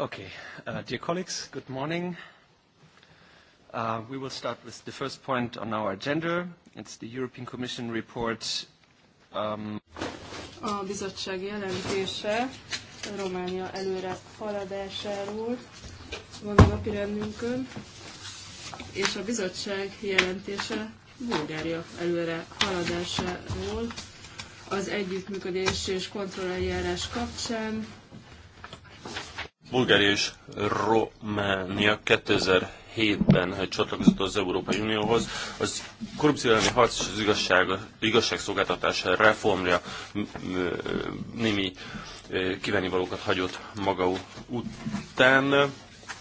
Okay. Uh, dear colleagues, good morning. Uh, we will start with the first point on our agenda. It's the European Commission report. Um... A bizottság jelentése Románia előre haladásáról van a napi rendünkön, és a bizottság jelentése Bulgária előre haladásáról az együttműködés és kontrolljárás kapcsán Bulgária és Románia 2007-ben csatlakozott az Európai Unióhoz. Az korrupció elleni harc és az igazság, igazságszolgáltatás reformja némi kívánnivalókat hagyott maga után.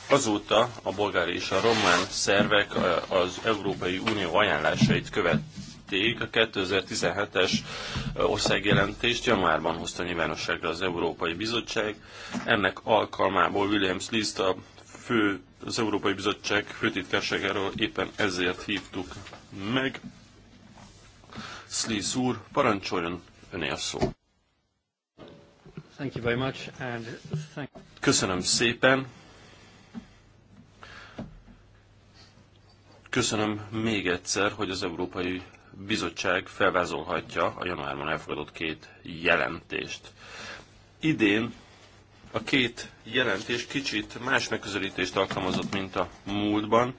Azóta a bolgári és a román szervek az Európai Unió ajánlásait követ tették. A 2017-es országjelentést januárban hozta nyilvánosságra az Európai Bizottság. Ennek alkalmából Williams List a fő, az Európai Bizottság főtitkárságáról éppen ezért hívtuk meg. Sliss úr, parancsoljon öné a szó. Thank you very much, and thank... Köszönöm szépen. Köszönöm még egyszer, hogy az Európai bizottság felvázolhatja a januárban elfogadott két jelentést. Idén a két jelentés kicsit más megközelítést alkalmazott, mint a múltban.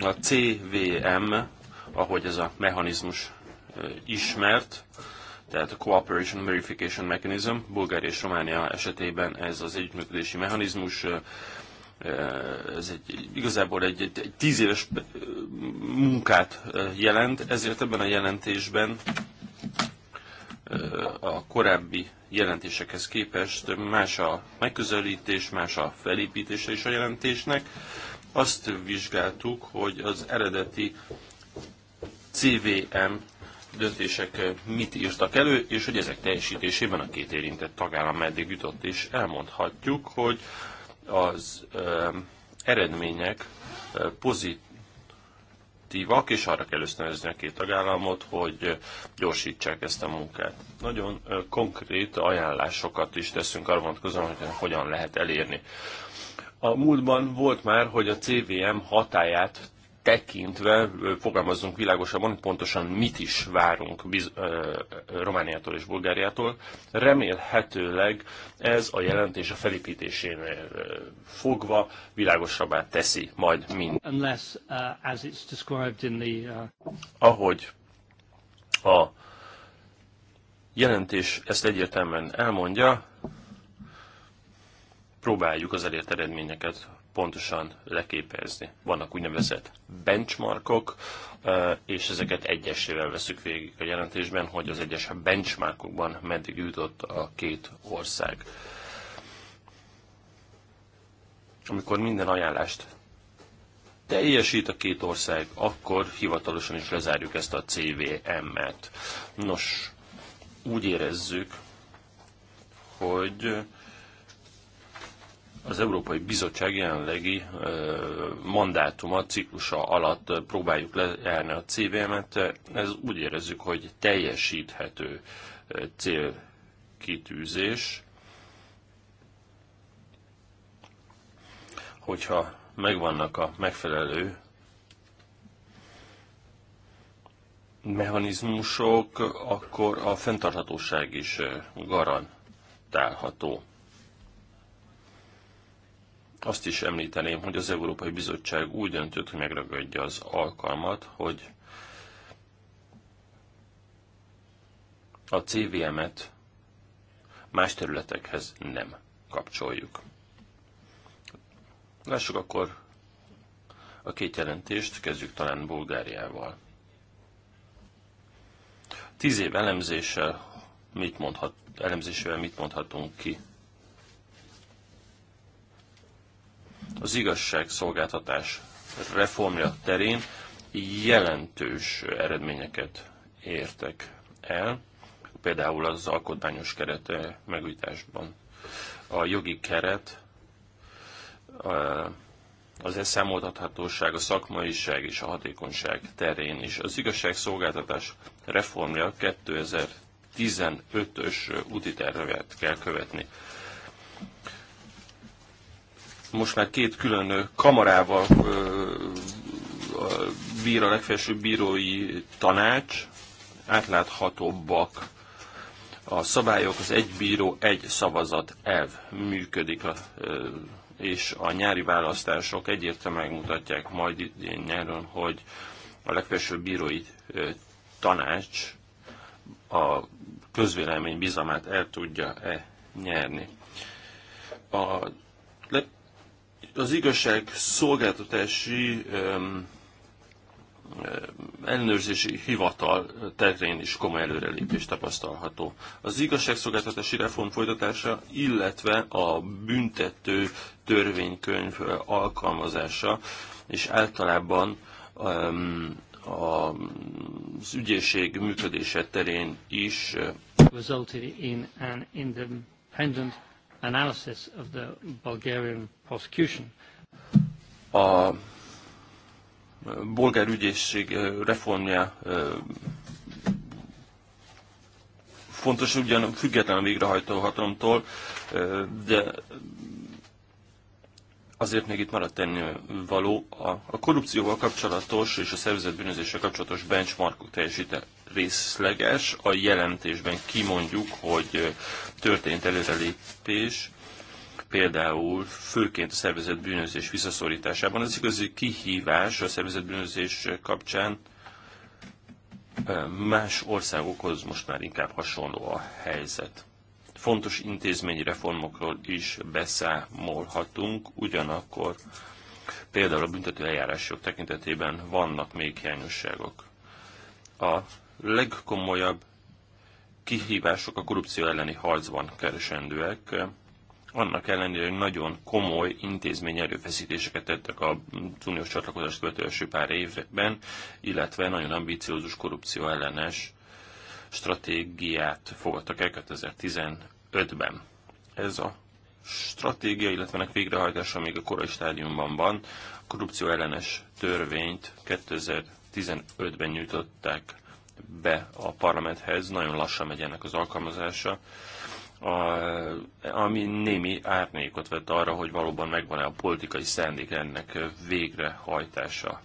A CVM, ahogy ez a mechanizmus ismert, tehát a Cooperation Verification Mechanism, Bulgária és Románia esetében ez az együttműködési mechanizmus Eh, ez egy, igazából egy, egy, egy tíz éves eh, munkát eh, jelent, ezért ebben a jelentésben a korábbi jelentésekhez képest más a megközelítés, más a felépítése is a jelentésnek. Azt vizsgáltuk, hogy az eredeti CVM döntések mit írtak elő, és hogy ezek teljesítésében a két érintett tagállam meddig jutott, és elmondhatjuk, hogy az eredmények pozitívak, és arra kell ösztönözni a két tagállamot, hogy gyorsítsák ezt a munkát. Nagyon konkrét ajánlásokat is teszünk arra vonatkozóan, hogy hogyan lehet elérni. A múltban volt már, hogy a CVM hatáját tekintve fogalmazzunk világosabban, pontosan mit is várunk biz, Romániától és Bulgáriától. Remélhetőleg ez a jelentés a felépítésén fogva világosabbá teszi majd mind. Unless, uh, as it's described in the, uh... Ahogy a jelentés ezt egyértelműen elmondja, próbáljuk az elért eredményeket pontosan leképezni. Vannak úgynevezett benchmarkok, és ezeket egyesével veszük végig a jelentésben, hogy az egyes benchmarkokban meddig jutott a két ország. Amikor minden ajánlást teljesít a két ország, akkor hivatalosan is lezárjuk ezt a CVM-et. Nos, úgy érezzük, hogy az Európai Bizottság jelenlegi mandátuma, ciklusa alatt próbáljuk lejárni a CVM-et. Ez úgy érezzük, hogy teljesíthető célkitűzés. Hogyha megvannak a megfelelő mechanizmusok, akkor a fenntarthatóság is garantálható. Azt is említeném, hogy az Európai Bizottság úgy döntött, hogy megragadja az alkalmat, hogy a CVM-et más területekhez nem kapcsoljuk. Lássuk akkor a két jelentést, kezdjük talán Bulgáriával. Tíz év elemzéssel mit mondhat, elemzésével mit mondhatunk ki az igazságszolgáltatás reformja terén jelentős eredményeket értek el, például az alkotmányos keret eh, megújításban. A jogi keret, eh, az elszámoltathatóság, a szakmaiság és a hatékonyság terén is. Az igazságszolgáltatás reformja 2015-ös úti tervet kell követni most már két külön kamarával bír a legfelsőbb bírói tanács, átláthatóbbak a szabályok, az egy bíró, egy szavazat elv működik, és a nyári választások egyértelműen megmutatják majd idén nyáron, hogy a legfelsőbb bírói tanács a közvélemény bizalmát el tudja-e nyerni. A az igazság szolgáltatási um, ellenőrzési hivatal terén is komoly előrelépés tapasztalható. Az igazságszolgáltatási reform folytatása, illetve a büntető törvénykönyv alkalmazása, és általában um, az ügyészség működése terén is analysis of the Bulgarian prosecution. A bolgár ügyészség reformja fontos, ugyan független végrehajtó hatalomtól, de Azért még itt maradt tenni való a, a korrupcióval kapcsolatos és a szervezetbűnözéssel kapcsolatos benchmarkok teljesíte részleges. A jelentésben kimondjuk, hogy történt előrelépés, például főként a szervezetbűnözés visszaszorításában. Ez igazi kihívás a szervezetbűnözés kapcsán. Más országokhoz most már inkább hasonló a helyzet fontos intézményi reformokról is beszámolhatunk, ugyanakkor például a büntető eljárások tekintetében vannak még hiányosságok. A legkomolyabb kihívások a korrupció elleni harcban keresendőek, annak ellenére, hogy nagyon komoly intézmény erőfeszítéseket tettek a uniós csatlakozást követő első pár évben, illetve nagyon ambiciózus korrupció ellenes stratégiát fogadtak el 2005-ben. Ez a stratégia, illetve ennek végrehajtása még a korai stádiumban van. A korrupció ellenes törvényt 2015-ben nyújtották be a parlamenthez, nagyon lassan megy ennek az alkalmazása, a, ami némi árnyékot vett arra, hogy valóban megvan-e a politikai szándék ennek végrehajtása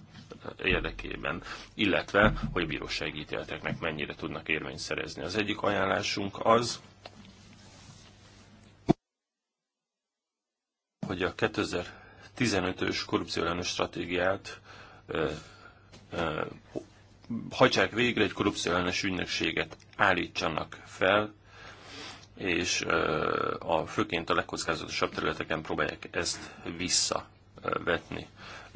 érdekében, illetve hogy bíróságítélteknek mennyire tudnak érvényt szerezni. Az egyik ajánlásunk az, hogy a 2015-ös korrupcióellenes stratégiát ö, ö, hagyják végre egy korrupcióellenes ügynökséget állítsanak fel, és a, főként a legkockázatosabb területeken próbálják ezt visszavetni.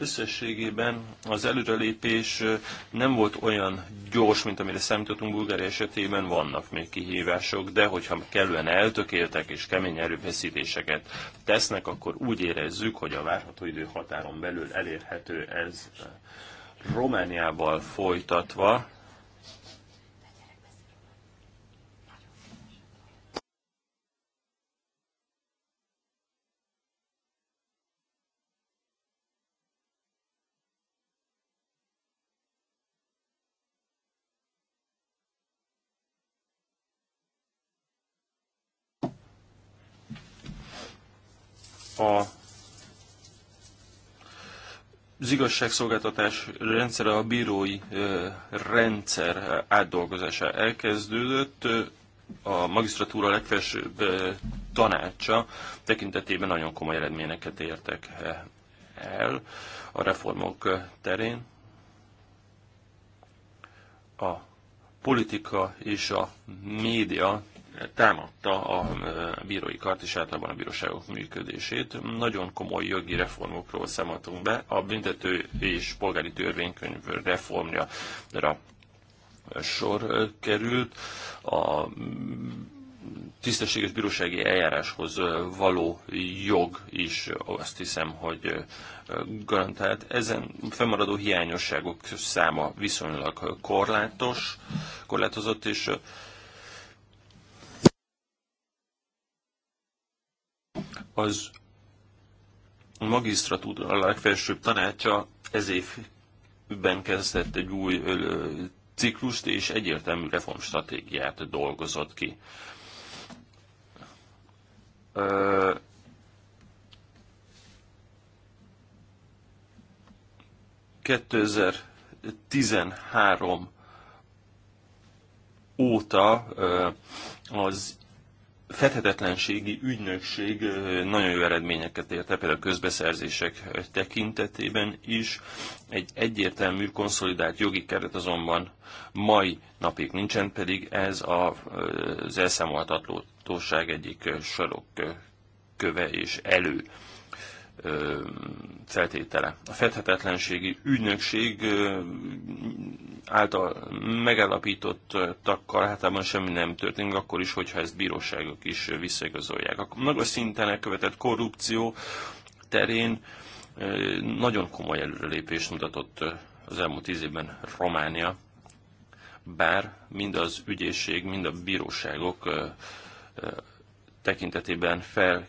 Összességében az előrelépés nem volt olyan gyors, mint amire számítottunk Bulgária esetében, vannak még kihívások, de hogyha kellően eltökéltek és kemény erőfeszítéseket tesznek, akkor úgy érezzük, hogy a várható idő határon belül elérhető ez Romániával folytatva a az igazságszolgáltatás rendszere, a bírói rendszer átdolgozása elkezdődött. A magisztratúra legfelsőbb tanácsa tekintetében nagyon komoly eredményeket értek el a reformok terén. A politika és a média támadta a e, bírói kart és általában a bíróságok működését. Nagyon komoly jogi reformokról számoltunk be. A büntető és polgári törvénykönyv reformja sor e, került. A tisztességes bírósági eljáráshoz e, való jog is azt hiszem, hogy garantált. Ezen fennmaradó hiányosságok száma viszonylag korlátos, korlátozott, és az a magisztratúra a legfelsőbb tanácsa ez évben kezdett egy új ciklust és egyértelmű reformstratégiát dolgozott ki. Uh, 2013 óta az fedhetetlenségi ügynökség nagyon jó eredményeket ért el, például a közbeszerzések tekintetében is. Egy egyértelmű, konszolidált jogi keret azonban mai napig nincsen, pedig ez a, az elszámolhatatlóság egyik köve és elő feltétele. A fedhetetlenségi ügynökség által megállapított takkal általában semmi nem történik, akkor is, hogyha ezt bíróságok is visszaigazolják. A magas szinten elkövetett korrupció terén nagyon komoly előrelépést mutatott az elmúlt tíz évben Románia, bár mind az ügyészség, mind a bíróságok tekintetében fel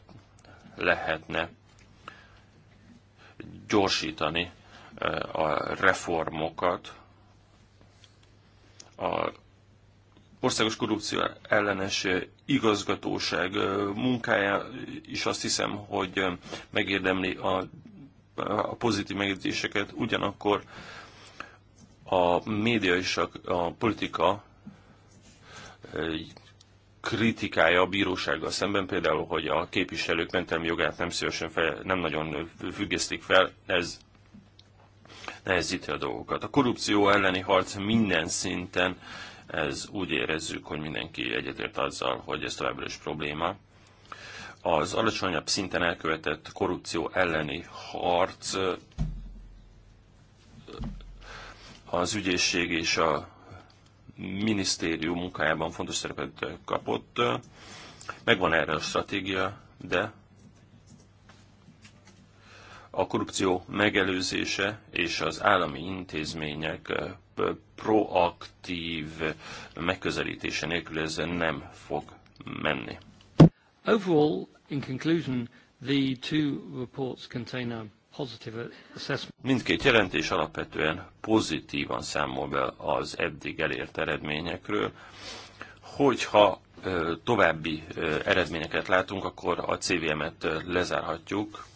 lehetne gyorsítani eh, a reformokat. A Országos Korrupció ellenes eh, igazgatóság eh, munkája is azt hiszem, hogy megérdemli a, a pozitív megjegyzéseket, ugyanakkor a média és a, a politika kritikája a bírósággal szemben, például, hogy a képviselők mentelmi jogát nem szívesen fel, nem nagyon függesztik fel, ez nehezíti a dolgokat. A korrupció elleni harc minden szinten, ez úgy érezzük, hogy mindenki egyetért azzal, hogy ez továbbra is probléma. Az alacsonyabb szinten elkövetett korrupció elleni harc az ügyészség és a minisztérium munkájában fontos szerepet kapott. Megvan erre a stratégia, de a korrupció megelőzése és az állami intézmények eh, proaktív megközelítése nélkül ez nem fog menni. Overall, in conclusion, the two reports contain a Mindkét jelentés alapvetően pozitívan számol be az eddig elért eredményekről. Hogyha további eredményeket látunk, akkor a CVM-et lezárhatjuk.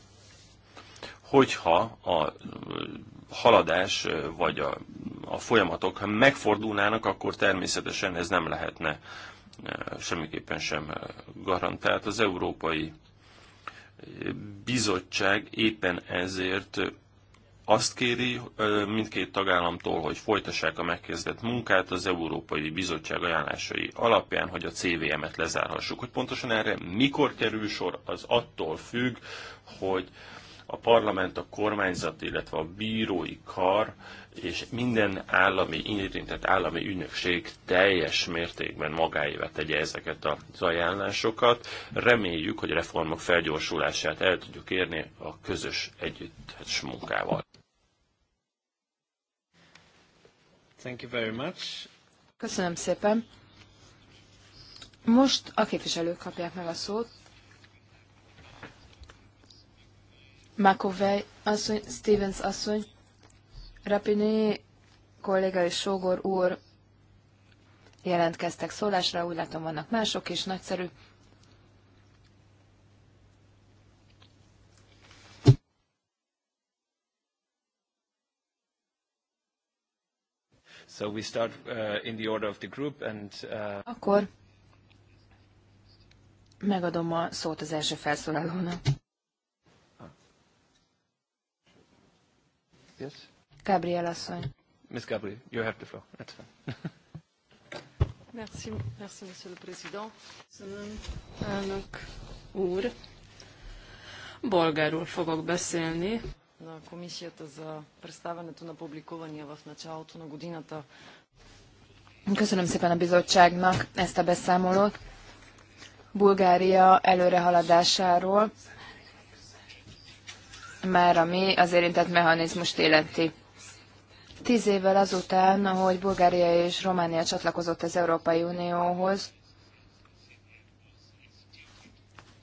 Hogyha a haladás vagy a, a folyamatok megfordulnának, akkor természetesen ez nem lehetne semmiképpen sem garantált. Az európai bizottság éppen ezért azt kéri mindkét tagállamtól, hogy folytassák a megkezdett munkát az Európai Bizottság ajánlásai alapján, hogy a CVM-et lezárhassuk. Hogy pontosan erre mikor kerül sor, az attól függ, hogy a parlament, a kormányzat, illetve a bírói kar és minden állami, érintett állami ügynökség teljes mértékben magáévet tegye ezeket az ajánlásokat. Reméljük, hogy reformok felgyorsulását el tudjuk érni a közös együttes munkával. Thank you very much. Köszönöm szépen. Most a képviselők kapják meg a szót. Makovej asszony, Stevens asszony, Rapini kolléga és Sógor úr jelentkeztek szólásra, úgy látom vannak mások is, nagyszerű. So we start uh, in the order of the group and uh... Akkor megadom a szót az első felszólalónak. Yes. Gabriel asszony. Miss Gabriel, you have the floor. That's fine. merci, merci, monsieur le président. elnök úr. Bolgárul fogok beszélni на комисията за представянето на публикувания в началото на годината. Köszönöm szépen a bizottságnak ezt a beszámolót. Bulgária előrehaladásáról, már ami az érintett mechanizmust életi. Tíz évvel azután, ahogy Bulgária és Románia csatlakozott az Európai Unióhoz,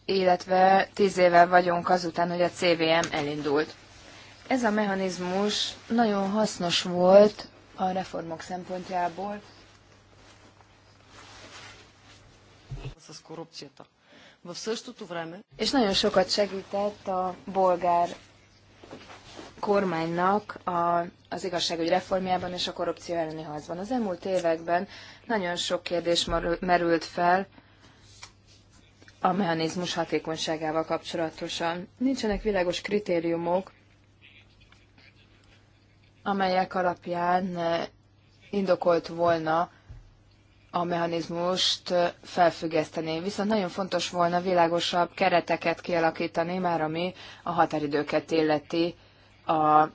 illetve tíz évvel vagyunk azután, hogy a CVM elindult. Ez a mechanizmus nagyon hasznos volt a reformok szempontjából. És nagyon sokat segített a bolgár kormánynak a, az igazságügy reformjában és a korrupció elleni harcban. Az elmúlt években nagyon sok kérdés merült fel a mechanizmus hatékonyságával kapcsolatosan. Nincsenek világos kritériumok, amelyek alapján indokolt volna a mechanizmust felfüggeszteni. Viszont nagyon fontos volna világosabb kereteket kialakítani, már ami a határidőket illeti a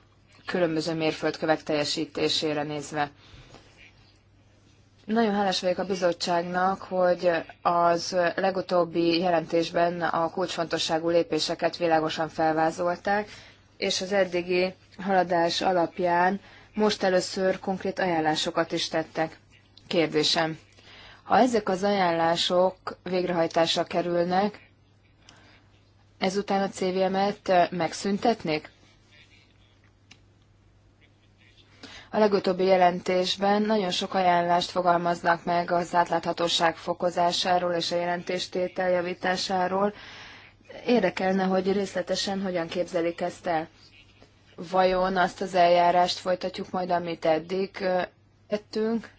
különböző mérföldkövek teljesítésére nézve. Nagyon hálás vagyok a bizottságnak, hogy az legutóbbi jelentésben a kulcsfontosságú lépéseket világosan felvázolták, és az eddigi haladás alapján most először konkrét ajánlásokat is tettek. Kérdésem. Ha ezek az ajánlások végrehajtásra kerülnek, ezután a CVM-et megszüntetnék? A legutóbbi jelentésben nagyon sok ajánlást fogalmaznak meg az átláthatóság fokozásáról és a jelentéstétel javításáról. Érdekelne, hogy részletesen hogyan képzelik ezt el. Vajon azt az eljárást folytatjuk majd, amit eddig tettünk,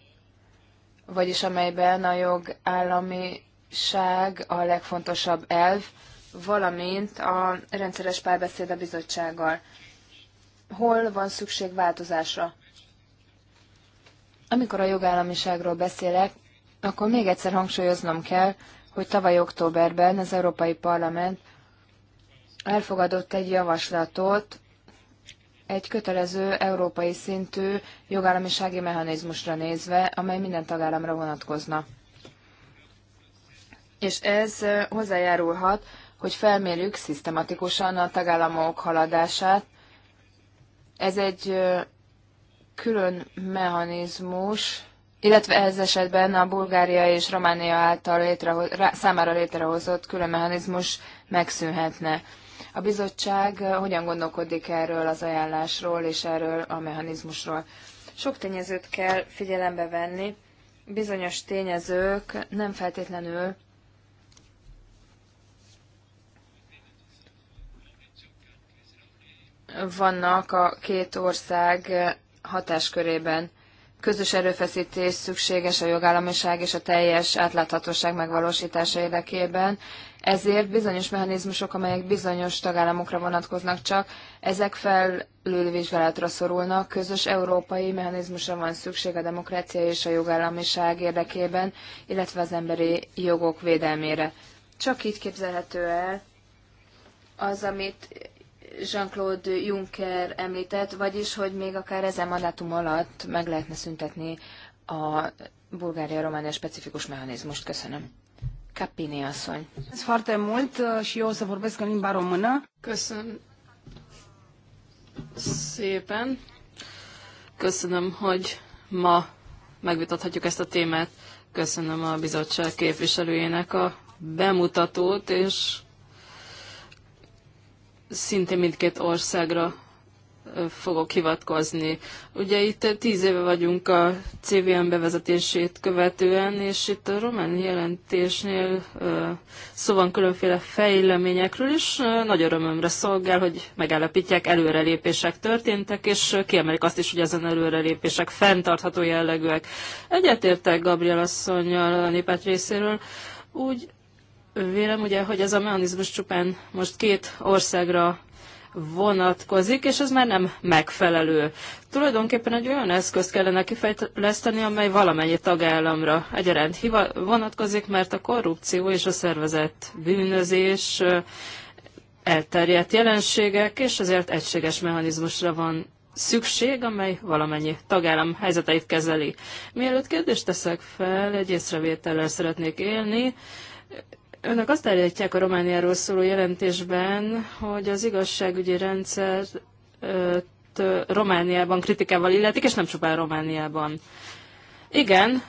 vagyis amelyben a jogállamiság a legfontosabb elv, valamint a rendszeres párbeszéd a bizottsággal. Hol van szükség változásra? Amikor a jogállamiságról beszélek, akkor még egyszer hangsúlyoznom kell, hogy tavaly októberben az Európai Parlament elfogadott egy javaslatot egy kötelező európai szintű jogállamisági mechanizmusra nézve, amely minden tagállamra vonatkozna. És ez hozzájárulhat, hogy felmérjük szisztematikusan a tagállamok haladását. Ez egy külön mechanizmus, illetve ez esetben a Bulgária és Románia által létrehoz, számára létrehozott külön mechanizmus megszűnhetne. A bizottság eh, hogyan gondolkodik erről az ajánlásról és erről a mechanizmusról? Sok tényezőt kell figyelembe venni. Bizonyos tényezők nem feltétlenül vannak a két ország hatáskörében. Közös erőfeszítés szükséges a jogállamiság és a teljes átláthatóság megvalósítása érdekében, ezért bizonyos mechanizmusok, amelyek bizonyos tagállamokra vonatkoznak csak, ezek vizsgálatra szorulnak, közös európai mechanizmusra van szükség a demokrácia és a jogállamiság érdekében, illetve az emberi jogok védelmére. Csak így képzelhető el az, amit Jean-Claude Juncker említett, vagyis, hogy még akár ezen mandátum alatt meg lehetne szüntetni a Bulgária-Románia specifikus mechanizmust. Köszönöm. Capini asszony. Ez foarte mult, uh, și eu o să vorbesc în limba română. Köszön. szépen. Köszönöm, hogy ma megvitathatjuk ezt a témát. Köszönöm a bizottság képviselőjének a bemutatót, és szintén mindkét országra fogok hivatkozni. Ugye itt tíz éve vagyunk a CVM bevezetését követően, és itt a román jelentésnél szó van különféle fejleményekről is. Nagy örömömre szolgál, hogy megállapítják, előrelépések történtek, és kiemelik azt is, hogy ezen előrelépések fenntartható jellegűek. Egyetértek Gabriel asszonyjal a népet részéről, úgy Vélem ugye, hogy ez a mechanizmus csupán most két országra vonatkozik, és ez már nem megfelelő. Tulajdonképpen egy olyan eszközt kellene kifejleszteni, amely valamennyi tagállamra egyaránt vonatkozik, mert a korrupció és a szervezett bűnözés elterjedt jelenségek, és azért egységes mechanizmusra van szükség, amely valamennyi tagállam helyzeteit kezeli. Mielőtt kérdést teszek fel, egy észrevétellel szeretnék élni Önök azt állítják a Romániáról szóló jelentésben, hogy az igazságügyi rendszer Romániában kritikával illetik, és nem csupán Romániában. Igen,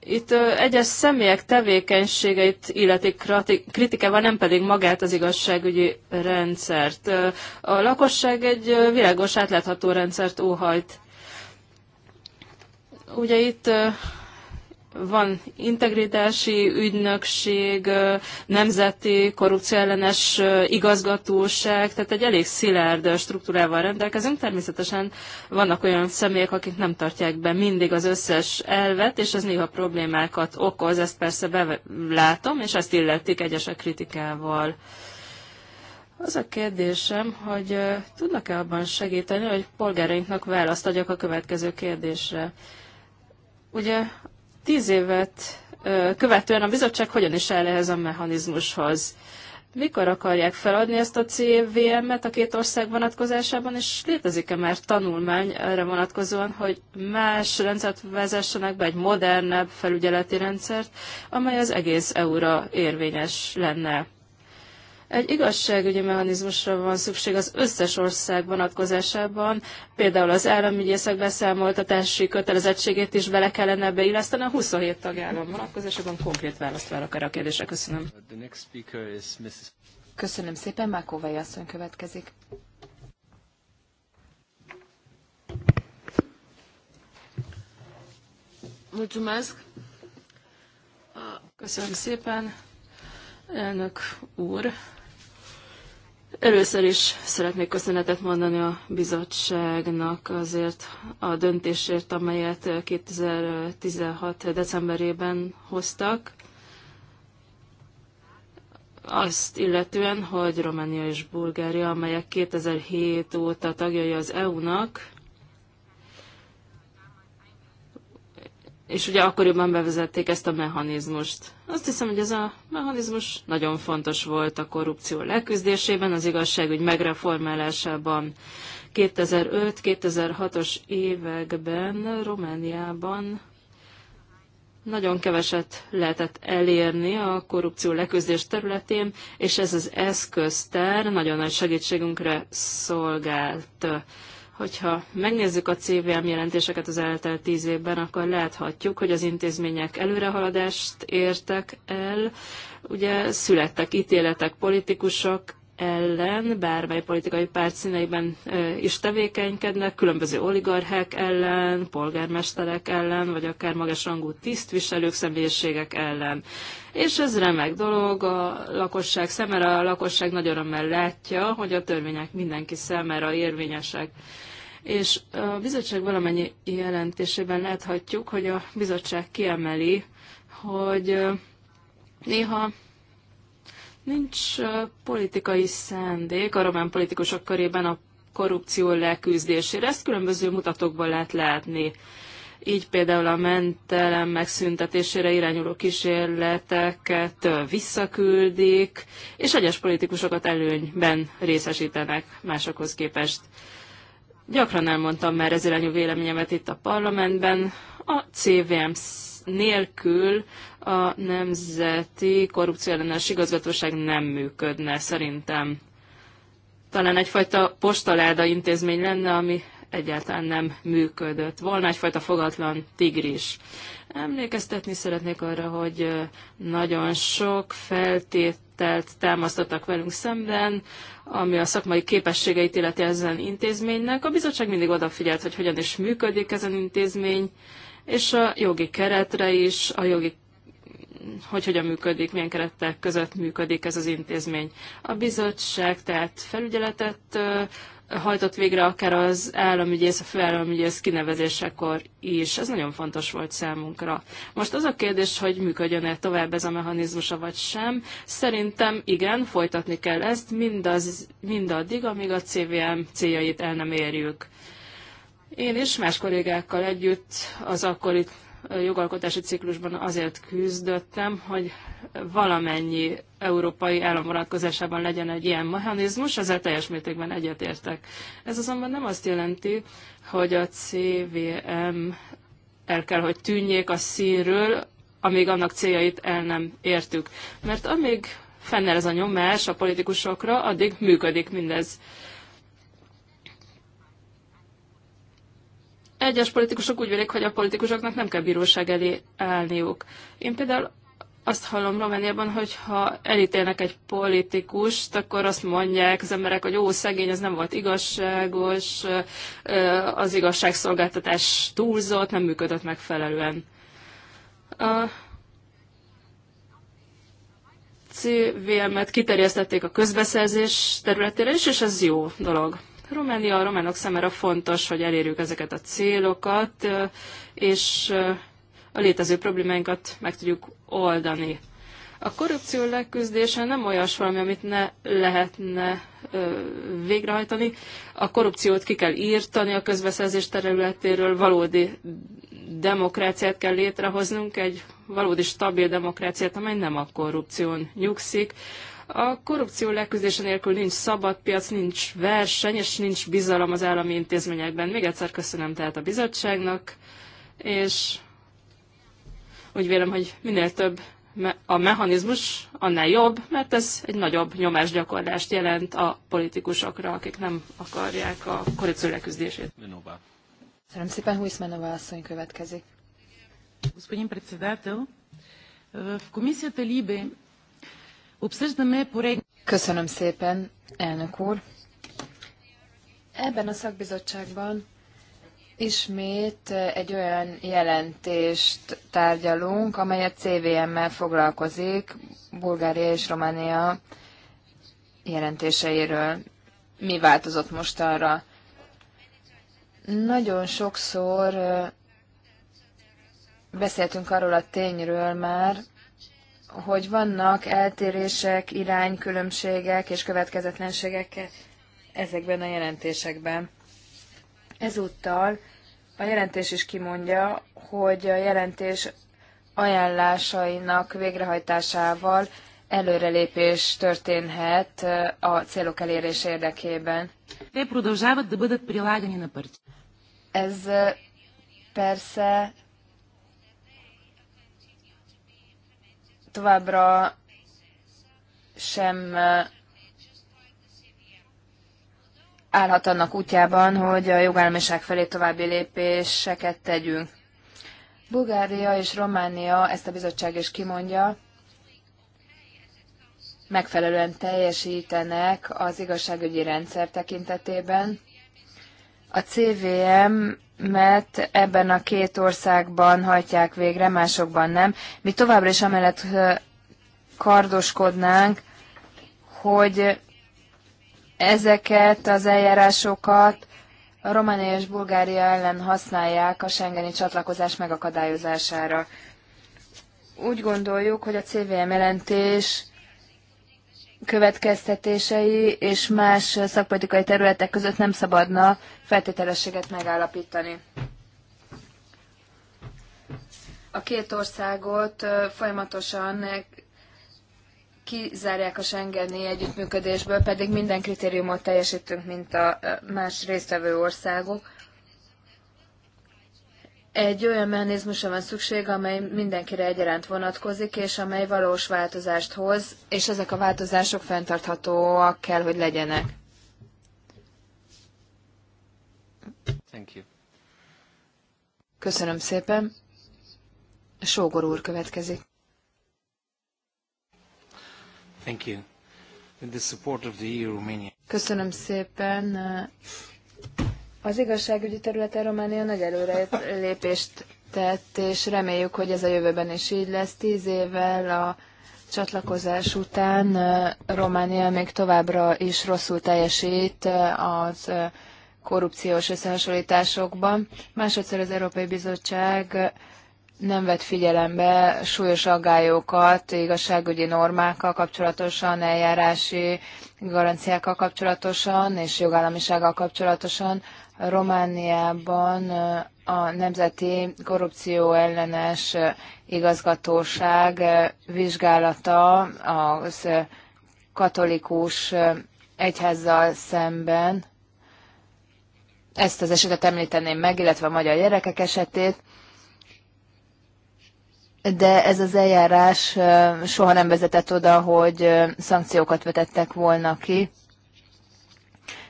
itt egyes személyek tevékenységeit illetik kritikával, nem pedig magát az igazságügyi rendszert. A lakosság egy világos átlátható rendszert óhajt. Ugye itt van integritási ügynökség, nemzeti korrupcióellenes igazgatóság, tehát egy elég szilárd struktúrával rendelkezünk. Természetesen vannak olyan személyek, akik nem tartják be mindig az összes elvet, és ez néha problémákat okoz, ezt persze belátom, és ezt illetik egyesek kritikával. Az a kérdésem, hogy tudnak-e abban segíteni, hogy polgárainknak választ adjak a következő kérdésre. Ugye Tíz évet követően a bizottság hogyan is áll ehhez a mechanizmushoz? Mikor akarják feladni ezt a CVM-et a két ország vonatkozásában, és létezik-e már tanulmány erre vonatkozóan, hogy más rendszert vezessenek be, egy modernebb felügyeleti rendszert, amely az egész EU-ra érvényes lenne? Egy igazságügyi mechanizmusra van szükség az összes ország vonatkozásában, például az államügyészek beszámoltatási kötelezettségét is bele kellene beilleszteni a 27 tagállam vonatkozásában. Konkrét választ várok erre a kérdésre. Köszönöm. Köszönöm szépen, Mákovai asszony következik. Mulțumesc. Köszönöm szépen, elnök úr. Először is szeretnék köszönetet mondani a bizottságnak azért a döntésért, amelyet 2016. decemberében hoztak. Azt illetően, hogy Románia és Bulgária, amelyek 2007 óta tagjai az EU-nak, és ugye akkoriban bevezették ezt a mechanizmust. Azt hiszem, hogy ez a mechanizmus nagyon fontos volt a korrupció leküzdésében, az igazságügy megreformálásában. 2005-2006-os években Romániában nagyon keveset lehetett elérni a korrupció leküzdés területén, és ez az eszköztár nagyon nagy segítségünkre szolgált Hogyha megnézzük a CVM jelentéseket az eltelt tíz évben, akkor láthatjuk, hogy az intézmények előrehaladást értek el. Ugye születtek ítéletek politikusok ellen, bármely politikai párt színeiben is tevékenykednek, különböző oligarchák ellen, polgármesterek ellen, vagy akár magasrangú tisztviselők, személyiségek ellen. És ez remek dolog a lakosság szemére a lakosság nagy örömmel látja, hogy a törvények mindenki szemére érvényesek. És a bizottság valamennyi jelentésében láthatjuk, hogy a bizottság kiemeli, hogy néha Nincs politikai szándék a román politikusok körében a korrupció leküzdésére. Ezt különböző mutatókból lehet látni. Így például a mentelem megszüntetésére irányuló kísérleteket visszaküldik, és egyes politikusokat előnyben részesítenek másokhoz képest. Gyakran elmondtam már ez irányú véleményemet itt a parlamentben. A CVM nélkül a nemzeti korrupcióellenes igazgatóság nem működne szerintem. Talán egyfajta postaláda intézmény lenne, ami egyáltalán nem működött. Volna egyfajta fogatlan tigris. Emlékeztetni szeretnék arra, hogy nagyon sok feltét ítéletet támasztottak velünk szemben, ami a szakmai képességeit illeti ezen intézménynek. A bizottság mindig odafigyelt, hogy hogyan is működik ezen intézmény, és a jogi keretre is, a jogi hogy hogyan működik, milyen keretek között működik ez az intézmény. A bizottság tehát felügyeletet hajtott végre akár az államügyész, a főállamügyész kinevezésekor is. Ez nagyon fontos volt számunkra. Most az a kérdés, hogy működjön-e tovább ez a mechanizmusa, vagy sem. Szerintem igen, folytatni kell ezt mindaz, mindaddig, amíg a CVM céljait el nem érjük. Én is más kollégákkal együtt az akkori jogalkotási ciklusban azért küzdöttem, hogy valamennyi európai állam vonatkozásában legyen egy ilyen mechanizmus, ezzel teljes mértékben egyetértek. Ez azonban nem azt jelenti, hogy a CVM el kell, hogy tűnjék a színről, amíg annak céljait el nem értük. Mert amíg fennel ez a nyomás a politikusokra, addig működik mindez. Egyes politikusok úgy vélik, hogy a politikusoknak nem kell bíróság elé állniuk. Én például azt hallom Romániában, hogy ha elítélnek egy politikust, akkor azt mondják az emberek, hogy ó, szegény, ez nem volt igazságos, az igazságszolgáltatás túlzott, nem működött megfelelően. A CVM-et kiterjesztették a közbeszerzés területére is, és ez jó dolog. Románia a románok számára fontos, hogy elérjük ezeket a célokat, és a létező problémáinkat meg tudjuk oldani. A korrupció leküzdése nem olyas valami, amit ne lehetne ö, végrehajtani. A korrupciót ki kell írtani a közbeszerzés területéről, valódi demokráciát kell létrehoznunk, egy valódi stabil demokráciát, amely nem a korrupción nyugszik. A korrupció leküzdése nélkül nincs szabad piac, nincs verseny, és nincs bizalom az állami intézményekben. Még egyszer köszönöm tehát a bizottságnak, és úgy vélem, hogy minél több a mechanizmus, annál jobb, mert ez egy nagyobb nyomásgyakorlást jelent a politikusokra, akik nem akarják a korrupció leküzdését. Köszönöm szépen, Menova asszony következik. Господин председател, в комисията Либе обсъждаме поред... Köszönöm szépen, elnök úr. Ebben a szakbizottságban Ismét egy olyan jelentést tárgyalunk, amely a CVM-mel foglalkozik, Bulgária és Románia jelentéseiről. Mi változott most arra? Nagyon sokszor beszéltünk arról a tényről már, hogy vannak eltérések, iránykülönbségek és következetlenségek ezekben a jelentésekben. Ezúttal a jelentés is kimondja, hogy a jelentés ajánlásainak végrehajtásával előrelépés történhet a célok elérése érdekében. Ez persze továbbra sem állhat annak útjában, hogy a jogállamiság felé további lépéseket tegyünk. Bulgária és Románia, ezt a bizottság is kimondja, megfelelően teljesítenek az igazságügyi rendszer tekintetében. A CVM mert ebben a két országban hajtják végre, másokban nem. Mi továbbra is amellett kardoskodnánk, hogy ezeket az eljárásokat a Románia és Bulgária ellen használják a Schengeni csatlakozás megakadályozására. Úgy gondoljuk, hogy a CVM jelentés következtetései és más szakpolitikai területek között nem szabadna feltételességet megállapítani. A két országot folyamatosan kizárják a Schengeni együttműködésből, pedig minden kritériumot teljesítünk, mint a más résztvevő országok. Egy olyan mechanizmusra van szükség, amely mindenkire egyaránt vonatkozik, és amely valós változást hoz, és ezek a változások fenntarthatóak kell, hogy legyenek. Thank you. Köszönöm szépen. Sógor úr következik. Köszönöm szépen. Az igazságügyi területen Románia nagy előrelépést tett, és reméljük, hogy ez a jövőben is így lesz. Tíz évvel a csatlakozás után Románia még továbbra is rosszul teljesít az korrupciós összehasonlításokban. Másodszor az Európai Bizottság nem vett figyelembe súlyos aggályokat igazságügyi normákkal kapcsolatosan, eljárási garanciákkal kapcsolatosan és jogállamisággal kapcsolatosan. Romániában a Nemzeti Korrupció Ellenes Igazgatóság vizsgálata az katolikus egyházzal szemben. Ezt az esetet említeném meg, illetve a magyar gyerekek esetét de ez az eljárás soha nem vezetett oda, hogy szankciókat vetettek volna ki.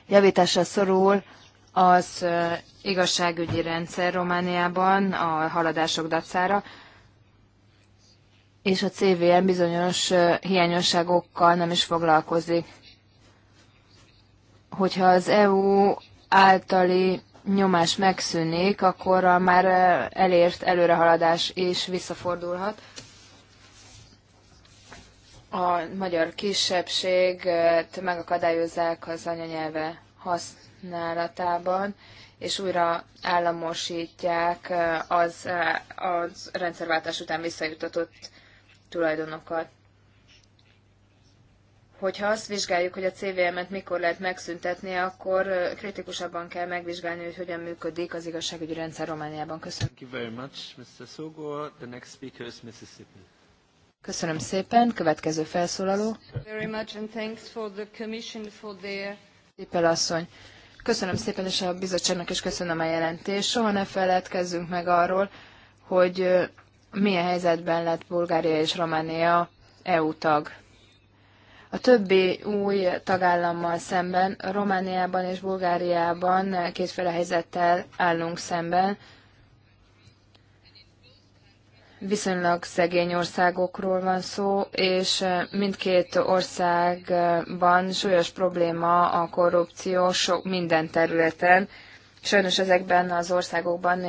Javításra szorul az igazságügyi rendszer Romániában a haladások dacára, és a CVM bizonyos hiányosságokkal nem is foglalkozik. Hogyha az EU általi nyomás megszűnik, akkor a már elért előrehaladás is visszafordulhat. A magyar kisebbséget megakadályozzák az anyanyelve használatában, és újra államosítják az, az rendszerváltás után visszajutatott tulajdonokat hogyha azt vizsgáljuk, hogy a CVM-et mikor lehet megszüntetni, akkor kritikusabban kell megvizsgálni, hogy hogyan működik az igazságügyi rendszer Romániában. Köszönöm. Thank you very much, Mr. The next speaker is Mississippi. Köszönöm szépen. Következő felszólaló. Very much and thanks for the commission for their... Szépen asszony. Köszönöm szépen, és a bizottságnak is köszönöm a jelentést. Soha ne feledkezzünk meg arról, hogy milyen helyzetben lett Bulgária és Románia EU tag. A többi új tagállammal szemben, Romániában és Bulgáriában kétféle helyzettel állunk szemben. Viszonylag szegény országokról van szó, és mindkét országban súlyos probléma a korrupció sok minden területen. Sajnos ezekben az országokban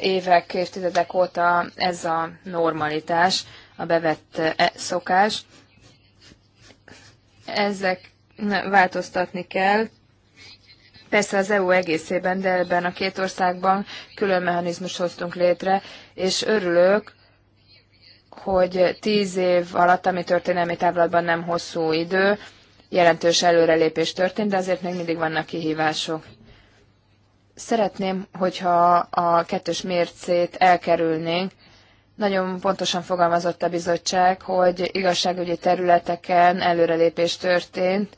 évek, évtizedek óta ez a normalitás, a bevett szokás ezek változtatni kell. Persze az EU egészében, de ebben a két országban külön mechanizmus hoztunk létre, és örülök, hogy tíz év alatt, ami történelmi távlatban nem hosszú idő, jelentős előrelépés történt, de azért még mindig vannak kihívások. Szeretném, hogyha a kettős mércét elkerülnénk, nagyon pontosan fogalmazott a bizottság, hogy igazságügyi területeken előrelépés történt,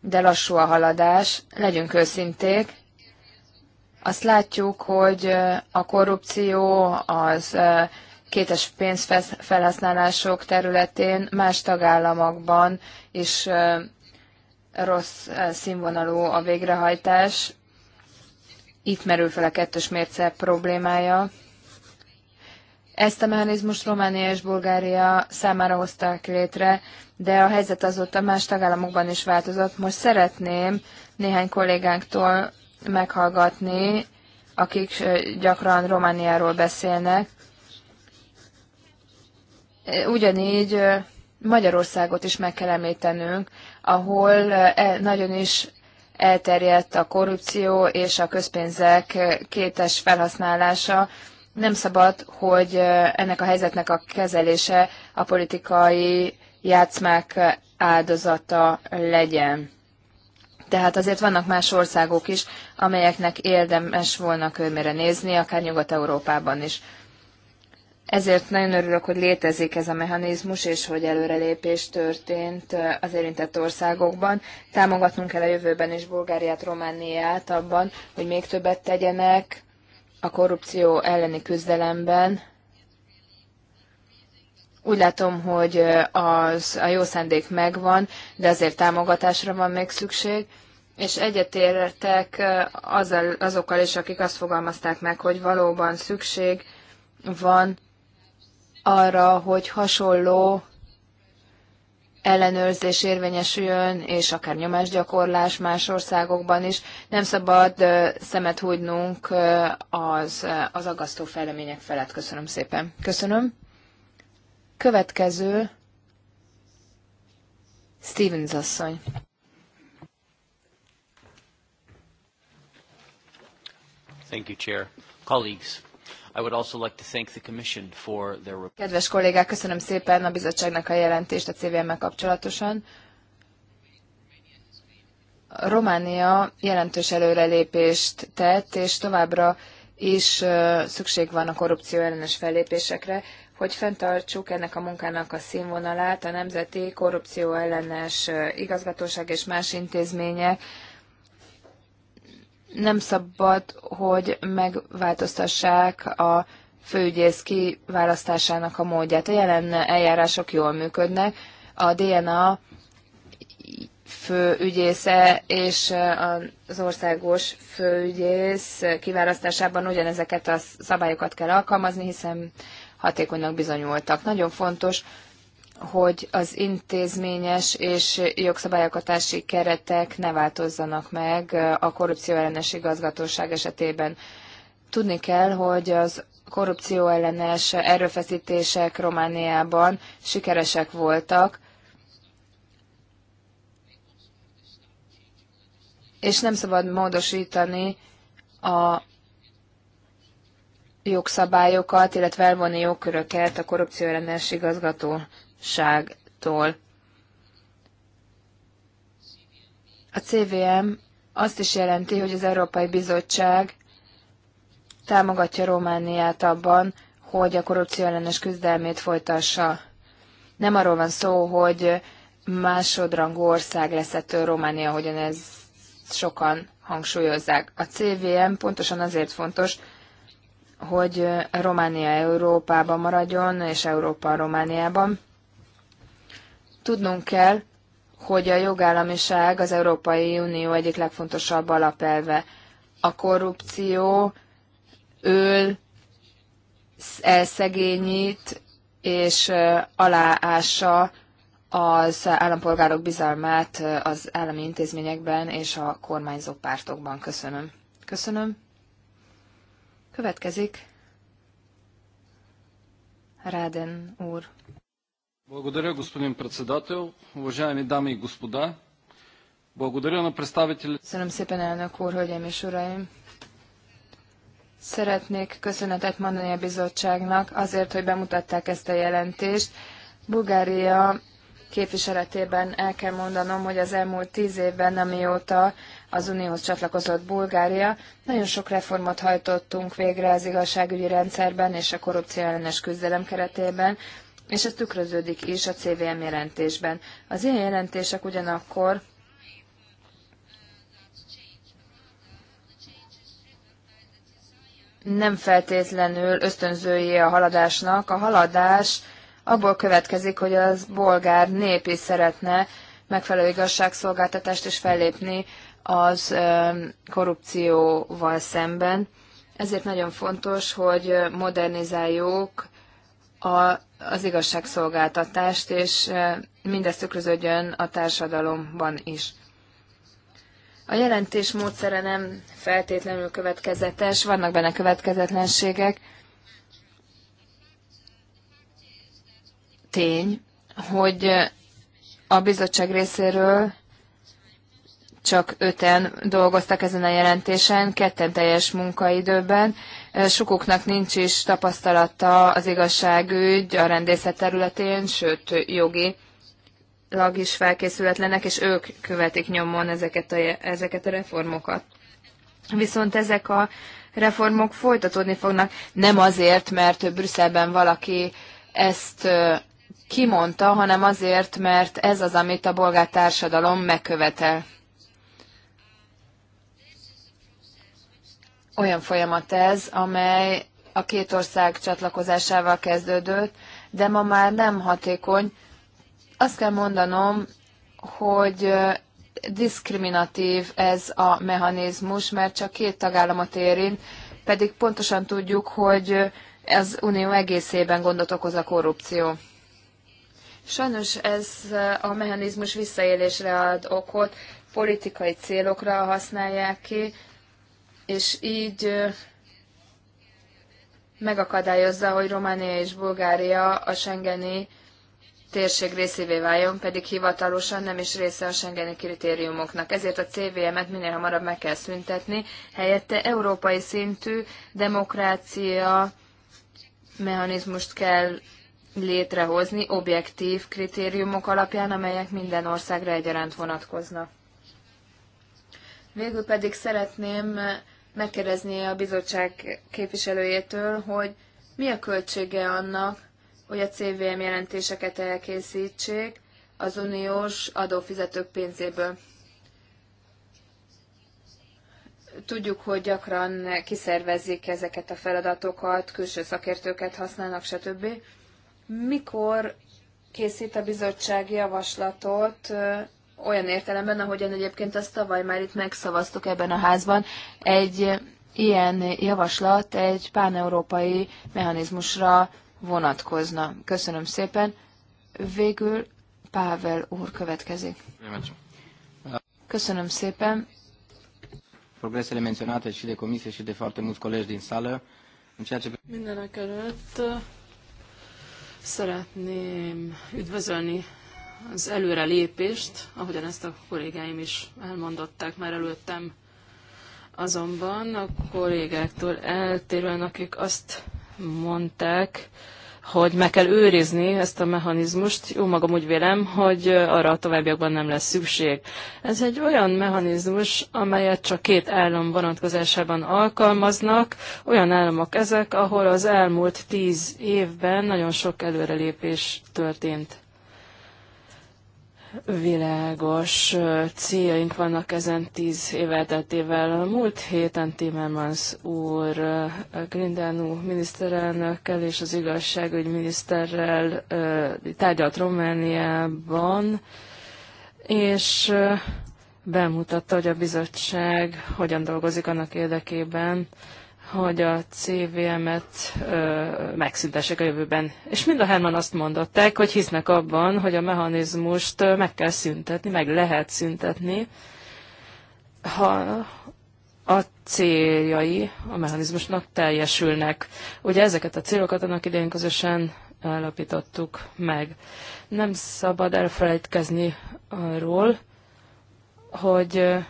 de lassú a haladás. Legyünk őszinték. Azt látjuk, hogy a korrupció, az kétes pénzfelhasználások területén más tagállamokban is rossz színvonalú a végrehajtás. Itt merül fel a kettős mérce problémája. Ezt a mechanizmust Románia és Bulgária számára hozták létre, de a helyzet azóta más tagállamokban is változott. Most szeretném néhány kollégánktól meghallgatni, akik gyakran Romániáról beszélnek. Ugyanígy Magyarországot is meg kell említenünk, ahol e, nagyon is elterjedt a korrupció és a közpénzek kétes felhasználása, nem szabad, hogy ennek a helyzetnek a kezelése a politikai játszmák áldozata legyen. Tehát azért vannak más országok is, amelyeknek érdemes volna körmére nézni, akár Nyugat-Európában is. Ezért nagyon örülök, hogy létezik ez a mechanizmus, és hogy előrelépés történt az érintett országokban. Támogatnunk kell a jövőben is Bulgáriát, Romániát abban, hogy még többet tegyenek a korrupció elleni küzdelemben. Úgy látom, hogy az, a jó szándék megvan, de azért támogatásra van még szükség, és egyetértek azzal, azokkal is, akik azt fogalmazták meg, hogy valóban szükség van arra, hogy hasonló ellenőrzés érvényesüljön, és akár nyomásgyakorlás más országokban is. Nem szabad szemet húgynunk az, az agasztó fejlemények felett. Köszönöm szépen. Köszönöm. Következő Stevens asszony. Thank you, Chair. Colleagues. Kedves kollégák, köszönöm szépen a bizottságnak a jelentést a CVM-mel kapcsolatosan. Románia jelentős előrelépést tett, és továbbra is szükség van a korrupció ellenes fellépésekre, hogy fenntartsuk ennek a munkának a színvonalát, a Nemzeti Korrupció Ellenes Igazgatóság és más intézmények nem szabad, hogy megváltoztassák a főügyész kiválasztásának a módját. A jelen eljárások jól működnek. A DNA főügyésze és az országos főügyész kiválasztásában ugyanezeket a szabályokat kell alkalmazni, hiszen hatékonynak bizonyultak. Nagyon fontos, hogy az intézményes és jogszabályokatási keretek ne változzanak meg a korrupcióellenes ellenes igazgatóság esetében. Tudni kell, hogy az korrupcióellenes ellenes erőfeszítések Romániában sikeresek voltak, és nem szabad módosítani a jogszabályokat, illetve elvonni jogköröket a korrupcióellenes igazgató ságtól. A CVM azt is jelenti, hogy az Európai Bizottság támogatja Romániát abban, hogy a korrupció ellenes küzdelmét folytassa. Nem arról van szó, hogy másodrangú ország lesz ettől Románia, hogyan ez sokan hangsúlyozzák. A CVM pontosan azért fontos, hogy Románia Európában maradjon, és Európa Romániában. Tudnunk kell, hogy a jogállamiság az Európai Unió egyik legfontosabb alapelve. A korrupció öl, elszegényít és e, aláássa az állampolgárok bizalmát e, az állami intézményekben és a kormányzó pártokban. Köszönöm. Köszönöm. Következik Ráden úr. Благодаря, господин председател. Уважаеми дами и господа, благодаря на представители... Köszönöm szépen, elnök úr, hölgyeim és uraim! Szeretnék köszönetet mondani a bizottságnak azért, hogy bemutatták ezt a jelentést. Bulgária képviseletében el kell mondanom, hogy az elmúlt tíz évben, amióta az Unióhoz csatlakozott Bulgária, nagyon sok reformot hajtottunk végre az igazságügyi rendszerben és a korrupció ellenes küzdelem keretében és ez tükröződik is a CVM jelentésben. Az ilyen jelentések ugyanakkor nem feltétlenül ösztönzője a haladásnak. A haladás abból következik, hogy az bolgár nép is szeretne megfelelő igazságszolgáltatást és fellépni az korrupcióval szemben. Ezért nagyon fontos, hogy modernizáljuk a az igazságszolgáltatást, és mindez tükröződjön a társadalomban is. A jelentés módszere nem feltétlenül következetes, vannak benne következetlenségek. Tény, hogy a bizottság részéről csak öten dolgoztak ezen a jelentésen, ketten teljes munkaidőben, Sokuknak nincs is tapasztalata az igazságügy a rendészet területén, sőt jogi lag is felkészületlenek, és ők követik nyomon ezeket a, ezeket a reformokat. Viszont ezek a reformok folytatódni fognak, nem azért, mert Brüsszelben valaki ezt kimondta, hanem azért, mert ez az, amit a bolgár társadalom megkövetel. olyan folyamat ez, amely a két ország csatlakozásával kezdődött, de ma már nem hatékony. Azt kell mondanom, hogy diszkriminatív ez a mechanizmus, mert csak két tagállamot érint, pedig pontosan tudjuk, hogy az unió egészében gondot okoz a korrupció. Sajnos ez a mechanizmus visszaélésre ad okot, politikai célokra használják ki, és így megakadályozza, hogy Románia és Bulgária a Schengeni térség részévé váljon, pedig hivatalosan nem is része a Schengeni kritériumoknak. Ezért a CVM-et minél hamarabb meg kell szüntetni, helyette európai szintű demokrácia mechanizmust kell létrehozni objektív kritériumok alapján, amelyek minden országra egyaránt vonatkoznak. Végül pedig szeretném megkérdezni a bizottság képviselőjétől, hogy mi a költsége annak, hogy a CVM jelentéseket elkészítsék az uniós adófizetők pénzéből. Tudjuk, hogy gyakran kiszervezik ezeket a feladatokat, külső szakértőket használnak, stb. Mikor készít a bizottság javaslatot olyan értelemben, ahogyan egyébként azt tavaly már itt megszavaztuk ebben a házban, egy ilyen javaslat egy páneurópai mechanizmusra vonatkozna. Köszönöm szépen. Végül Pável úr következik. Köszönöm szépen. Progresszele menționate și de comisie și de foarte mulți colegi din sală. Mindenek előtt uh, szeretném üdvözölni az előrelépést, ahogyan ezt a kollégáim is elmondották már előttem. Azonban a kollégáktól eltérően, akik azt mondták, hogy meg kell őrizni ezt a mechanizmust. Jó magam úgy vélem, hogy arra a továbbiakban nem lesz szükség. Ez egy olyan mechanizmus, amelyet csak két állam vonatkozásában alkalmaznak. Olyan államok ezek, ahol az elmúlt tíz évben nagyon sok előrelépés történt. Világos céljaink vannak ezen tíz év A múlt héten Timmermans úr Grindánú miniszterelnökkel és az igazságügy miniszterrel tárgyalt Romániában, és bemutatta, hogy a bizottság hogyan dolgozik annak érdekében, hogy a CVM-et megszüntessék a jövőben. És mind a hárman azt mondották, hogy hisznek abban, hogy a mechanizmust ö, meg kell szüntetni, meg lehet szüntetni, ha a céljai a mechanizmusnak teljesülnek. Ugye ezeket a célokat annak idején közösen állapítottuk meg. Nem szabad elfelejtkezni arról, hogy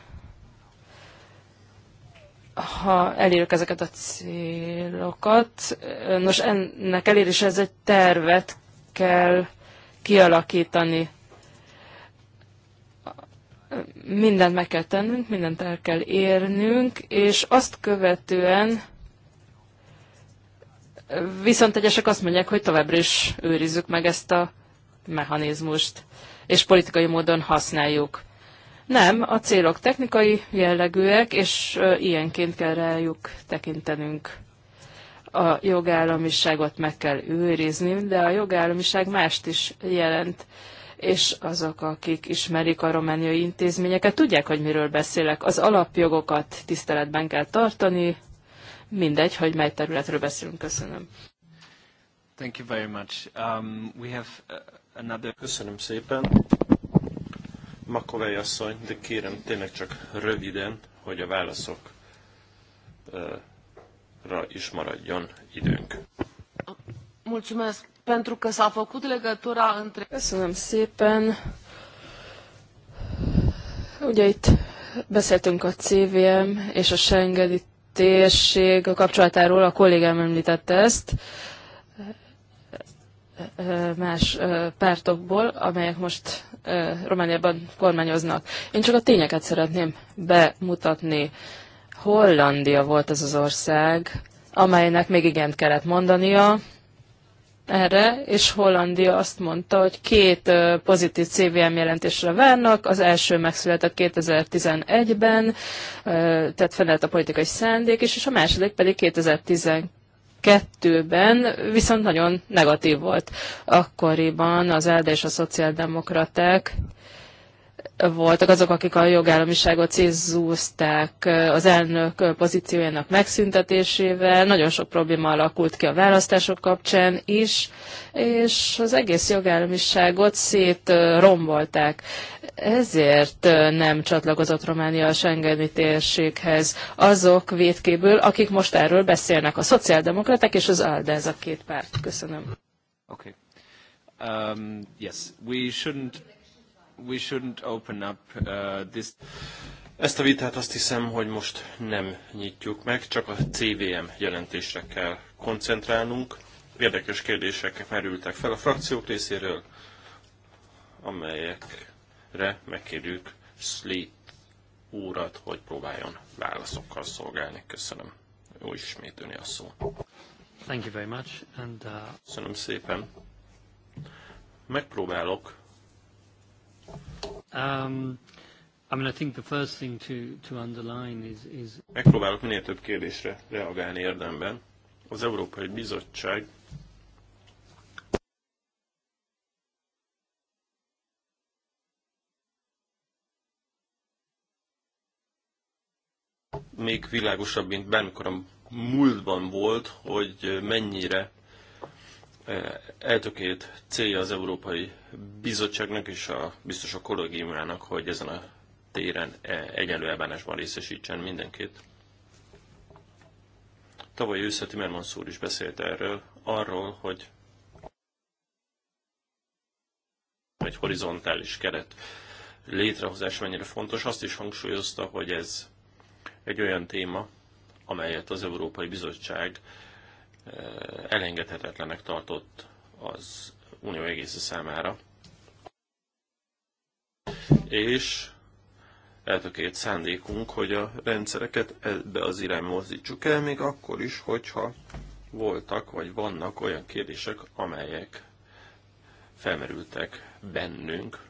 ha elérjük ezeket a célokat. Nos, ennek eléréséhez egy tervet kell kialakítani. Mindent meg kell tennünk, mindent el kell érnünk, és azt követően viszont egyesek azt mondják, hogy továbbra is őrizzük meg ezt a mechanizmust, és politikai módon használjuk. Nem, a célok technikai jellegűek, és ilyenként kell rájuk tekintenünk. A jogállamiságot meg kell őrizni, de a jogállamiság mást is jelent és azok, akik ismerik a romániai intézményeket, tudják, hogy miről beszélek. Az alapjogokat tiszteletben kell tartani, mindegy, hogy mely területről beszélünk. Köszönöm. Thank you very much. Um, we have uh, another... Köszönöm szépen. Makovely asszony, de kérem tényleg csak röviden, hogy a válaszokra is maradjon időnk. a Köszönöm szépen. Ugye itt beszéltünk a CVM és a Schengeni térség kapcsolatáról, a kollégám említette ezt más pártokból, amelyek most Romániában kormányoznak. Én csak a tényeket szeretném bemutatni. Hollandia volt ez az ország, amelynek még igent kellett mondania erre, és Hollandia azt mondta, hogy két pozitív CVM jelentésre várnak, az első megszületett 2011-ben, tehát fennállt a politikai szándék is, és a második pedig 2012 2002-ben viszont nagyon negatív volt. Akkoriban az ELDE és a szociáldemokraták voltak azok, akik a jogállamiságot cézúzták az elnök pozíciójának megszüntetésével. Nagyon sok probléma alakult ki a választások kapcsán is, és az egész jogállamiságot szétrombolták. rombolták. Ezért nem csatlakozott Románia a Schengeni térséghez azok védkéből, akik most erről beszélnek, a szociáldemokraták és az ALDE, ez a két párt. Köszönöm. Okay. Um, yes, we shouldn't we shouldn't open up uh, this... Ezt a vitát azt hiszem, hogy most nem nyitjuk meg, csak a CVM jelentésre kell koncentrálnunk. Érdekes kérdések merültek fel a frakciók részéről, amelyekre megkérjük Slit úrat, hogy próbáljon válaszokkal szolgálni. Köszönöm. Jó ismét a szó. Thank you very much. And, uh... Köszönöm szépen. Megpróbálok Um, I mean, I think the first thing to, to underline is, is... Megpróbálok minél több kérdésre reagálni érdemben. Az Európai Bizottság még világosabb, mint bármikor a múltban volt, hogy mennyire eltökélt célja az Európai Bizottságnak és a biztos a kollégiumának, hogy ezen a téren e- egyenlő elbánásban részesítsen mindenkit. Tavaly ősszel Timmermans úr is beszélt erről, arról, hogy egy horizontális keret létrehozás mennyire fontos. Azt is hangsúlyozta, hogy ez egy olyan téma, amelyet az Európai Bizottság Eh, elengedhetetlenek tartott az Unió egész számára. És eltökélt szándékunk, hogy a rendszereket ebbe az irányba mozdítsuk el, még akkor is, hogyha voltak vagy vannak olyan kérdések, amelyek felmerültek bennünk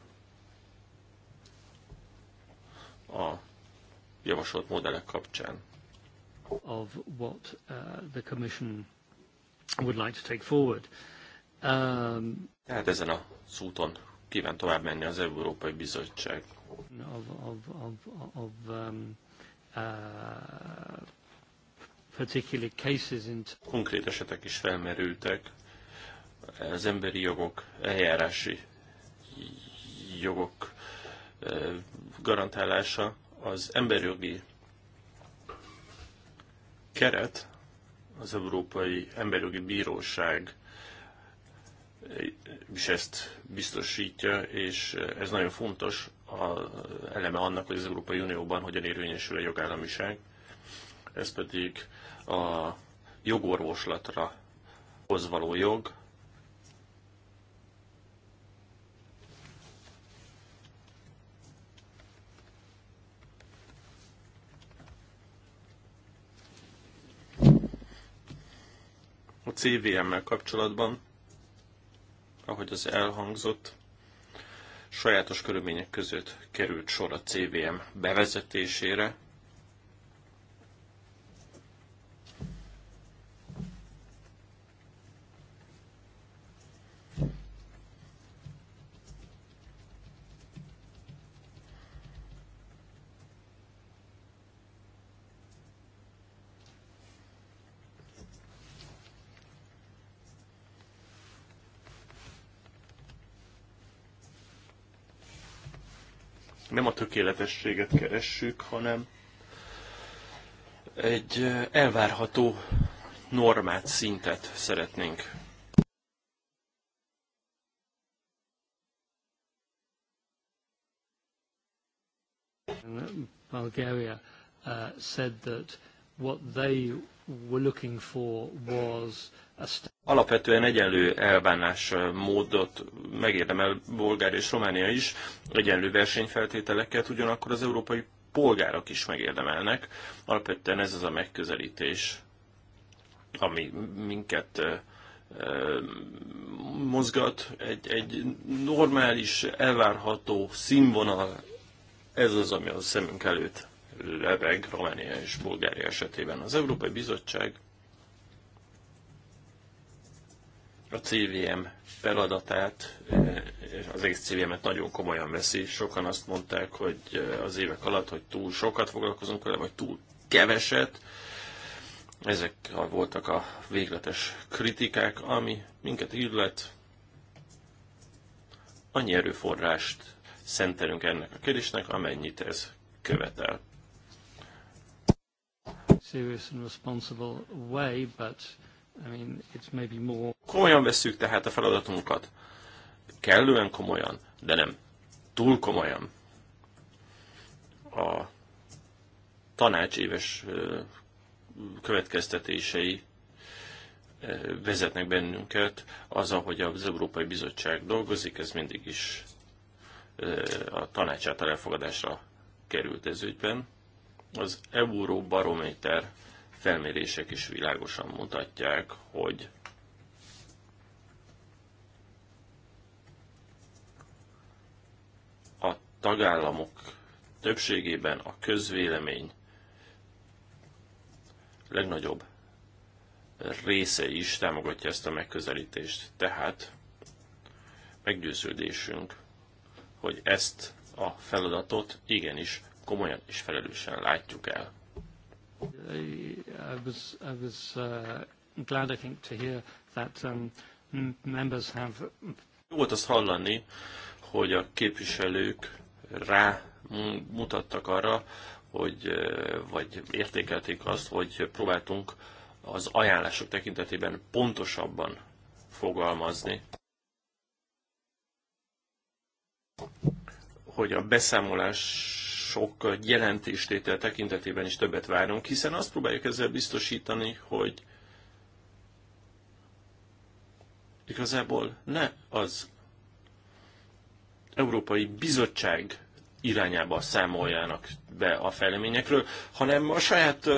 a javasolt modellek kapcsán. Of what, uh, the commission would like to take forward. Um, Tehát ezen a úton kíván tovább menni az Európai Bizottság. Of, of, of, of um, uh, particular cases in Konkrét esetek is felmerültek. Az emberi jogok, eljárási jogok uh, garantálása, az emberjogi keret az Európai Emberjogi Bíróság is ezt biztosítja, és ez nagyon fontos a eleme annak, hogy az Európai Unióban hogyan érvényesül a jogállamiság. Ez pedig a jogorvoslatra hoz való jog, A CVM-mel kapcsolatban, ahogy az elhangzott, sajátos körülmények között került sor a CVM bevezetésére, nem a tökéletességet keressük, hanem egy elvárható normát, szintet szeretnénk. Bulgaria uh, said that what they were looking for was Alapvetően egyenlő elbánás módot megérdemel Bulgária és Románia is, egyenlő versenyfeltételeket, ugyanakkor az európai polgárok is megérdemelnek. Alapvetően ez az a megközelítés, ami minket mozgat, egy, egy normális, elvárható színvonal, ez az, ami a szemünk előtt lebeg Románia és Bulgária esetében. Az Európai Bizottság a CVM feladatát, eh, az egész CVM-et nagyon komolyan veszi. Sokan azt mondták, hogy eh, az évek alatt, hogy túl sokat foglalkozunk vele, vagy túl keveset. Ezek voltak a végletes kritikák, ami minket illet. Annyi erőforrást szentelünk ennek a kérdésnek, amennyit ez követel. Serious and responsible way, but Komolyan vesszük tehát a feladatunkat. Kellően komolyan, de nem túl komolyan. A tanács éves következtetései vezetnek bennünket, az, ahogy az Európai Bizottság dolgozik, ez mindig is a tanács által elfogadásra került ez ügyben. Az Euróbarométer felmérések is világosan mutatják, hogy a tagállamok többségében a közvélemény legnagyobb része is támogatja ezt a megközelítést. Tehát meggyőződésünk, hogy ezt a feladatot igenis komolyan és felelősen látjuk el. I, was, I was uh, glad, I think, to hear that um, members have... Jó volt azt hallani, hogy a képviselők rá mutattak arra, hogy, vagy értékelték azt, hogy próbáltunk az ajánlások tekintetében pontosabban fogalmazni, hogy a beszámolás sok jelentéstétel tekintetében is többet várunk, hiszen azt próbáljuk ezzel biztosítani, hogy igazából ne az Európai Bizottság irányába számoljanak be a fejleményekről, hanem a saját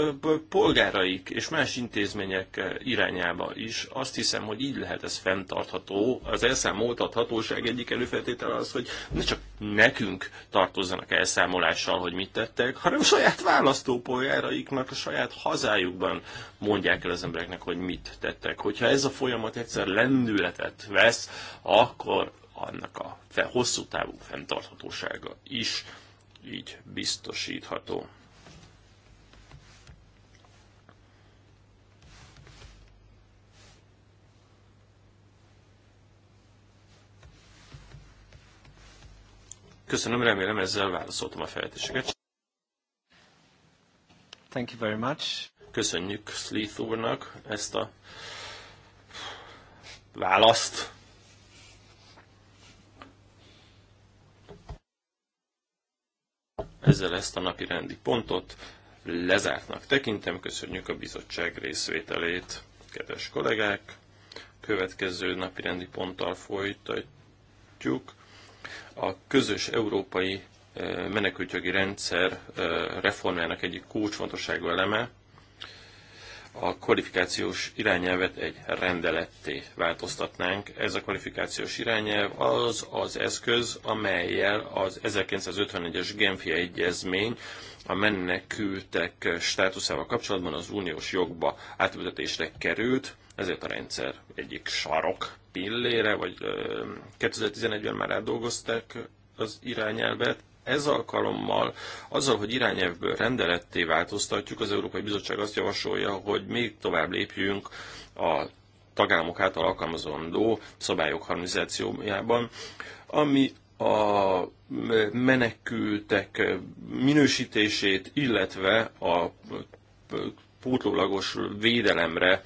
polgáraik és más intézmények irányába is. Azt hiszem, hogy így lehet ez fenntartható. Az elszámoltathatóság egyik előfeltétele az, hogy ne csak nekünk tartozzanak elszámolással, hogy mit tettek, hanem a saját választópolgáraiknak, a saját hazájukban mondják el az embereknek, hogy mit tettek. Hogyha ez a folyamat egyszer lendületet vesz, akkor annak a fel, hosszú távú fenntarthatósága is így biztosítható. Köszönöm, remélem ezzel válaszoltam a feltéseket. Thank you very much. Köszönjük Sleeth úrnak ezt a választ. Ezzel ezt a napi rendi pontot lezártnak tekintem. Köszönjük a bizottság részvételét, kedves kollégák! Következő napi rendi ponttal folytatjuk. A közös európai eh, menekültjogi rendszer eh, reformjának egyik kulcsfontosságú eleme a kvalifikációs irányelvet egy rendeletté változtatnánk. Ez a kvalifikációs irányelv az az eszköz, amelyel az 1951-es Genfi Egyezmény a menekültek státuszával kapcsolatban az uniós jogba átültetésre került, ezért a rendszer egyik sarok pillére, vagy 2011-ben már átdolgozták az irányelvet, ez alkalommal azzal, hogy irányelvből rendeletté változtatjuk, az Európai Bizottság azt javasolja, hogy még tovább lépjünk a tagállamok által alkalmazandó szabályok harmonizációjában, ami a menekültek minősítését, illetve a pótlólagos védelemre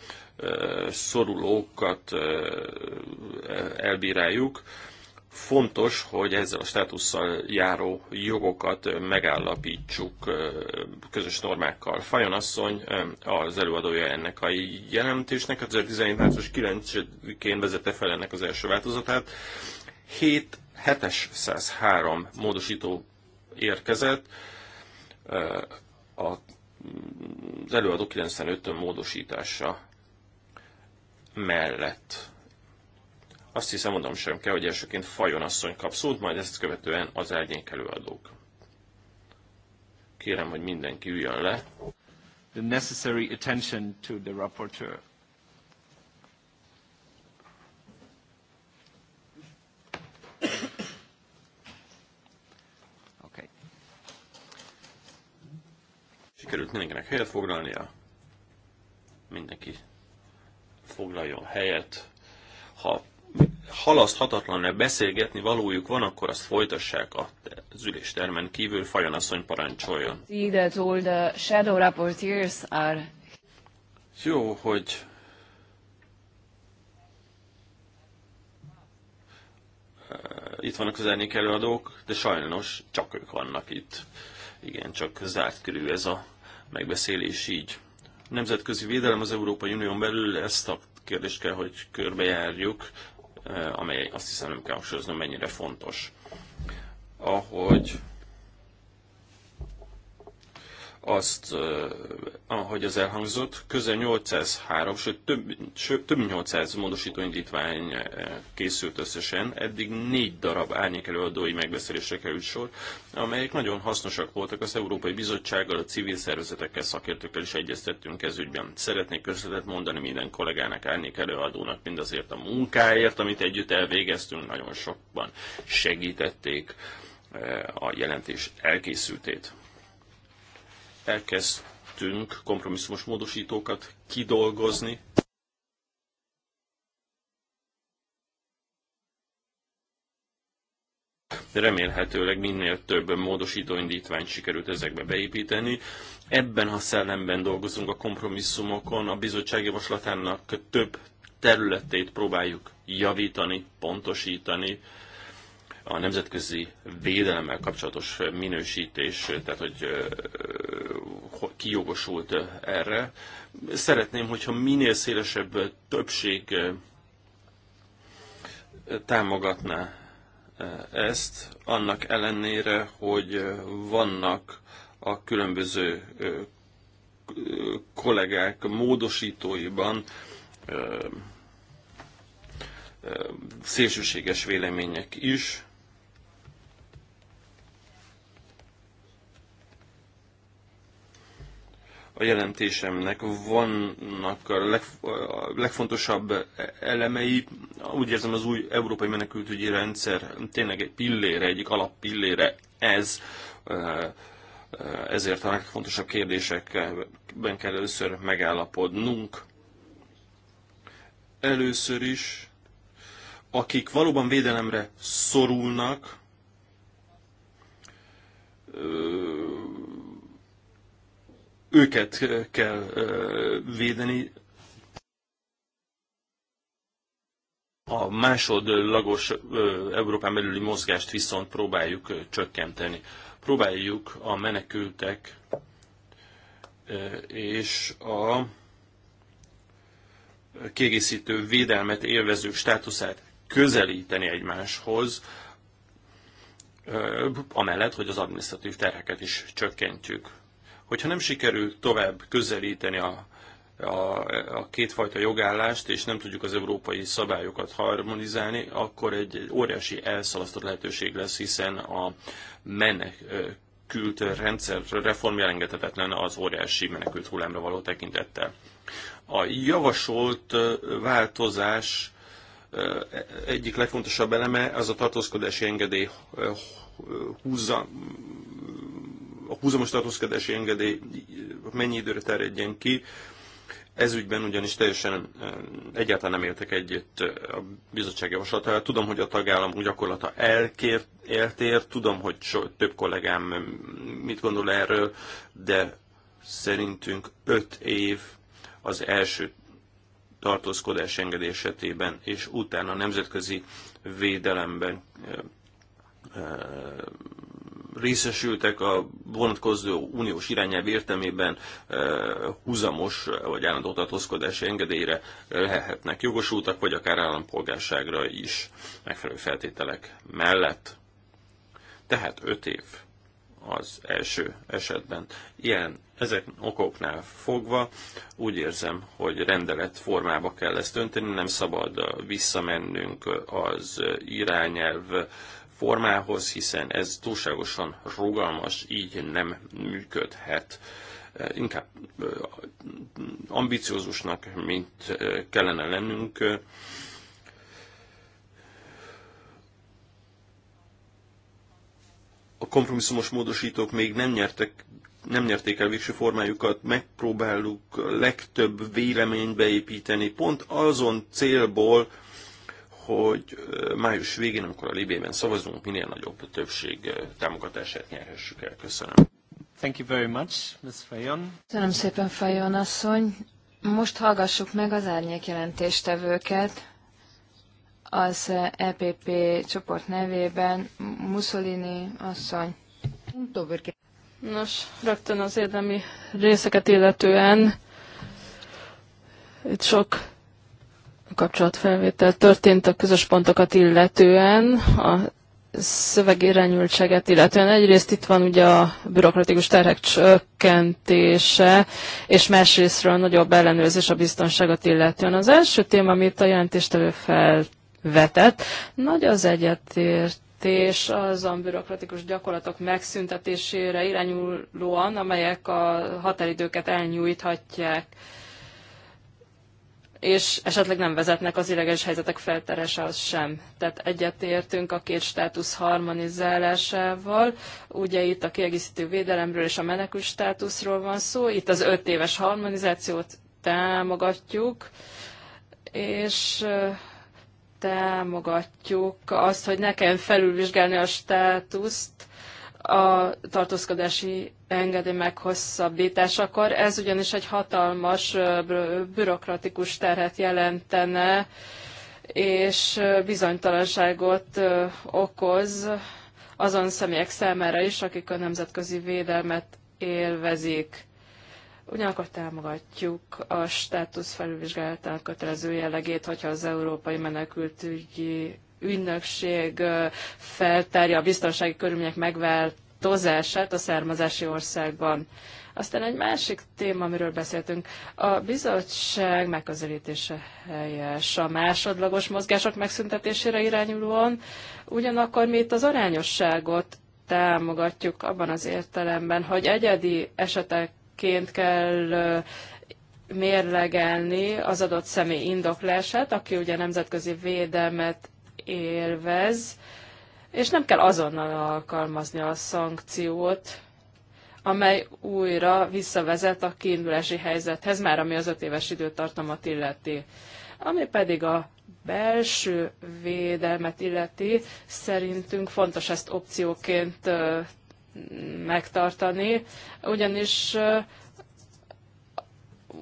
szorulókat elbíráljuk. Fontos, hogy ezzel a státusszal járó jogokat megállapítsuk közös normákkal. Fajon asszony az előadója ennek a jelentésnek, 2017. március 9-én vezette fel ennek az első változatát. 7 7 103 módosító érkezett, az előadó 95 ön módosítása mellett. Azt hiszem, mondom sem kell, hogy elsőként Fajon asszony kap szót, majd ezt követően az árnyék előadók. Kérem, hogy mindenki üljön le. The necessary attention to the rapporteur. Okay. Sikerült mindenkinek helyet foglalnia. Mindenki foglaljon helyet. Ha halaszthatatlan beszélgetni valójuk van, akkor azt folytassák a üléstermen kívül, fajonasszony parancsoljon. Jó, hogy eh, itt vannak az árnyék előadók, de sajnos csak ők vannak itt. Igen, csak zárt körül ez a megbeszélés így. Nemzetközi védelem az Európai Unión belül, ezt a kérdést kell, hogy körbejárjuk. Eh, amely azt hiszem nem kell hangsúlyoznom, mennyire fontos. Ahogy azt, ahogy az elhangzott, közel 803, sőt több, sőt, több mint 800 módosító indítvány készült összesen. Eddig négy darab árnyékelőadói megbeszélésre került sor, amelyek nagyon hasznosak voltak az Európai Bizottsággal, a civil szervezetekkel, szakértőkkel is egyeztettünk ez ügyben. Szeretnék köszönetet mondani minden kollégának, árnyékelőadónak mindazért a munkáért, amit együtt elvégeztünk, nagyon sokban segítették a jelentés elkészültét elkezdtünk kompromisszumos módosítókat kidolgozni, de remélhetőleg minél több módosítóindítványt sikerült ezekbe beépíteni. Ebben a szellemben dolgozunk a kompromisszumokon, a bizottság javaslatának több területét próbáljuk javítani, pontosítani, a nemzetközi védelemmel kapcsolatos minősítés, tehát hogy kijogosult erre. Szeretném, hogyha minél szélesebb többség támogatná ezt, annak ellenére, hogy vannak a különböző kollégák módosítóiban szélsőséges vélemények is. a jelentésemnek vannak a, leg, a legfontosabb elemei. Úgy érzem, az új európai menekültügyi rendszer tényleg egy pillére, egyik alappillére ez. Ezért a legfontosabb kérdésekben kell először megállapodnunk. Először is, akik valóban védelemre szorulnak, őket kell védeni, a másodlagos Európán belüli mozgást viszont próbáljuk csökkenteni. Próbáljuk a menekültek és a kiegészítő védelmet élvező státuszát közelíteni egymáshoz, amellett, hogy az adminisztratív terheket is csökkentjük. Hogyha nem sikerül tovább közelíteni a, a, a kétfajta jogállást, és nem tudjuk az európai szabályokat harmonizálni, akkor egy óriási elszalasztott lehetőség lesz, hiszen a menekült rendszer reform elengedhetetlen az óriási menekült hullámra való tekintettel. A javasolt változás egyik legfontosabb eleme az a tartózkodási engedély húzza a húzamos tartózkodási engedély mennyi időre terjedjen ki. Ez ügyben ugyanis teljesen eh, egyáltalán nem értek egyet eh, a bizottság javaslatára. Tudom, hogy a tagállam gyakorlata elkért, eltér, tudom, hogy so, több kollégám mm, mit gondol erről, de szerintünk öt év az első tartózkodás engedély esetében, és utána nemzetközi védelemben eh, részesültek a vonatkozó uniós irányelv értelmében eh, húzamos vagy állandó tartózkodási engedélyre lehetnek jogosultak, vagy akár állampolgárságra is megfelelő feltételek mellett. Tehát 5 év az első esetben. Ilyen, ezek okoknál fogva úgy érzem, hogy rendelet formába kell ezt dönteni, nem szabad visszamennünk az irányelv formához, hiszen ez túlságosan rugalmas, így nem működhet. Inkább ambiciózusnak, mint kellene lennünk. A kompromisszumos módosítók még nem nyertek nem nyerték el végső formájukat, megpróbáljuk legtöbb véleményt beépíteni, pont azon célból, hogy május végén, amikor a Libében szavazunk, minél nagyobb többség támogatását nyerhessük el. Köszönöm. Thank you very much, Ms. Fajon. Köszönöm szépen, Fajon asszony. Most hallgassuk meg az árnyék jelentéstevőket. Az EPP csoport nevében Mussolini asszony. Nos, rögtön az érdemi részeket illetően itt sok kapcsolatfelvétel történt a közös pontokat illetően, a szövegirányultságát illetően. Egyrészt itt van ugye a bürokratikus terhek csökkentése, és másrésztről a nagyobb ellenőrzés a biztonságot illetően. Az első téma, amit a jelentéstevő felvetett, nagy az egyetért és azon bürokratikus gyakorlatok megszüntetésére irányulóan, amelyek a határidőket elnyújthatják és esetleg nem vezetnek az illegális helyzetek feltárásához sem. Tehát egyetértünk a két státusz harmonizálásával. Ugye itt a kiegészítő védelemről és a menekül státuszról van szó. Itt az öt éves harmonizációt támogatjuk, és támogatjuk azt, hogy ne kelljen felülvizsgálni a státuszt, a tartózkodási engedély meghosszabbításakor. Ez ugyanis egy hatalmas bürokratikus terhet jelentene, és bizonytalanságot okoz azon személyek számára is, akik a nemzetközi védelmet élvezik. Ugyanakkor támogatjuk a státusz felülvizsgálatának kötelező jellegét, hogyha az európai menekültügyi ügynökség feltárja a biztonsági körülmények megváltozását a származási országban. Aztán egy másik téma, amiről beszéltünk, a bizottság megközelítése helyes a másodlagos mozgások megszüntetésére irányulóan, ugyanakkor mi itt az arányosságot támogatjuk abban az értelemben, hogy egyedi esetekként kell mérlegelni az adott személy indoklását, aki ugye nemzetközi védelmet élvez, és nem kell azonnal alkalmazni a szankciót, amely újra visszavezet a kiindulási helyzethez, már ami az öt éves időtartamat illeti. Ami pedig a belső védelmet illeti, szerintünk fontos ezt opcióként megtartani, ugyanis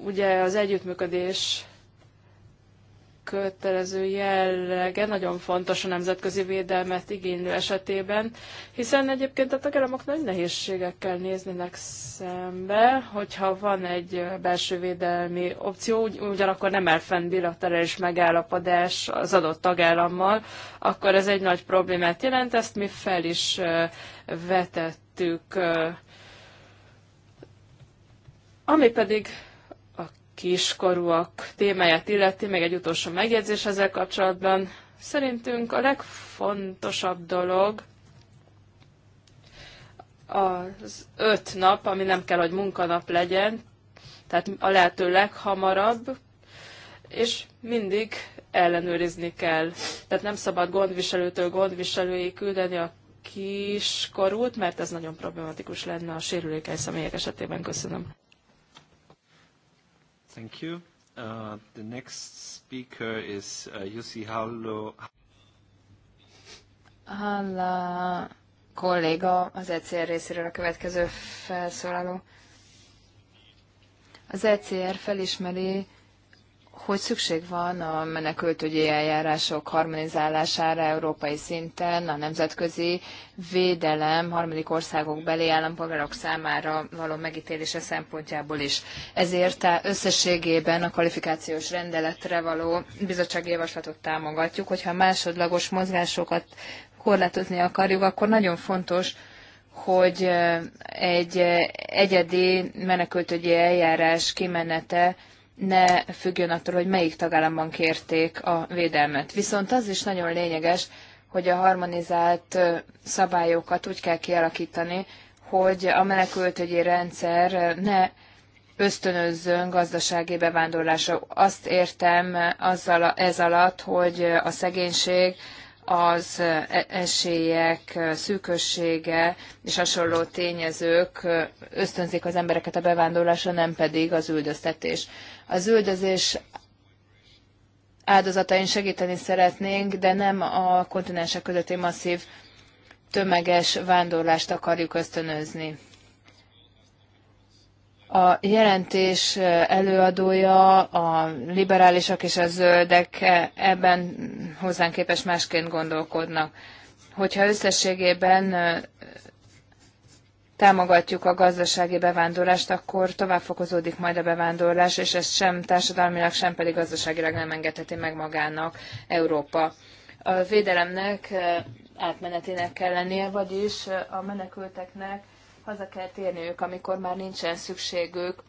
ugye az együttműködés kötelező jellege nagyon fontos a nemzetközi védelmet igénylő esetében, hiszen egyébként a tagállamok nagy nehézségekkel néznének szembe, hogyha van egy belső védelmi opció, ugyanakkor nem áll fenn bilaterális megállapodás az adott tagállammal, akkor ez egy nagy problémát jelent, ezt mi fel is vetettük. Ami pedig kiskorúak témáját illeti, még egy utolsó megjegyzés ezzel kapcsolatban. Szerintünk a legfontosabb dolog az öt nap, ami nem kell, hogy munkanap legyen, tehát a lehető leghamarabb, és mindig ellenőrizni kell. Tehát nem szabad gondviselőtől gondviselői küldeni a kiskorút, mert ez nagyon problematikus lenne a sérülékeny személyek esetében. Köszönöm. Thank you. Uh, the next speaker is uh, Jussi Hallo. Halla kolléga az ECR részéről a következő felszólaló. Az ECR felismeri hogy szükség van a menekültügyi eljárások harmonizálására európai szinten, a nemzetközi védelem harmadik országok beli állampolgárok számára való megítélése szempontjából is. Ezért összességében a kvalifikációs rendeletre való bizottsági javaslatot támogatjuk, hogyha másodlagos mozgásokat korlátozni akarjuk, akkor nagyon fontos, hogy eh, egy eh, egyedi menekültügyi eljárás kimenete ne függjön attól, hogy melyik tagállamban kérték a védelmet. Viszont az is nagyon lényeges, hogy a harmonizált szabályokat úgy kell kialakítani, hogy a menekültügyi rendszer ne ösztönözzön gazdasági bevándorlásra. Azt értem azzal, ez alatt, hogy a szegénység, az e, esélyek, szűkössége és hasonló tényezők ösztönzik az embereket a bevándorlásra, nem pedig az üldöztetés. Az üldözés áldozatain segíteni szeretnénk, de nem a kontinensek közötti masszív tömeges vándorlást akarjuk ösztönözni. A jelentés előadója, a liberálisok és a zöldek ebben hozzánk képes másként gondolkodnak. Hogyha összességében támogatjuk a gazdasági bevándorlást, akkor tovább fokozódik majd a bevándorlás, és ezt sem társadalmilag, sem pedig gazdaságilag nem engedheti meg magának Európa. A védelemnek eh, átmenetének kell lennie, vagyis eh, a menekülteknek haza kell térniük, amikor már nincsen szükségük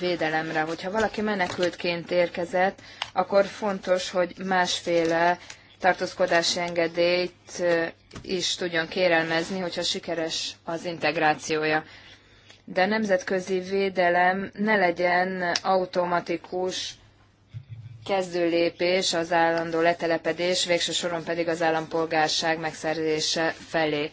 védelemre. Hogyha valaki menekültként érkezett, akkor fontos, hogy másféle tartózkodási engedélyt is tudjon kérelmezni, hogyha sikeres az integrációja. De nemzetközi védelem ne legyen automatikus kezdőlépés az állandó letelepedés, végső soron pedig az állampolgárság megszerzése felé.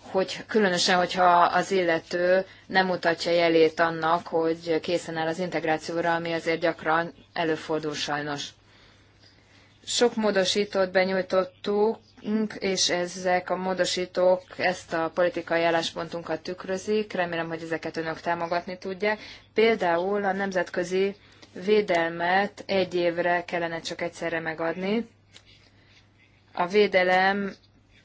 Hogy, különösen, hogyha az illető nem mutatja jelét annak, hogy készen áll az integrációra, ami azért gyakran előfordul sajnos. Sok módosítót benyújtottunk, és ezek a módosítók ezt a politikai álláspontunkat tükrözik. Remélem, hogy ezeket önök támogatni tudják. Például a nemzetközi védelmet egy évre kellene csak egyszerre megadni. A védelem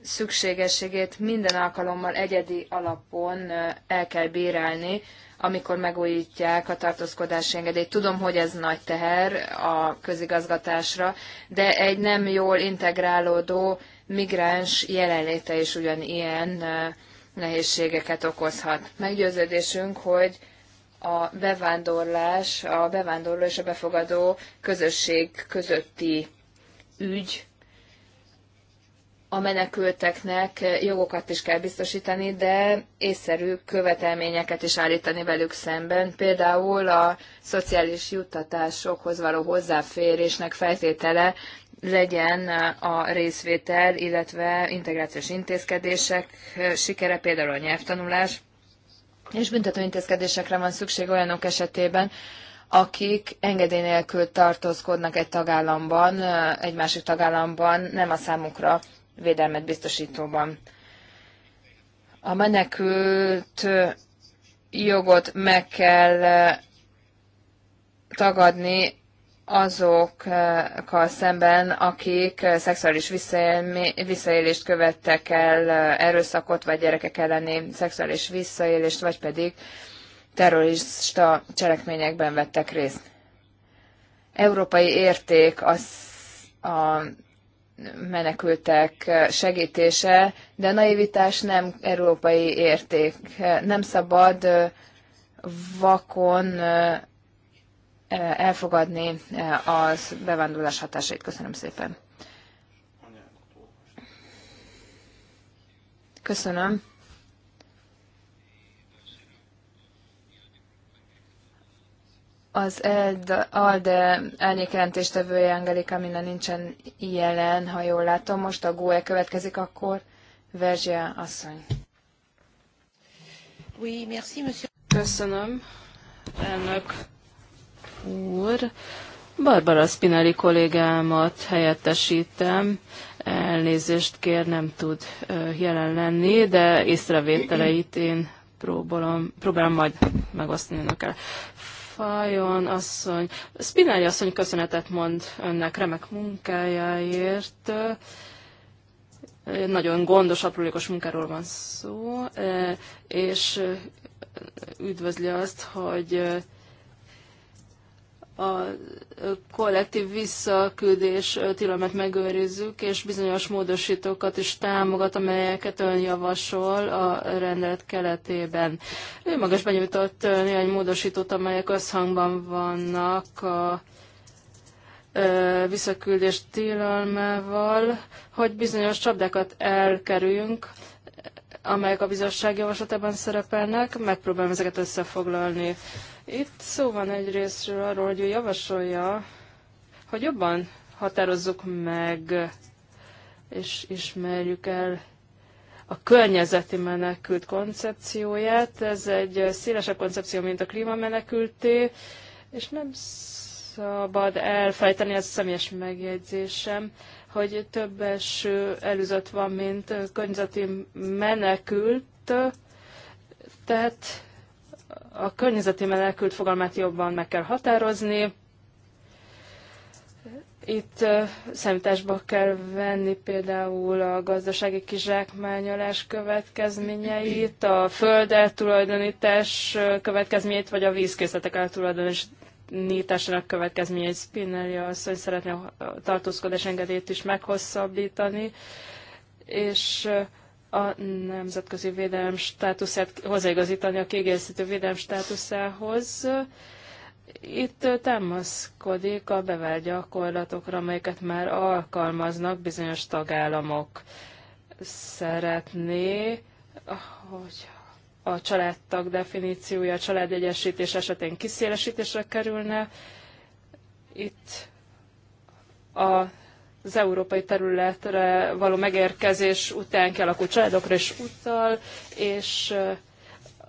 szükségességét minden alkalommal egyedi alapon el kell bírálni, amikor megújítják a tartózkodási engedélyt. Tudom, hogy ez nagy teher a közigazgatásra, de egy nem jól integrálódó migráns jelenléte is ugyanilyen nehézségeket okozhat. Meggyőződésünk, hogy a bevándorlás, a bevándorló és a befogadó közösség közötti ügy, a menekülteknek jogokat is kell biztosítani, de észszerű követelményeket is állítani velük szemben. Például a szociális juttatásokhoz való hozzáférésnek feltétele legyen a részvétel, illetve integrációs intézkedések sikere, például a nyelvtanulás, és büntető intézkedésekre van szükség olyanok esetében, akik engedély nélkül tartózkodnak egy tagállamban, egy másik tagállamban, nem a számukra védelmet biztosítóban. A menekült jogot meg kell tagadni azokkal szemben, akik szexuális visszaélést követtek el, erőszakot, vagy gyerekek elleni szexuális visszaélést, vagy pedig terrorista cselekményekben vettek részt. Európai érték az a menekültek eh, segítése, de a naivitás nem európai érték. Nem szabad eh, vakon eh, elfogadni az bevándorlás hatásait. Köszönöm szépen. Köszönöm. Az ELD, ALDE elnyékjelentéstevője Angelika Mina nincsen jelen, ha jól látom. Most a GUE következik, akkor Verzsia asszony. Oui, merci, monsieur. Köszönöm, elnök úr. Barbara Spinelli kollégámat helyettesítem. Elnézést kér, nem tud jelen lenni, de észrevételeit én próbálom, próbálom majd megosztani önökkel fájon asszony, Spinelli asszony köszönetet mond önnek remek munkájáért. Nagyon gondos, aprólékos munkáról van szó, eh, és eh, üdvözli azt, hogy eh, a kollektív visszaküldés tilalmat megőrizzük, és bizonyos módosítókat is támogat, amelyeket ön javasol a rendelet keletében. Ő magas benyújtott néhány módosítót, amelyek összhangban vannak a visszaküldés tilalmával, hogy bizonyos csapdákat elkerüljünk, amelyek a bizottság javaslatában szerepelnek, megpróbálom ezeket összefoglalni. Itt szó van egyrésztről arról, hogy ő javasolja, hogy jobban határozzuk meg és ismerjük el a környezeti menekült koncepcióját. Ez egy szélesebb koncepció, mint a klímamenekülté, és nem szabad elfejteni, ez személyes megjegyzésem, hogy több eső előzött van, mint környezeti menekült, tehát a környezeti menekült fogalmát jobban meg kell határozni. Itt számításba kell venni például a gazdasági kizsákmányolás következményeit, a föld eltulajdonítás következményeit, vagy a vízkészletek eltulajdonításának következményeit. Spinelli hogy szeretné a tartózkodás engedélyt is meghosszabbítani, és a nemzetközi védelem státuszát hozzáigazítani a kiegészítő védelem státuszához. Itt támaszkodik a bevált gyakorlatokra, amelyeket már alkalmaznak bizonyos tagállamok. Szeretné, hogy a családtag definíciója, a családegyesítés esetén kiszélesítésre kerülne. Itt a az európai területre való megérkezés után kialakult családokra is utal, és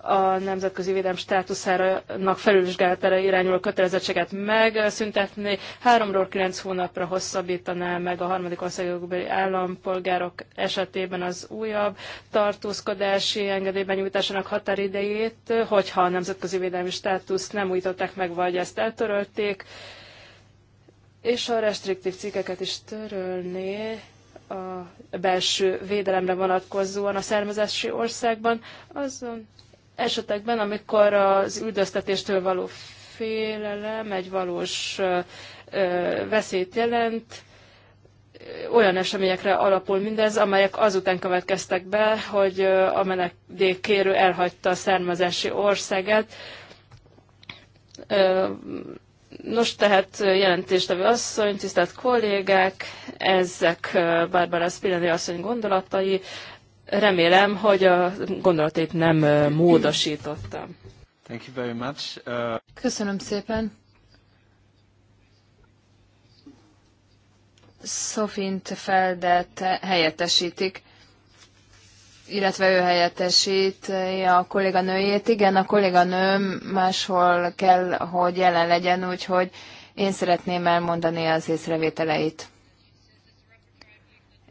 a nemzetközi védelem státuszának felülvizsgálatára irányuló kötelezettséget megszüntetni, háromról kilenc hónapra hosszabbítaná meg a harmadik országokbeli állampolgárok esetében az újabb tartózkodási engedélyben nyújtásának határidejét, hogyha a nemzetközi védelmi státuszt nem újították meg, vagy ezt eltörölték és a restriktív cikkeket is törölné a belső védelemre vonatkozóan a származási országban, azon esetekben, amikor az üldöztetéstől való félelem egy valós veszélyt jelent, olyan eseményekre alapul mindez, amelyek azután következtek be, hogy a menedékkérő elhagyta a származási országát, Nos, tehát jelentéstevő asszony, tisztelt kollégák, ezek Barbara Spillani asszony gondolatai. Remélem, hogy a gondolatét nem módosítottam. Thank you very much. Uh... Köszönöm szépen. Sofint Feldet helyettesítik illetve ő helyettesít a kolléganőjét. Igen, a kolléganőm máshol kell, hogy jelen legyen, úgyhogy én szeretném elmondani az észrevételeit.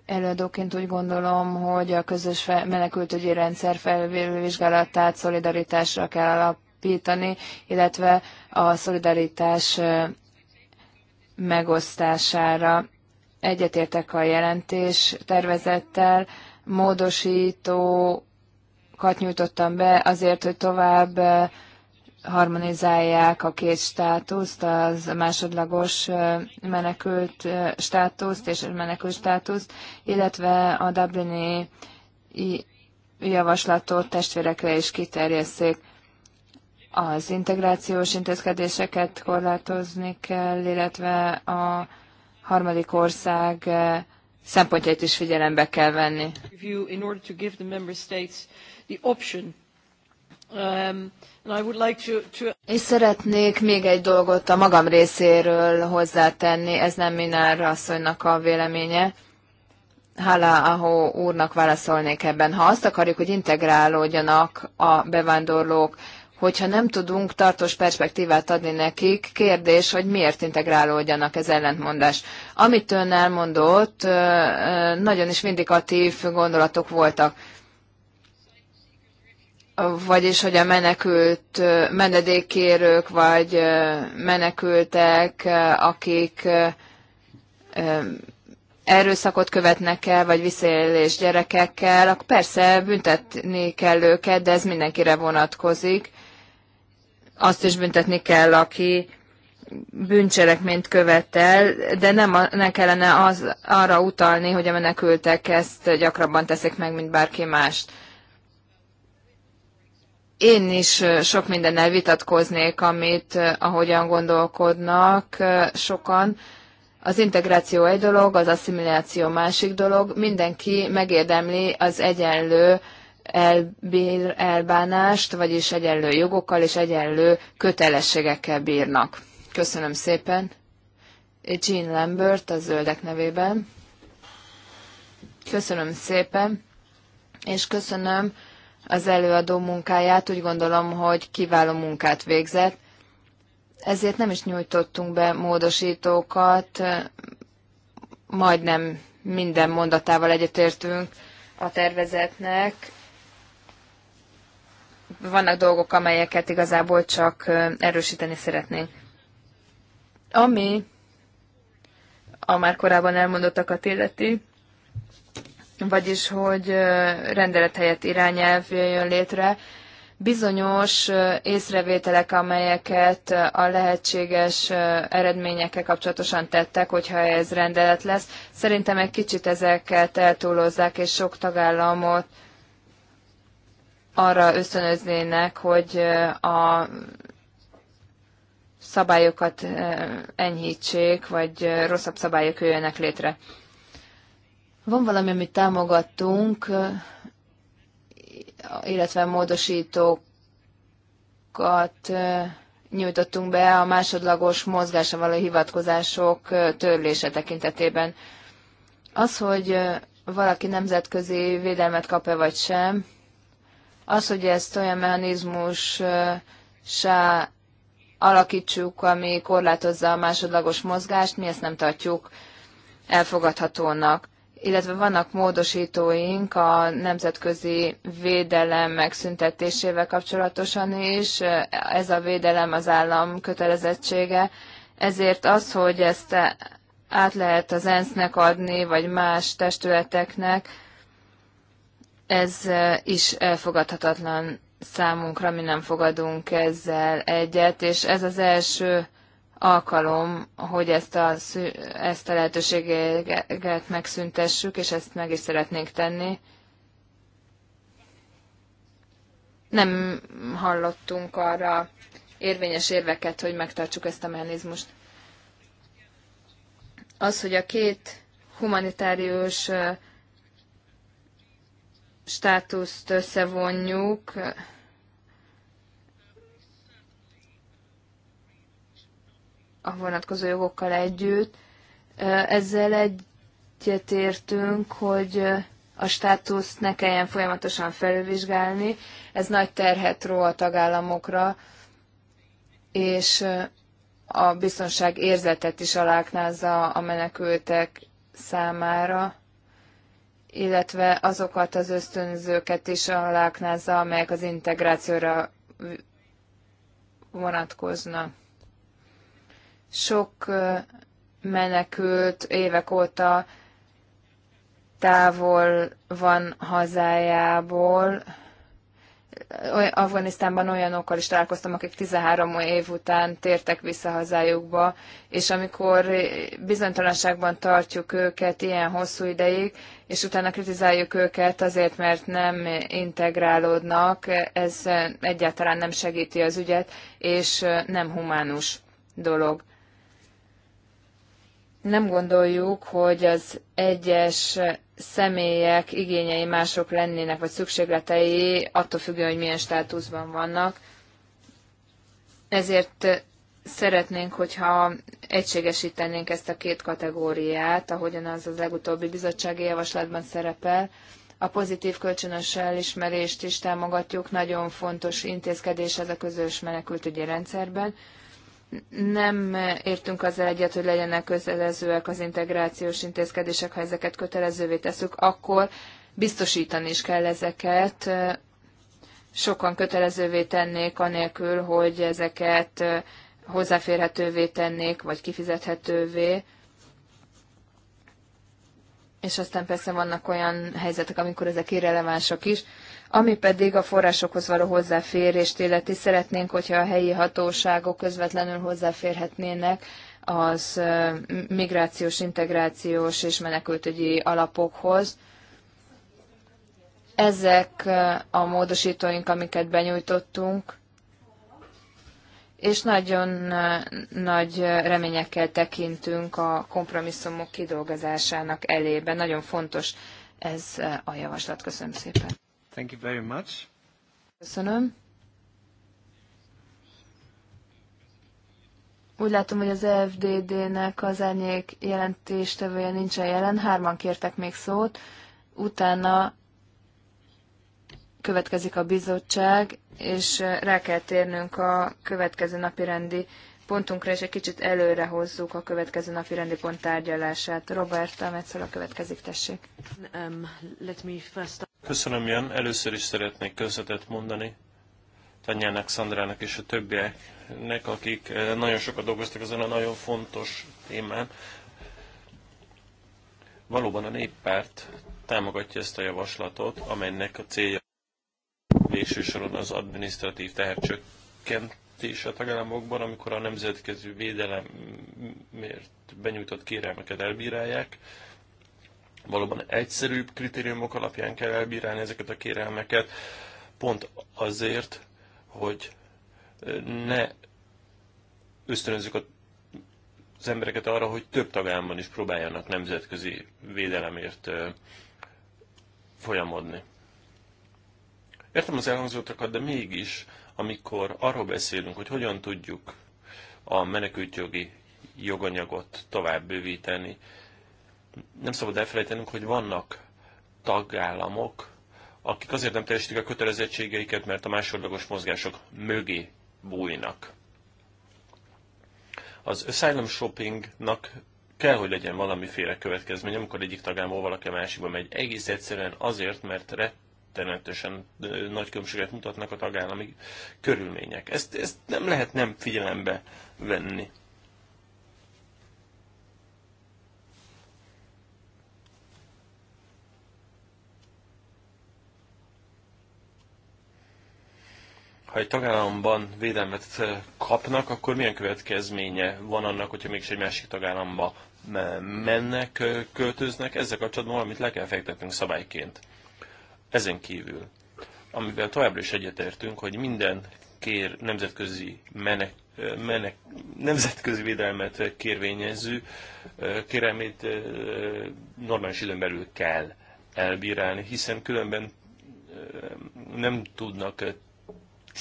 Előadóként úgy gondolom, hogy a közös menekültügyi rendszer felvizsgálatát szolidaritásra kell alapítani, illetve a szolidaritás megosztására. Egyetértek a jelentés tervezettel, módosítókat nyújtottam be azért, hogy tovább eh, harmonizálják a két státuszt, az másodlagos eh, menekült eh, státuszt és menekült státuszt, illetve a Dublini javaslatot testvérekre is kiterjesszék. Az integrációs intézkedéseket korlátozni kell, illetve a harmadik ország szempontjait is figyelembe kell venni. In order to give the member states the option um, És szeretnék még egy dolgot a magam részéről hozzátenni, ez nem Minár asszonynak a véleménye. Hála Ahó úrnak válaszolnék ebben. Ha azt akarjuk, hogy integrálódjanak a bevándorlók hogyha nem tudunk tartós perspektívát adni nekik, kérdés, hogy miért integrálódjanak ez ellentmondás. Amit ön elmondott, nagyon is vindikatív gondolatok voltak. Vagyis, hogy a menekült, menedékkérők, vagy menekültek, akik erőszakot követnek el, vagy visszaélés gyerekekkel, akkor persze büntetni kell őket, de ez mindenkire vonatkozik azt is büntetni kell, aki bűncselekményt követel, de nem ne kellene az, arra utalni, hogy a menekültek ezt gyakrabban teszik meg, mint bárki mást. Én is sok mindennel vitatkoznék, amit ahogyan gondolkodnak sokan. Az integráció egy dolog, az asszimiláció másik dolog. Mindenki megérdemli az egyenlő elbír, elbánást, vagyis egyenlő jogokkal és egyenlő kötelességekkel bírnak. Köszönöm szépen. Jean Lambert a zöldek nevében. Köszönöm szépen, és köszönöm az előadó munkáját. Úgy gondolom, hogy kiváló munkát végzett. Ezért nem is nyújtottunk be módosítókat, majdnem minden mondatával egyetértünk a tervezetnek, vannak dolgok, amelyeket igazából csak erősíteni szeretnénk. Ami a már korábban elmondottakat illeti, vagyis hogy rendelet helyett irányelv jön létre, bizonyos észrevételek, amelyeket a lehetséges eredményekkel kapcsolatosan tettek, hogyha ez rendelet lesz. Szerintem egy kicsit ezeket eltúlozzák, és sok tagállamot arra ösztönöznének, hogy a szabályokat enyhítsék, vagy rosszabb szabályok jöjjenek létre. Van valami, amit támogattunk, illetve módosítókat nyújtottunk be a másodlagos mozgása való hivatkozások törlése tekintetében. Az, hogy valaki nemzetközi védelmet kap-e vagy sem, az, hogy ezt olyan mechanizmus sá alakítsuk, ami korlátozza a másodlagos mozgást, mi ezt nem tartjuk elfogadhatónak. Illetve vannak módosítóink a nemzetközi védelem megszüntetésével kapcsolatosan is. Ez a védelem az állam kötelezettsége. Ezért az, hogy ezt át lehet az ENSZ-nek adni, vagy más testületeknek, ez is elfogadhatatlan számunkra, mi nem fogadunk ezzel egyet, és ez az első alkalom, hogy ezt a, ezt a lehetőséget megszüntessük, és ezt meg is szeretnénk tenni. Nem hallottunk arra érvényes érveket, hogy megtartsuk ezt a mechanizmust. Az, hogy a két humanitárius státuszt összevonjuk, a vonatkozó jogokkal együtt. Ezzel egyetértünk, hogy a státuszt ne kelljen folyamatosan felülvizsgálni. Ez nagy terhet ró a tagállamokra, és a biztonság érzetet is aláknázza a menekültek számára illetve azokat az ösztönzőket is aláknázza, amelyek az integrációra vonatkoznak. Sok menekült évek óta távol van hazájából, Afganisztánban olyanokkal is találkoztam, akik 13 év után tértek vissza hazájukba, és amikor bizonytalanságban tartjuk őket ilyen hosszú ideig, és utána kritizáljuk őket azért, mert nem integrálódnak, ez egyáltalán nem segíti az ügyet, és nem humánus dolog. Nem gondoljuk, hogy az egyes személyek igényei mások lennének, vagy szükségletei, attól függően, hogy milyen státuszban vannak. Ezért szeretnénk, hogyha egységesítenénk ezt a két kategóriát, ahogyan az az legutóbbi bizottsági javaslatban szerepel. A pozitív kölcsönös elismerést is támogatjuk, nagyon fontos intézkedés ez a közös menekültügyi rendszerben nem értünk azzal egyet, hogy legyenek kötelezőek az integrációs intézkedések, ha ezeket kötelezővé teszük, akkor biztosítani is kell ezeket. Sokan kötelezővé tennék, anélkül, hogy ezeket hozzáférhetővé tennék, vagy kifizethetővé. És aztán persze vannak olyan helyzetek, amikor ezek irrelevánsak is. Ami pedig a forrásokhoz való hozzáférést illeti, szeretnénk, hogyha a helyi hatóságok közvetlenül hozzáférhetnének az migrációs, integrációs és menekültügyi alapokhoz. Ezek a módosítóink, amiket benyújtottunk, és nagyon nagy reményekkel tekintünk a kompromisszumok kidolgozásának elébe. Nagyon fontos ez a javaslat. Köszönöm szépen. Thank you very much. Köszönöm. Úgy látom, hogy az FDD-nek az árnyék jelentéstevője nincsen jelen, hárman kértek még szót, utána következik a bizottság, és rá kell térnünk a következő napi rendi pontunkra, és egy kicsit előre hozzuk a következő napi rendi pont tárgyalását. Roberta a következik, tessék. Um, Köszönöm, Jan. Először is szeretnék köszönetet mondani Tanyának, Szandrának és a többieknek, akik eh, nagyon sokat dolgoztak ezen a nagyon fontos témán. Valóban a néppárt támogatja ezt a javaslatot, amelynek a célja végső az adminisztratív tehercsökkentés és a tagállamokban, amikor a nemzetközi védelemért benyújtott kérelmeket elbírálják, valóban egyszerűbb kritériumok alapján kell elbírálni ezeket a kérelmeket, pont azért, hogy ne ösztönözzük az embereket arra, hogy több tagállamban is próbáljanak nemzetközi védelemért folyamodni. Értem az elhangzottakat, de mégis amikor arról beszélünk, hogy hogyan tudjuk a menekültjogi joganyagot tovább bővíteni, nem szabad elfelejtenünk, hogy vannak tagállamok, akik azért nem teljesítik a kötelezettségeiket, mert a másodlagos mozgások mögé bújnak. Az asylum shoppingnak kell, hogy legyen valamiféle következmény, amikor egyik tagállamból valaki a másikba megy. Egész egyszerűen azért, mert rettenetesen nagy különbséget mutatnak a tagállami körülmények. Ezt, ezt nem lehet nem figyelembe venni. ha egy tagállamban védelmet kapnak, akkor milyen következménye van annak, hogyha mégis egy másik tagállamba mennek, költöznek? Ezzel kapcsolatban valamit le kell fektetnünk szabályként. Ezen kívül, amivel továbbra is egyetértünk, hogy minden kér nemzetközi menek, menek, nemzetközi védelmet kérvényező kérelmét normális időn belül kell elbírálni, hiszen különben nem tudnak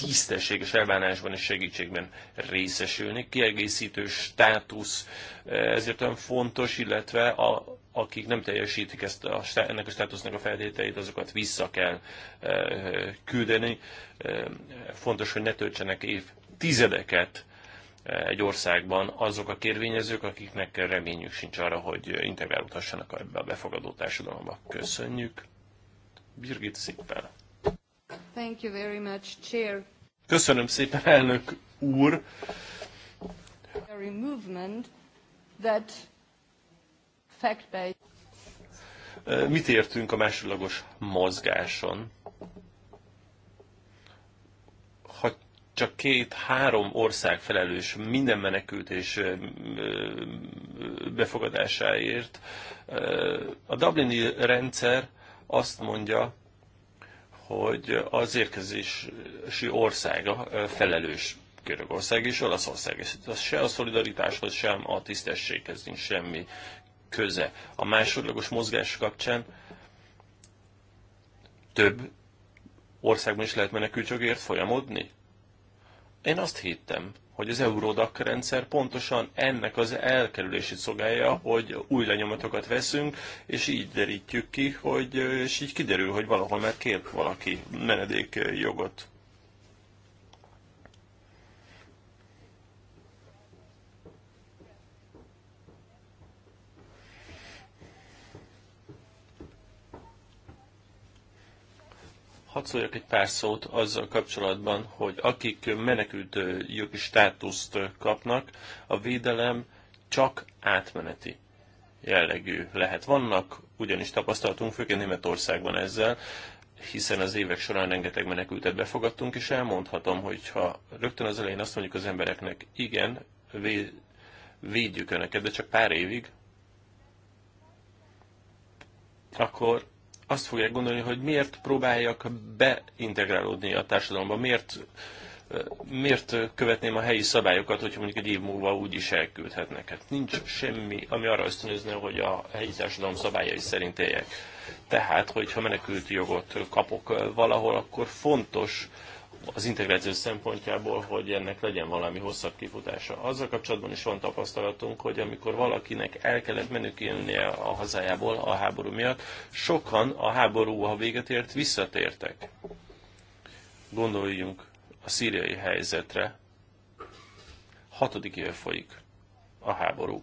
tisztességes elbánásban és segítségben részesülni. Kiegészítő státusz ezért olyan fontos, illetve a akik nem teljesítik ezt a, ennek a státusznak a feltételeit, azokat vissza kell eh, küldeni. Eh, fontos, hogy ne töltsenek évtizedeket eh, egy országban azok a kérvényezők, akiknek reményük sincs arra, hogy integrálódhassanak ebbe a befogadó társadalomba. Köszönjük. Birgit Szippel. Thank you very much, Chair. Köszönöm szépen, elnök úr. that Mit értünk a másodlagos mozgáson? Ha csak két-három ország felelős minden menekült és befogadásáért, a Dublini rendszer azt mondja, hogy az érkezési országa felelős Görögország és Olaszország. Ez se a szolidaritáshoz, sem a tisztességhez nincs semmi köze. A másodlagos mozgás kapcsán több országban is lehet menekültjogért folyamodni? Én azt hittem, hogy az Eurodac rendszer pontosan ennek az elkerülését szolgálja, hogy új lenyomatokat veszünk, és így derítjük ki, hogy, és így kiderül, hogy valahol már kép valaki menedékjogot. Hadd szóljak egy pár szót azzal kapcsolatban, hogy akik menekült jogi státuszt kapnak, a védelem csak átmeneti jellegű lehet. Vannak ugyanis tapasztalatunk, főként Németországban ezzel, hiszen az évek során rengeteg menekültet befogadtunk, és elmondhatom, hogy ha rögtön az elején azt mondjuk az embereknek, igen, védjük önöket, de csak pár évig, akkor azt fogják gondolni, hogy miért próbáljak beintegrálódni a társadalomba, miért, miért követném a helyi szabályokat, hogyha mondjuk egy év múlva úgy is elküldhetnek. Hát nincs semmi, ami arra ösztönözne, hogy a helyi társadalom szabályai szerint éljek. Tehát, hogyha menekült jogot kapok valahol, akkor fontos az integráció szempontjából, hogy ennek legyen valami hosszabb kifutása. Azzal kapcsolatban is van tapasztalatunk, hogy amikor valakinek el kellett menekülnie a hazájából a háború miatt, sokan a háború, ha véget ért, visszatértek. Gondoljunk a szíriai helyzetre. Hatodik éve folyik a háború.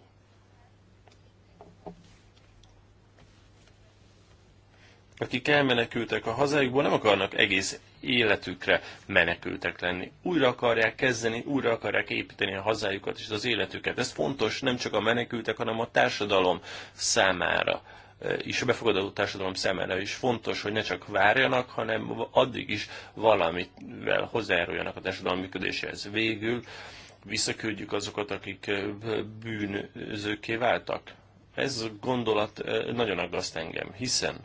akik elmenekültek a hazájukból, nem akarnak egész életükre menekültek lenni. Újra akarják kezdeni, újra akarják építeni a hazájukat és az életüket. Ez fontos nem csak a menekültek, hanem a társadalom számára és a befogadó társadalom szemére is fontos, hogy ne csak várjanak, hanem addig is valamivel hozzájáruljanak a társadalom működéséhez. Végül visszaküldjük azokat, akik bűnözőké váltak. Ez a gondolat nagyon aggaszt engem, hiszen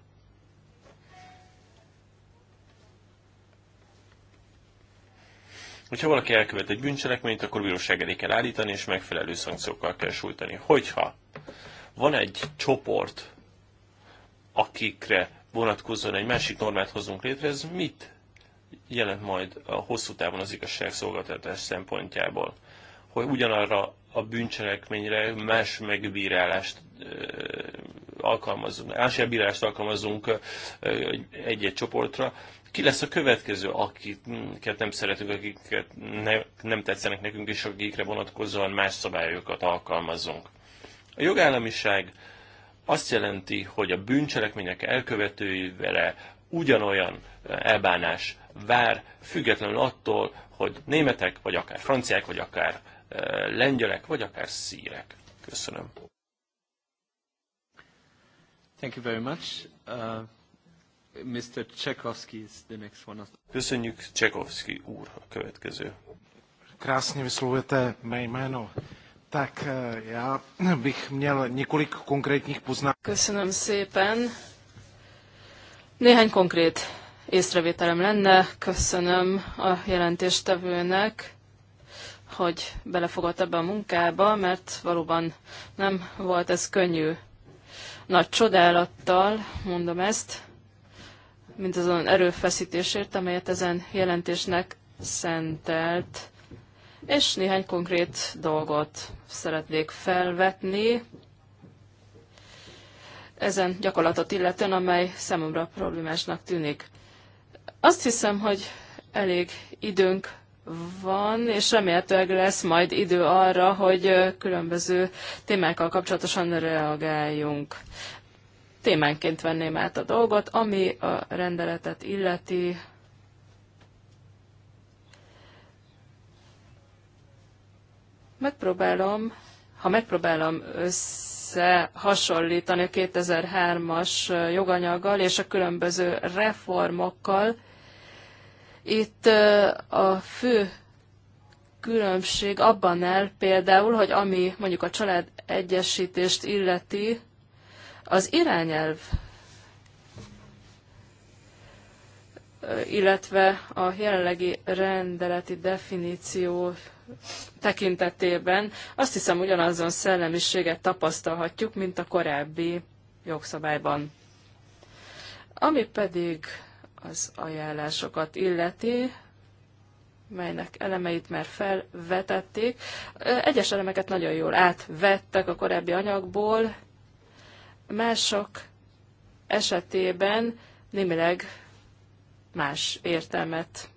Hogyha valaki elkövet egy bűncselekményt, akkor bíróság elé kell állítani, és megfelelő szankciókkal kell sújtani. Hogyha van egy csoport, akikre vonatkozóan egy másik normát hozunk létre, ez mit jelent majd a hosszú távon az igazságszolgáltatás szempontjából? Hogy ugyanarra a bűncselekményre más megbírálást alkalmazunk, más elbírálást alkalmazunk egy-egy csoportra, ki lesz a következő, akiket nem szeretünk, akiket ne, nem tetszenek nekünk, és akikre vonatkozóan más szabályokat alkalmazzunk? A jogállamiság azt jelenti, hogy a bűncselekmények elkövetőivele ugyanolyan eh, elbánás vár, függetlenül attól, hogy németek, vagy akár franciák, vagy akár eh, lengyelek, vagy akár szírek. Köszönöm. Thank you very much. Uh... Mr. Csekovsky is the next one. Köszönjük, Csekovsky úr a következő. Krásně vyslovujete mé jméno. Tak eh, já bych měl několik konkrétních poznámek. Köszönöm szépen. Néhány konkrét észrevételem lenne. Köszönöm a jelentéstevőnek, hogy belefogott ebbe a munkába, mert valóban nem volt ez könnyű. Nagy csodálattal mondom ezt, azon erőfeszítésért, amelyet ezen jelentésnek szentelt. És néhány konkrét dolgot szeretnék felvetni ezen gyakorlatot illetően, amely számomra problémásnak tűnik. Azt hiszem, hogy elég időnk van, és remélhetőleg lesz majd idő arra, hogy különböző témákkal kapcsolatosan reagáljunk témánként venném át a dolgot, ami a rendeletet illeti. Megpróbálom, ha megpróbálom összehasonlítani a 2003-as joganyaggal és a különböző reformokkal, itt a fő különbség abban el például, hogy ami mondjuk a család egyesítést illeti, az irányelv illetve a jelenlegi rendeleti definíció tekintetében azt hiszem ugyanazon szellemiséget tapasztalhatjuk, mint a korábbi jogszabályban. Ami pedig az ajánlásokat illeti, melynek elemeit már felvetették. Egyes elemeket nagyon jól átvettek a korábbi anyagból, mások esetében némileg más értelmet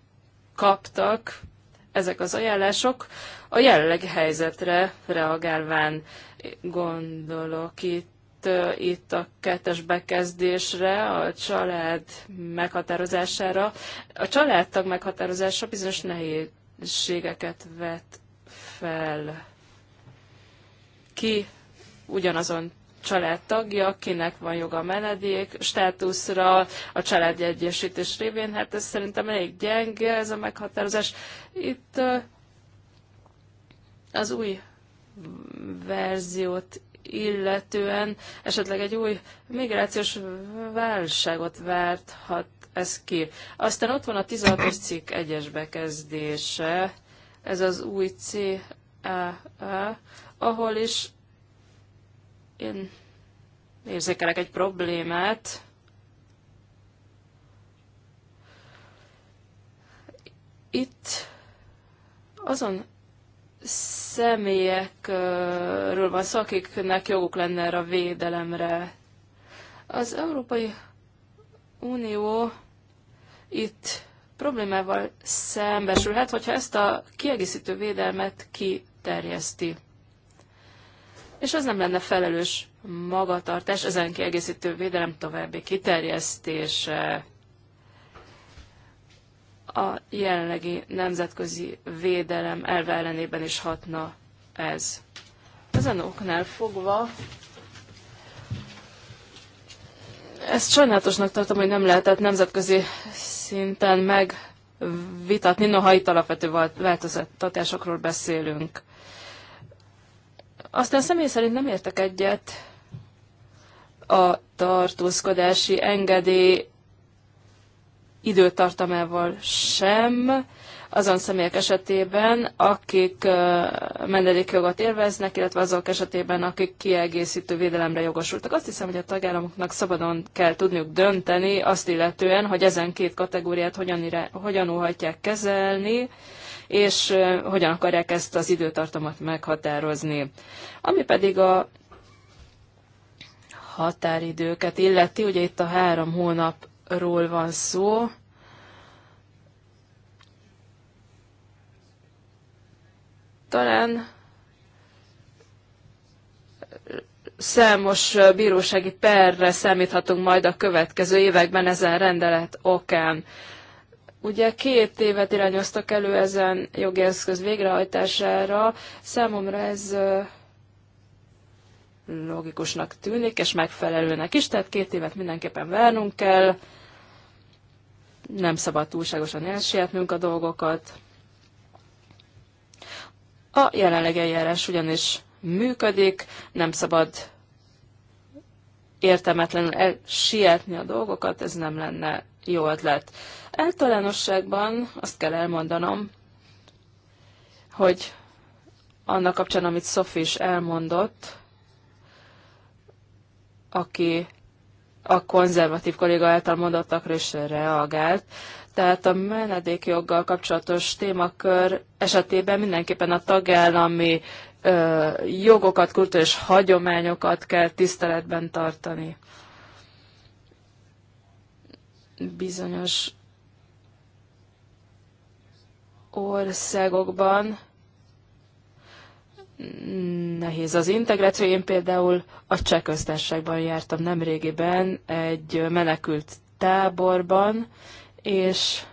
kaptak ezek az ajánlások a jelenlegi helyzetre reagálván. Gondolok itt, itt a kettes bekezdésre, a család meghatározására. A családtag meghatározása bizonyos nehézségeket vet fel. Ki ugyanazon család tagja, kinek van joga a menedék státuszra, a családi egyesítés révén. Hát ez szerintem elég gyenge ez a meghatározás. Itt az új verziót illetően esetleg egy új migrációs válságot várthat ez ki. Aztán ott van a 16 cikk egyes bekezdése, ez az új CAA, ahol is én érzékelek egy problémát. Itt azon személyekről van szó, akiknek joguk lenne erre a védelemre. Az Európai Unió itt problémával szembesülhet, hogyha ezt a kiegészítő védelmet kiterjeszti és az nem lenne felelős magatartás, ezen kiegészítő védelem további kiterjesztése a jelenlegi nemzetközi védelem elve ellenében is hatna ez. Ezen oknál fogva ezt sajnálatosnak tartom, hogy nem lehetett nemzetközi szinten megvitatni, noha itt alapvető változtatásokról beszélünk. Aztán személy szerint nem értek egyet a tartózkodási engedély időtartamával sem, azon személyek esetében, akik menedékjogot élveznek, illetve azok esetében, akik kiegészítő védelemre jogosultak. Azt hiszem, hogy a tagállamoknak szabadon kell tudniuk dönteni azt illetően, hogy ezen két kategóriát hogyan, hogyan óhatják kezelni, és hogyan akarják ezt az időtartamot meghatározni. Ami pedig a határidőket illeti, ugye itt a három hónapról van szó, talán számos bírósági perre számíthatunk majd a következő években ezen rendelet okán. Ugye két évet irányoztak elő ezen jogi eszköz végrehajtására, számomra ez logikusnak tűnik, és megfelelőnek is, tehát két évet mindenképpen várnunk kell, nem szabad túlságosan elsietnünk a dolgokat. A jelenleg eljárás ugyanis működik, nem szabad értelmetlenül sietni a dolgokat, ez nem lenne jó ötlet. Általánosságban azt kell elmondanom, hogy annak kapcsán, amit Sophie is elmondott, aki a konzervatív kolléga által mondottakra is reagált. Tehát a menedékjoggal kapcsolatos témakör esetében mindenképpen a tagállami ö, jogokat, kultúr és hagyományokat kell tiszteletben tartani bizonyos országokban nehéz az integráció. Én például a cseh köztársaságban jártam nemrégiben egy menekült táborban, és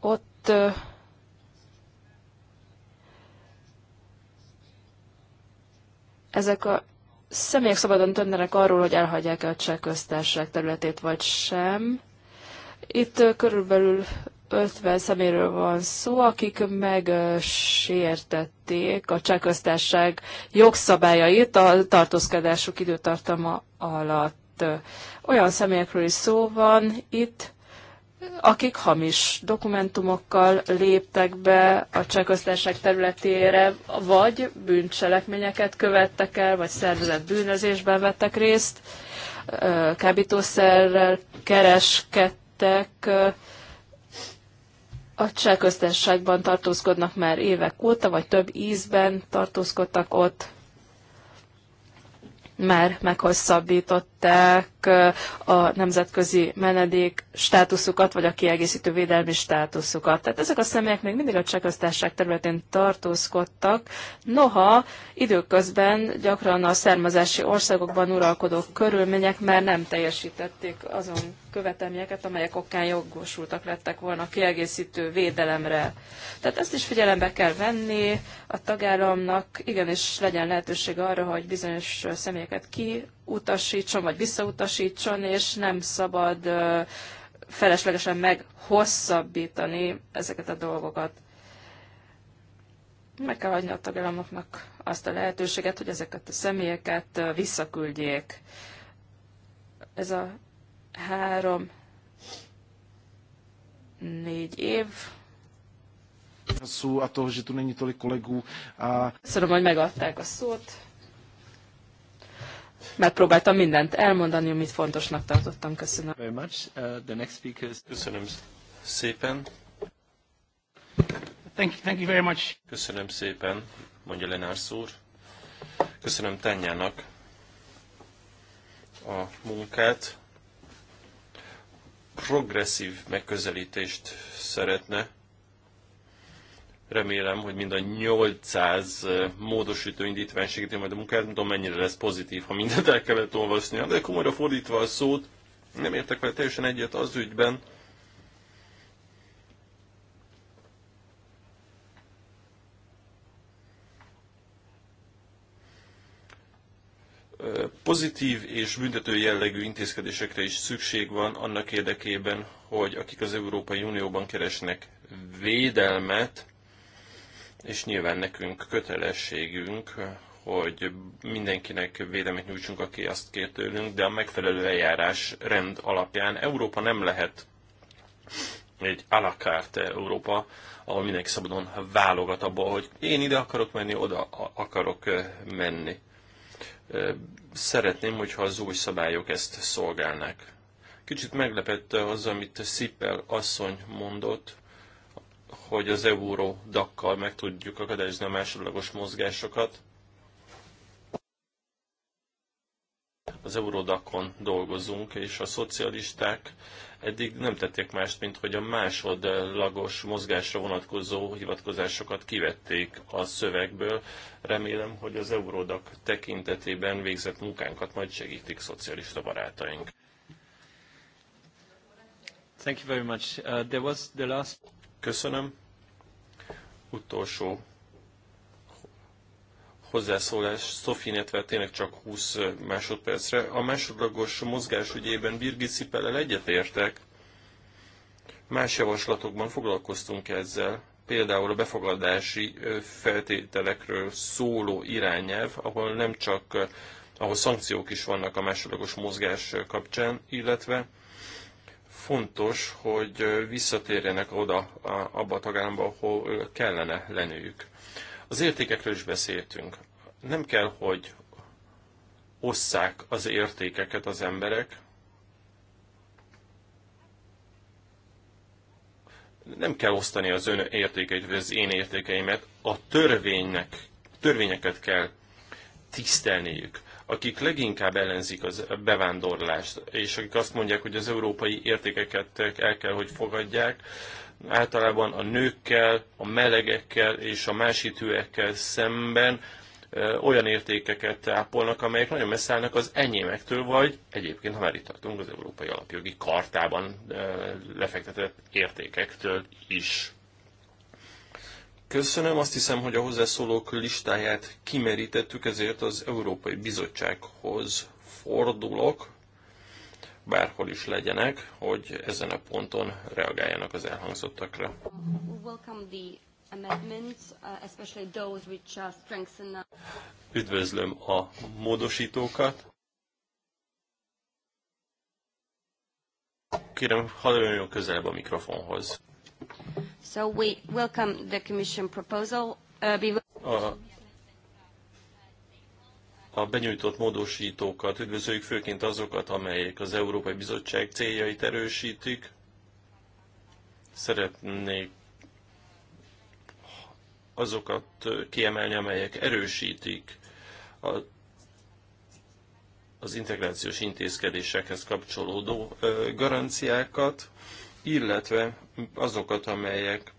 ott ezek a személyek szabadon döntenek arról, hogy elhagyják-e a cseh köztársaság területét, vagy sem. Itt körülbelül 50 szeméről van szó, akik megsértették a cseh köztársaság jogszabályait a tartózkodásuk időtartama alatt. Olyan személyekről is szó van itt, akik hamis dokumentumokkal léptek be a csehköztársaság területére, vagy bűncselekményeket követtek el, vagy szervezett bűnözésben vettek részt, kábítószerrel kereskedtek, a csehköztársaságban tartózkodnak már évek óta, vagy több ízben tartózkodtak ott, már meghosszabbított megkapták a nemzetközi menedék státuszukat, vagy a kiegészítő védelmi státuszukat. Tehát ezek a személyek még mindig a csehköztárság területén tartózkodtak, noha időközben gyakran a származási országokban uralkodó körülmények már nem teljesítették azon követelményeket, amelyek okán jogosultak lettek volna kiegészítő védelemre. Tehát ezt is figyelembe kell venni, a tagállamnak igenis legyen lehetőség arra, hogy bizonyos személyeket ki elutasítson, vagy visszautasítson, és nem szabad feleslegesen meghosszabbítani ezeket a dolgokat. Meg kell hagyni a tagállamoknak azt a lehetőséget, hogy ezeket a személyeket visszaküldjék. Ez a három, négy év, Köszönöm, hogy megadták a szót megpróbáltam mindent elmondani, amit fontosnak tartottam. Köszönöm. Very much. Uh, the next speaker is... Köszönöm szépen. Thank you, thank you very much. Köszönöm szépen, mondja Lenár úr. Köszönöm Tanyának a munkát. Progresszív megközelítést szeretne Remélem, hogy mind a 800 módosító indítvány segíti majd a munkáját, nem tudom mennyire lesz pozitív, ha mindent el kellett olvasni. de komolyra fordítva a szót, nem értek vele teljesen egyet az ügyben, pozitív és büntető jellegű intézkedésekre is szükség van annak érdekében, hogy akik az Európai Unióban keresnek védelmet, és nyilván nekünk kötelességünk, hogy mindenkinek véleményt nyújtsunk, aki azt kér tőlünk, de a megfelelő eljárás rend alapján Európa nem lehet egy à la carte Európa, ahol mindenki szabadon válogat abból, hogy én ide akarok menni, oda akarok menni. Szeretném, hogyha az új szabályok ezt szolgálnák. Kicsit meglepett az, amit Szippel asszony mondott, hogy az euró dakkal meg tudjuk akadályozni a másodlagos mozgásokat. Az eurodakon dolgozunk, és a szocialisták eddig nem tették mást, mint hogy a másodlagos mozgásra vonatkozó hivatkozásokat kivették a szövegből. Remélem, hogy az eurodak tekintetében végzett munkánkat majd segítik szocialista barátaink. Thank you very much. Uh, there was the last... Köszönöm utolsó hozzászólás Sophie Netvel tényleg csak 20 másodpercre. A másodlagos mozgás ügyében Birgit Szipellel egyetértek. Más javaslatokban foglalkoztunk ezzel, például a befogadási feltételekről szóló irányelv, ahol nem csak ahol szankciók is vannak a másodlagos mozgás kapcsán, illetve fontos, hogy visszatérjenek oda, abba a tagállamba, ahol kellene lenőjük. Az értékekről is beszéltünk. Nem kell, hogy osszák az értékeket az emberek. Nem kell osztani az ön értékeit, vagy az én értékeimet. A törvénynek, törvényeket kell tisztelniük akik leginkább ellenzik az bevándorlást, és akik azt mondják, hogy az európai értékeket el kell, hogy fogadják, általában a nőkkel, a melegekkel és a másítőekkel szemben olyan értékeket ápolnak, amelyek nagyon messze állnak az enyémektől, vagy egyébként, ha már itt tartunk, az Európai Alapjogi Kartában lefektetett értékektől is. Köszönöm, azt hiszem, hogy a hozzászólók listáját kimerítettük, ezért az Európai Bizottsághoz fordulok, bárhol is legyenek, hogy ezen a ponton reagáljanak az elhangzottakra. Uh, uh, Üdvözlöm a módosítókat. Kérem, hadd közelebb a mikrofonhoz. So we welcome the Commission proposal. Uh, a, benyújtott módosítókat üdvözöljük főként azokat, amelyek az Európai Bizottság céljait erősítik. Szeretnék azokat kiemelni, amelyek erősítik a, az integrációs intézkedésekhez kapcsolódó garanciákat illetve azokat, amelyek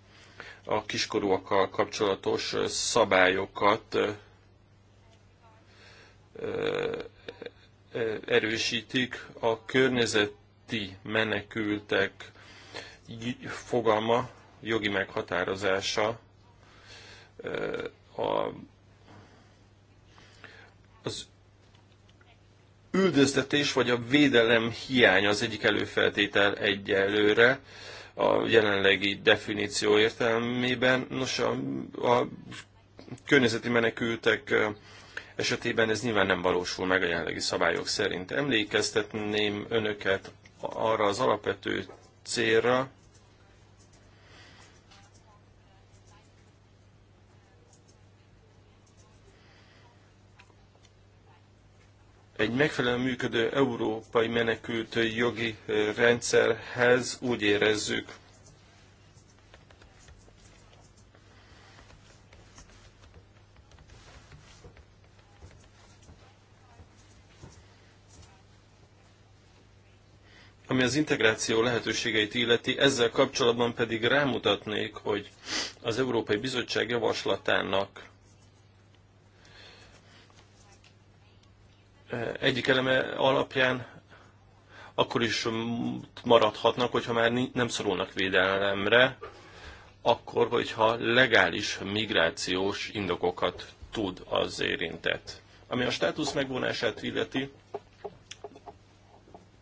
a kiskorúakkal kapcsolatos szabályokat erősítik. A környezeti menekültek fogalma, jogi meghatározása a, az üldöztetés vagy a védelem hiánya az egyik előfeltétel egyelőre a jelenlegi definíció értelmében. Nos, a, a környezeti menekültek esetében ez nyilván nem valósul meg a jelenlegi szabályok szerint. Emlékeztetném önöket arra az alapvető célra, Egy megfelelően működő európai menekült jogi eh, rendszerhez úgy érezzük, Ami az integráció lehetőségeit illeti, ezzel kapcsolatban pedig rámutatnék, hogy az Európai Bizottság javaslatának egyik eleme alapján akkor is maradhatnak, hogyha már nem szorulnak védelemre, akkor, hogyha legális migrációs indokokat tud az érintett. Ami a státusz megvonását illeti,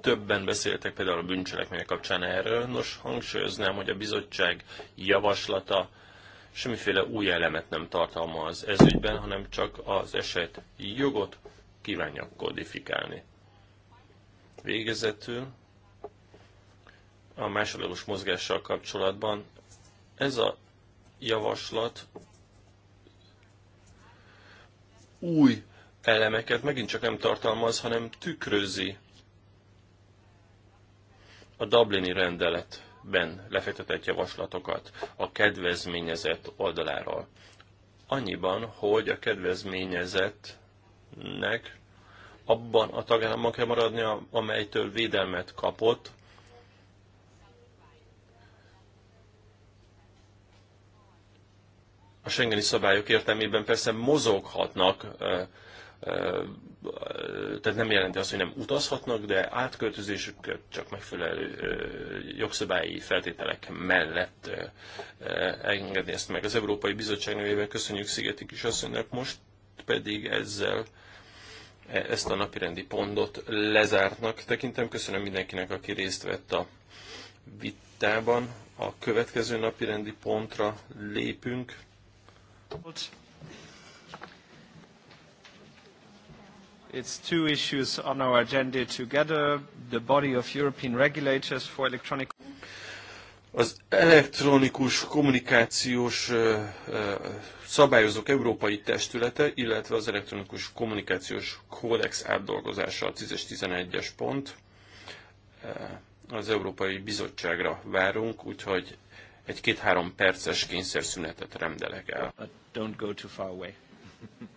többen beszéltek például a bűncselekmények kapcsán erről. Nos, hangsúlyoznám, hogy a bizottság javaslata semmiféle új elemet nem tartalmaz ez ügyben, hanem csak az eset jogot kívánjak kodifikálni. Végezetül a másodlagos mozgással kapcsolatban ez a javaslat új elemeket megint csak nem tartalmaz, hanem tükrözi a Dublini rendeletben lefektetett javaslatokat a kedvezményezett oldaláról. Annyiban, hogy a kedvezményezett nek abban a tagállamban kell maradnia, amelytől védelmet kapott. A Schengeni szabályok értelmében persze mozoghatnak, tehát nem jelenti azt, hogy nem utazhatnak, de átköltözésüket csak megfelelő jogszabályi feltételek mellett engedni ezt meg. Az Európai Bizottság nevében köszönjük Szigeti Kisasszonynak most pedig ezzel e, ezt a napirendi pontot lezártnak tekintem. Köszönöm mindenkinek, aki részt vett a vitában. A következő napirendi pontra lépünk. It's two issues on our agenda together, the body of European regulators for electronic az elektronikus kommunikációs szabályozók európai testülete, illetve az elektronikus kommunikációs kódex átdolgozása a 10-es 11-es pont. Eh, az Európai Bizottságra várunk, úgyhogy egy két-három perces kényszerszünetet rendelek el. But don't go too far away.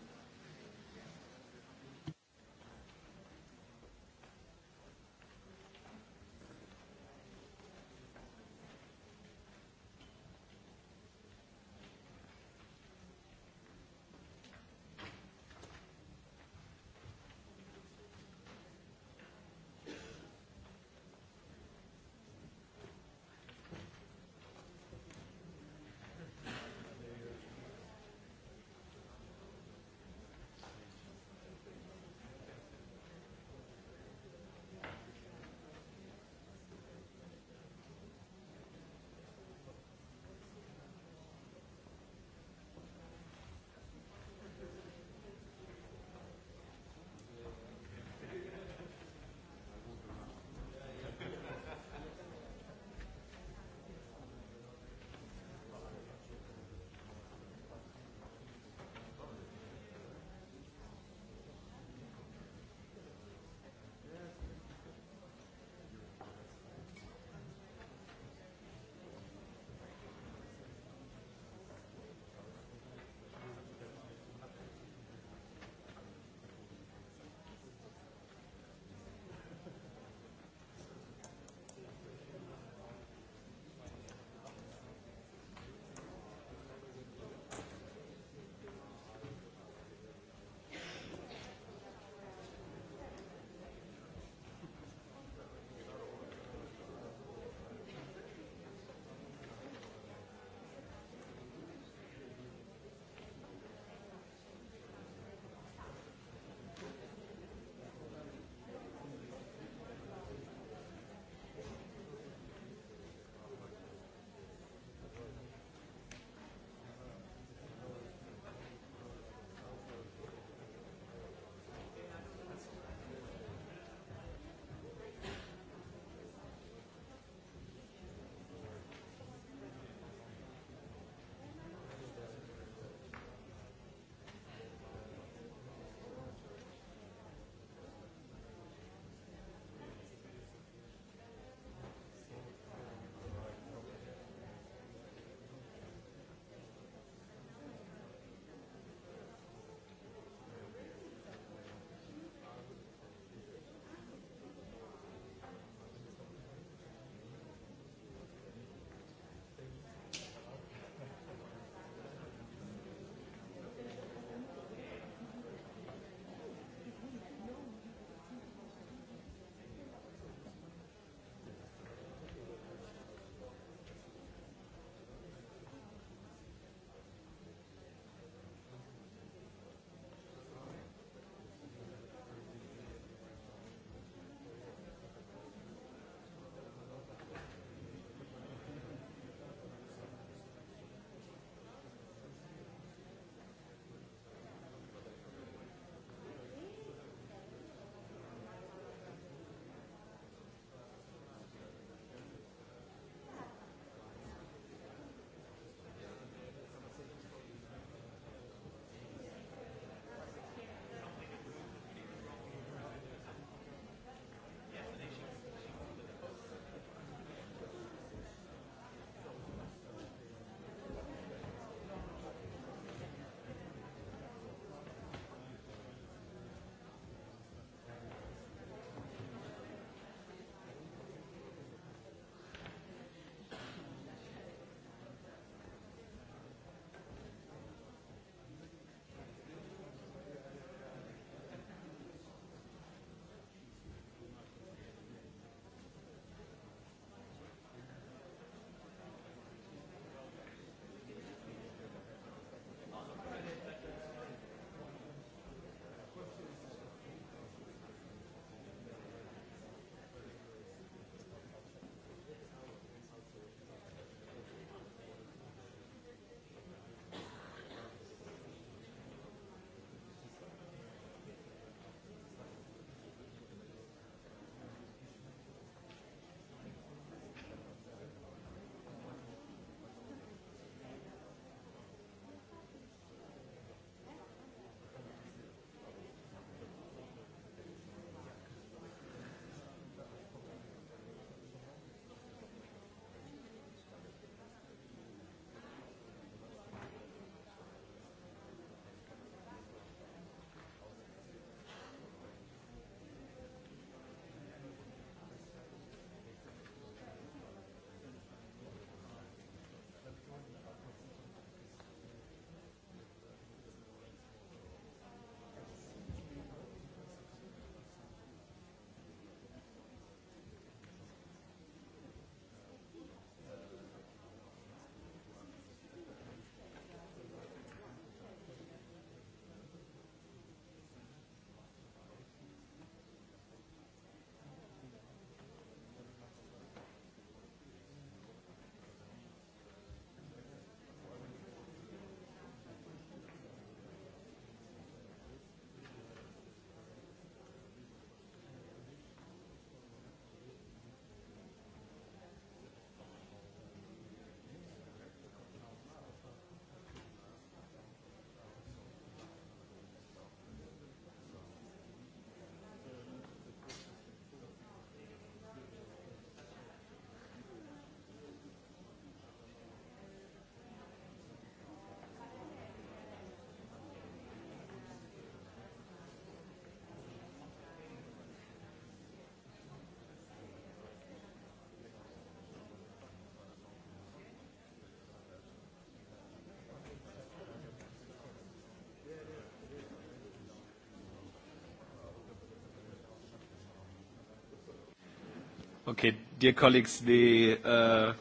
Okay, dear colleagues, the uh,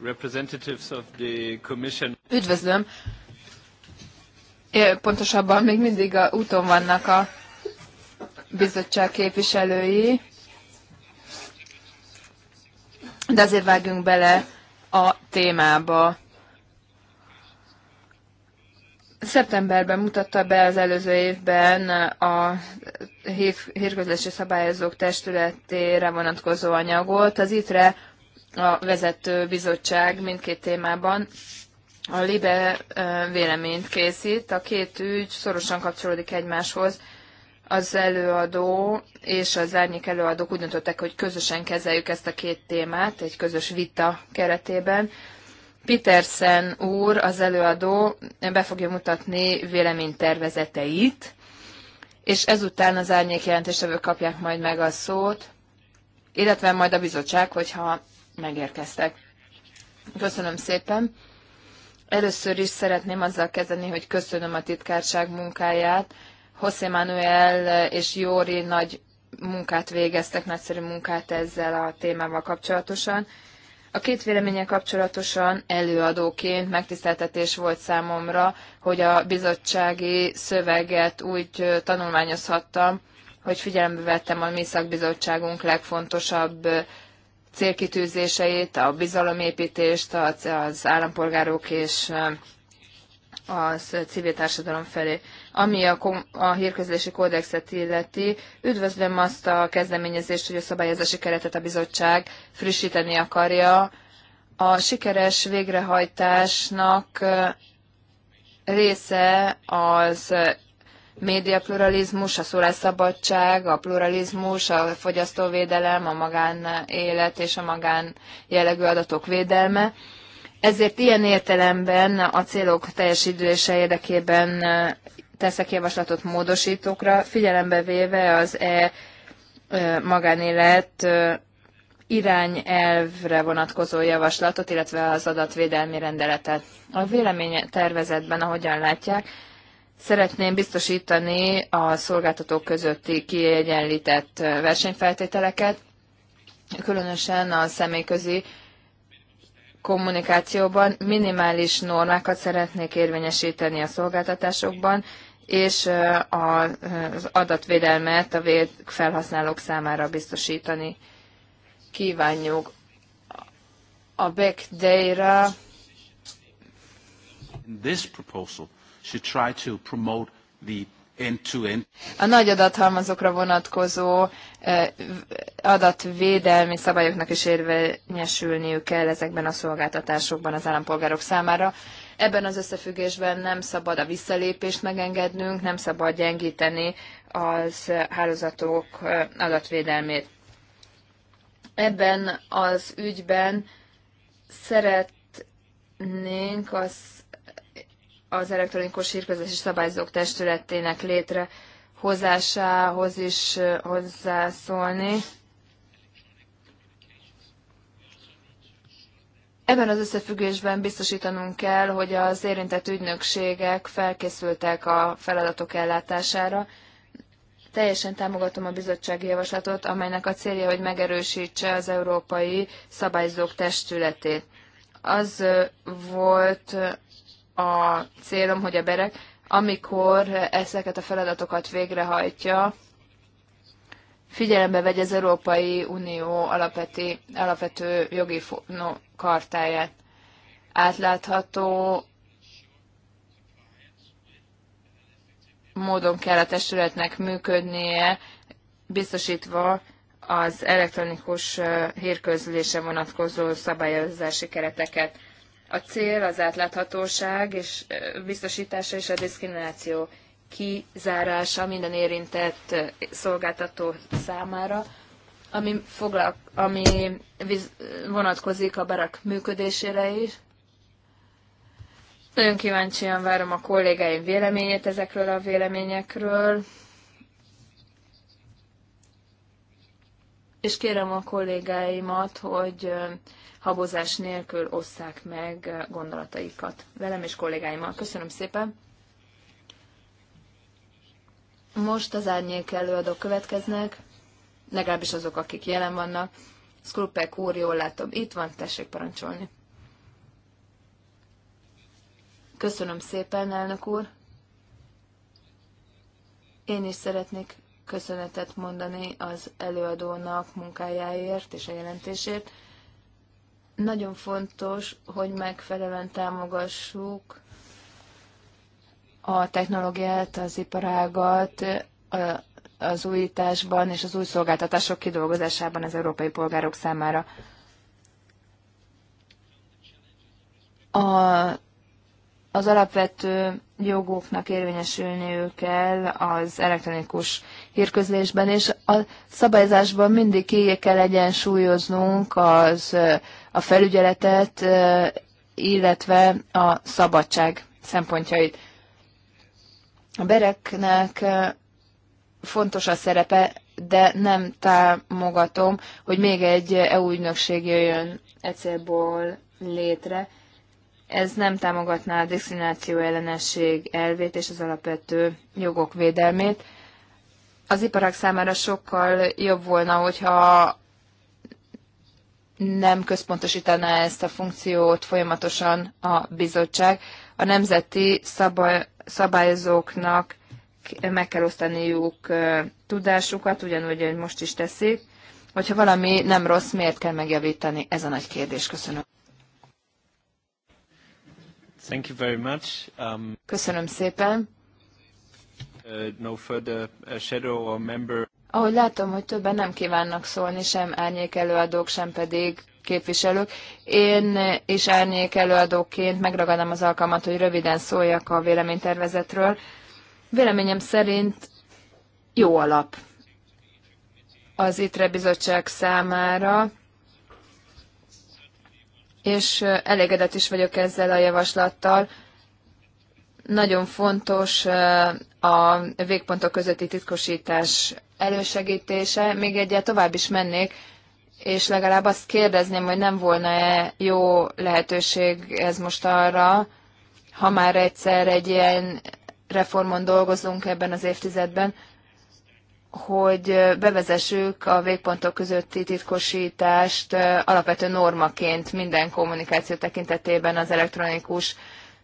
representatives of the commission. Üdvözlöm. Pontosabban még mindig a úton vannak a bizottság képviselői, de azért vágjunk bele a témába. Szeptemberben mutatta be az előző évben a hírközlési szabályozók testületére vonatkozó anyagot. Az ITRE a vezető bizottság mindkét témában a LIBE véleményt készít. A két ügy szorosan kapcsolódik egymáshoz. Az előadó és az árnyék előadók úgy döntöttek, hogy közösen kezeljük ezt a két témát egy közös vita keretében. Petersen úr, az előadó, be fogja mutatni véleménytervezeteit, és ezután az árnyék jelentéstevők kapják majd meg a szót, illetve majd a bizottság, hogyha megérkeztek. Köszönöm szépen. Először is szeretném azzal kezdeni, hogy köszönöm a titkárság munkáját. José Manuel és Jóri nagy munkát végeztek, nagyszerű munkát ezzel a témával kapcsolatosan. A két véleménye kapcsolatosan előadóként megtiszteltetés volt számomra, hogy a bizottsági szöveget úgy tanulmányozhattam, hogy figyelembe vettem a mi szakbizottságunk legfontosabb célkitűzéseit, a bizalomépítést, az állampolgárok és az civil társadalom felé. Ami a, a hírközlési kódexet illeti, üdvözlöm azt a kezdeményezést, hogy a szabályozási keretet a bizottság frissíteni akarja. A sikeres végrehajtásnak része az médiapluralizmus, a szólásszabadság, a pluralizmus, a fogyasztóvédelem, a magánélet és a magán jellegű adatok védelme. Ezért ilyen értelemben a célok teljesítése érdekében teszek javaslatot módosítókra, figyelembe véve az e magánélet irányelvre vonatkozó javaslatot, illetve az adatvédelmi rendeletet. A vélemény tervezetben, ahogyan látják, szeretném biztosítani a szolgáltatók közötti kiegyenlített versenyfeltételeket, különösen a személyközi kommunikációban minimális normákat szeretnék érvényesíteni a szolgáltatásokban, és az adatvédelmet a felhasználók számára biztosítani kívánjuk. A Back Day-ra a nagy adathalmazokra vonatkozó adatvédelmi szabályoknak is érvényesülniük kell ezekben a szolgáltatásokban az állampolgárok számára. Ebben az összefüggésben nem szabad a visszalépést megengednünk, nem szabad gyengíteni az hálózatok adatvédelmét. Ebben az ügyben szeretnénk az, az elektronikus hírközlési szabályzók testületének létre hozásához is hozzászólni. Ebben az összefüggésben biztosítanunk kell, hogy az érintett ügynökségek felkészültek a feladatok ellátására. Teljesen támogatom a bizottsági javaslatot, amelynek a célja, hogy megerősítse az európai szabályzók testületét. Az volt a célom, hogy a berek, amikor ezeket a feladatokat végrehajtja, figyelembe vegy az Európai Unió alapvető, alapvető jogi no, kartáját. Átlátható módon kell a testületnek működnie, biztosítva az elektronikus hírközlése vonatkozó szabályozási kereteket. A cél az átláthatóság és biztosítása és a diszkrimináció kizárása minden érintett szolgáltató számára, ami, foglal, ami vonatkozik a barak működésére is. Nagyon kíváncsian várom a kollégáim véleményét ezekről a véleményekről. És kérem a kollégáimat, hogy habozás nélkül osszák meg gondolataikat velem és kollégáimmal. Köszönöm szépen! Most az árnyék előadók következnek, legalábbis azok, akik jelen vannak. Skrupek úr, jól látom, itt van, tessék parancsolni. Köszönöm szépen, elnök úr. Én is szeretnék köszönetet mondani az előadónak munkájáért és a jelentésért. Nagyon fontos, hogy megfelelően támogassuk a technológiát, az iparágat, az újításban és az új szolgáltatások kidolgozásában az európai polgárok számára. A, az alapvető jogoknak érvényesülniük kell az elektronikus hírközlésben, és a szabályzásban mindig ki kell egyensúlyoznunk az, a felügyeletet, illetve a szabadság szempontjait a bereknek fontos a szerepe, de nem támogatom, hogy még egy EU ügynökség jöjjön ECB-ból létre. Ez nem támogatná a diszkrimináció ellenesség elvét és az alapvető jogok védelmét. Az iparak számára sokkal jobb volna, hogyha nem központosítaná ezt a funkciót folyamatosan a bizottság. A nemzeti szabály szabályozóknak meg kell osztaniuk tudásukat, ugyanúgy, hogy most is teszik. Hogyha valami nem rossz, miért kell megjavítani? Ez a nagy kérdés. Köszönöm. Thank you very much. Um, Köszönöm szépen. Uh, no further uh, shadow or member. Ahogy látom, hogy többen nem kívánnak szólni, sem árnyék előadók, sem pedig képviselők. Én és árnyék előadóként megragadom az alkalmat, hogy röviden szóljak a véleménytervezetről. Véleményem szerint jó alap az ITRE bizottság számára, és elégedett is vagyok ezzel a javaslattal. Nagyon fontos eh, a végpontok közötti titkosítás elősegítése. Még egyet tovább is mennék, és legalább azt kérdezném, hogy nem volna-e jó lehetőség ez most arra, ha már egyszer egy ilyen reformon dolgozunk ebben az évtizedben, hogy bevezessük a végpontok közötti titkosítást alapvető normaként minden kommunikáció tekintetében az elektronikus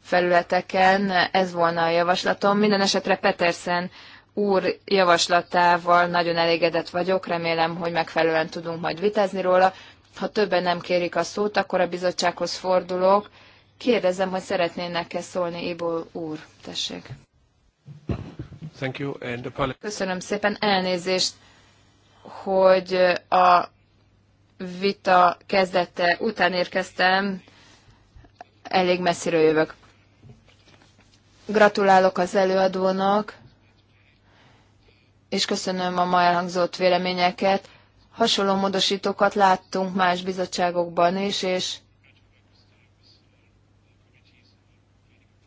felületeken. Ez volna a javaslatom. Minden esetre Petersen úr javaslatával nagyon elégedett vagyok, remélem, hogy megfelelően tudunk majd vitázni róla. Ha többen nem kérik a szót, akkor a bizottsághoz fordulok. Kérdezem, hogy szeretnének-e szólni, Ibol úr. Tessék. Thank you, and the Köszönöm szépen, elnézést, hogy a vita kezdete után érkeztem, elég messziről jövök. Gratulálok az előadónak és köszönöm a ma elhangzott véleményeket. Hasonló módosítókat láttunk más bizottságokban is, és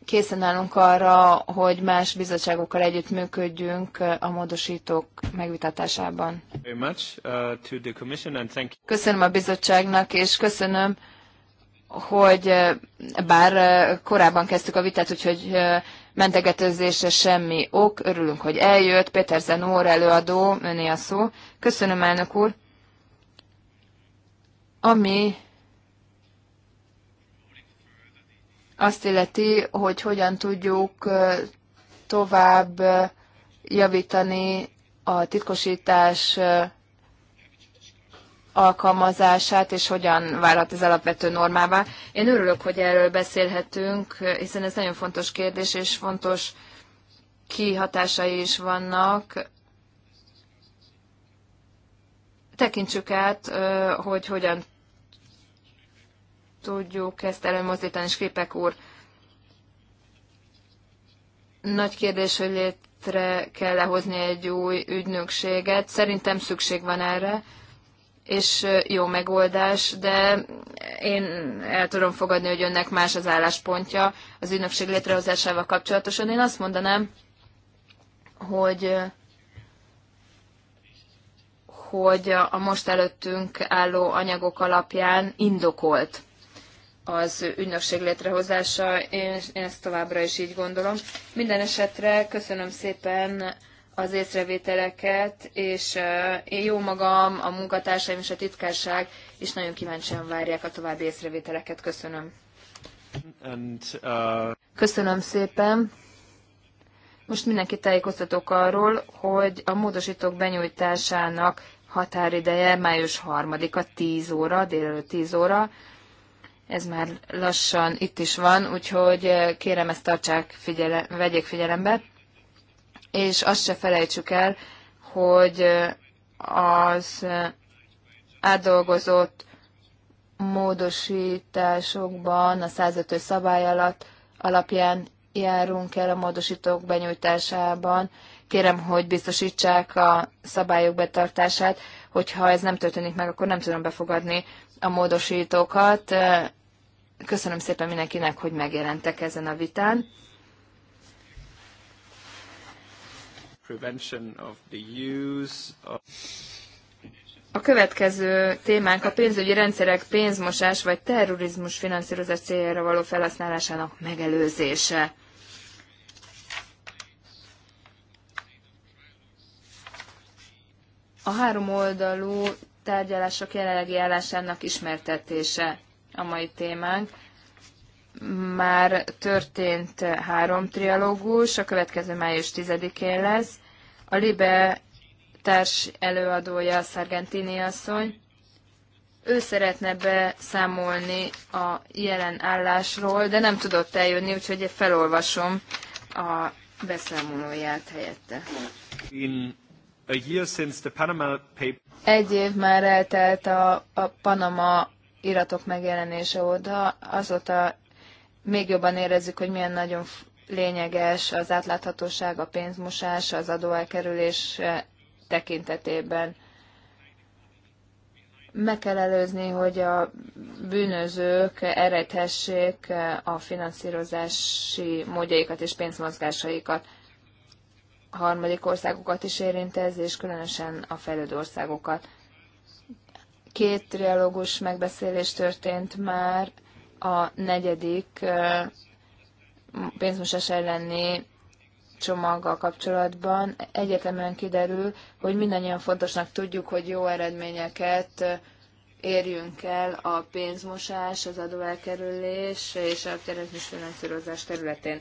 készen állunk arra, hogy más bizottságokkal együttműködjünk a módosítók megvitatásában. Uh, köszönöm a bizottságnak, és köszönöm, hogy uh, bár uh, korábban kezdtük a vitát, úgyhogy mentegetőzésre semmi ok. Örülünk, hogy eljött. Péter Zenóra előadó, öné a szó. Köszönöm, elnök úr. Ami azt illeti, hogy hogyan tudjuk tovább javítani a titkosítás alkalmazását, és hogyan válhat ez alapvető normává. Én örülök, hogy erről beszélhetünk, hiszen ez nagyon fontos kérdés, és fontos kihatásai is vannak. Tekintsük át, hogy hogyan tudjuk ezt előmozdítani, képek úr. Nagy kérdés, hogy létre kell lehozni egy új ügynökséget. Szerintem szükség van erre és jó megoldás, de én el tudom fogadni, hogy önnek más az álláspontja az ügynökség létrehozásával kapcsolatosan. Én azt mondanám, hogy hogy a most előttünk álló anyagok alapján indokolt az ügynökség létrehozása, én, én ezt továbbra is így gondolom. Minden esetre köszönöm szépen az észrevételeket, és én jó magam, a munkatársaim és a titkárság is nagyon kíváncsian várják a további észrevételeket. Köszönöm. And, uh... Köszönöm szépen. Most mindenki tájékoztatok arról, hogy a módosítók benyújtásának határideje május 3-a 10 óra, délelőtt 10 óra. Ez már lassan itt is van, úgyhogy kérem ezt tartsák, figyele, vegyék figyelembe és azt se felejtsük el, hogy az átdolgozott módosításokban a 105 szabály alatt alapján járunk el a módosítók benyújtásában. Kérem, hogy biztosítsák a szabályok betartását, hogyha ez nem történik meg, akkor nem tudom befogadni a módosítókat. Köszönöm szépen mindenkinek, hogy megjelentek ezen a vitán. A következő témánk a pénzügyi rendszerek pénzmosás vagy terrorizmus finanszírozás céljára való felhasználásának megelőzése. A három oldalú tárgyalások jelenlegi állásának ismertetése a mai témánk már történt három trialógus, a következő május 10-én lesz. A Libe társ előadója Sargentini asszony. Ő szeretne beszámolni a jelen állásról, de nem tudott eljönni, úgyhogy felolvasom a beszámolóját helyette. In a year since the Panama paper... Egy év már eltelt a, a Panama iratok megjelenése óta, azóta még jobban érezzük, hogy milyen nagyon lényeges az átláthatóság, a pénzmosás, az adóelkerülés eh, tekintetében. Meg kell előzni, hogy a bűnözők eredhessék eh, a finanszírozási módjaikat és pénzmozgásaikat. A harmadik országokat is érint ez, és különösen a fejlődő országokat. Két trialógus megbeszélés történt már a negyedik pénzmosás elleni csomaggal kapcsolatban egyetemen kiderül, hogy mindannyian fontosnak tudjuk, hogy jó eredményeket érjünk el a pénzmosás, az adóelkerülés és a terrorizmus területén.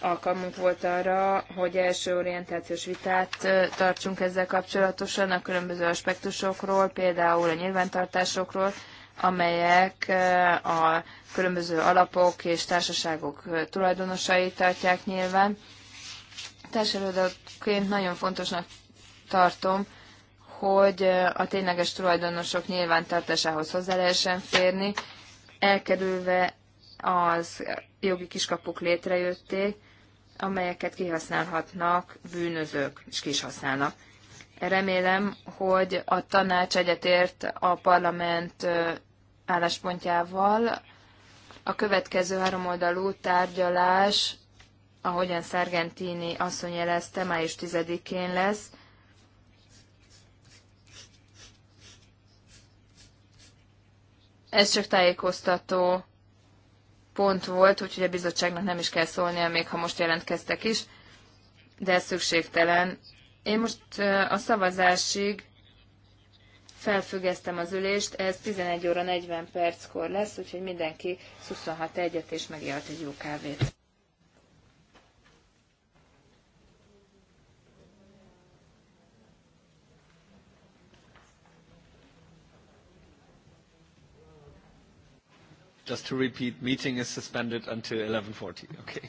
Alkalmunk volt arra, hogy első orientációs vitát tartsunk ezzel kapcsolatosan a különböző aspektusokról, például a nyilvántartásokról, amelyek eh, a különböző alapok és társaságok eh, tulajdonosait tartják nyilván. Társadalmaként nagyon fontosnak tartom, hogy eh, a tényleges tulajdonosok nyilvántartásához hozzá lehessen férni, elkerülve az jogi kiskapuk létrejötték, amelyeket kihasználhatnak bűnözők, és ki is használnak. Remélem, hogy a tanács egyetért a parlament álláspontjával. A következő háromoldalú tárgyalás, ahogyan Szergentini asszony jelezte, május 10-én lesz. Ez csak tájékoztató pont volt, úgyhogy a bizottságnak nem is kell szólnia, még ha most jelentkeztek is, de ez szükségtelen. Én most a szavazásig felfüggesztem az ülést, ez 11 óra 40 perckor lesz, úgyhogy mindenki 26 egyet és megjelt egy jó kávét. Just to repeat, meeting is suspended until 11.40. Okay.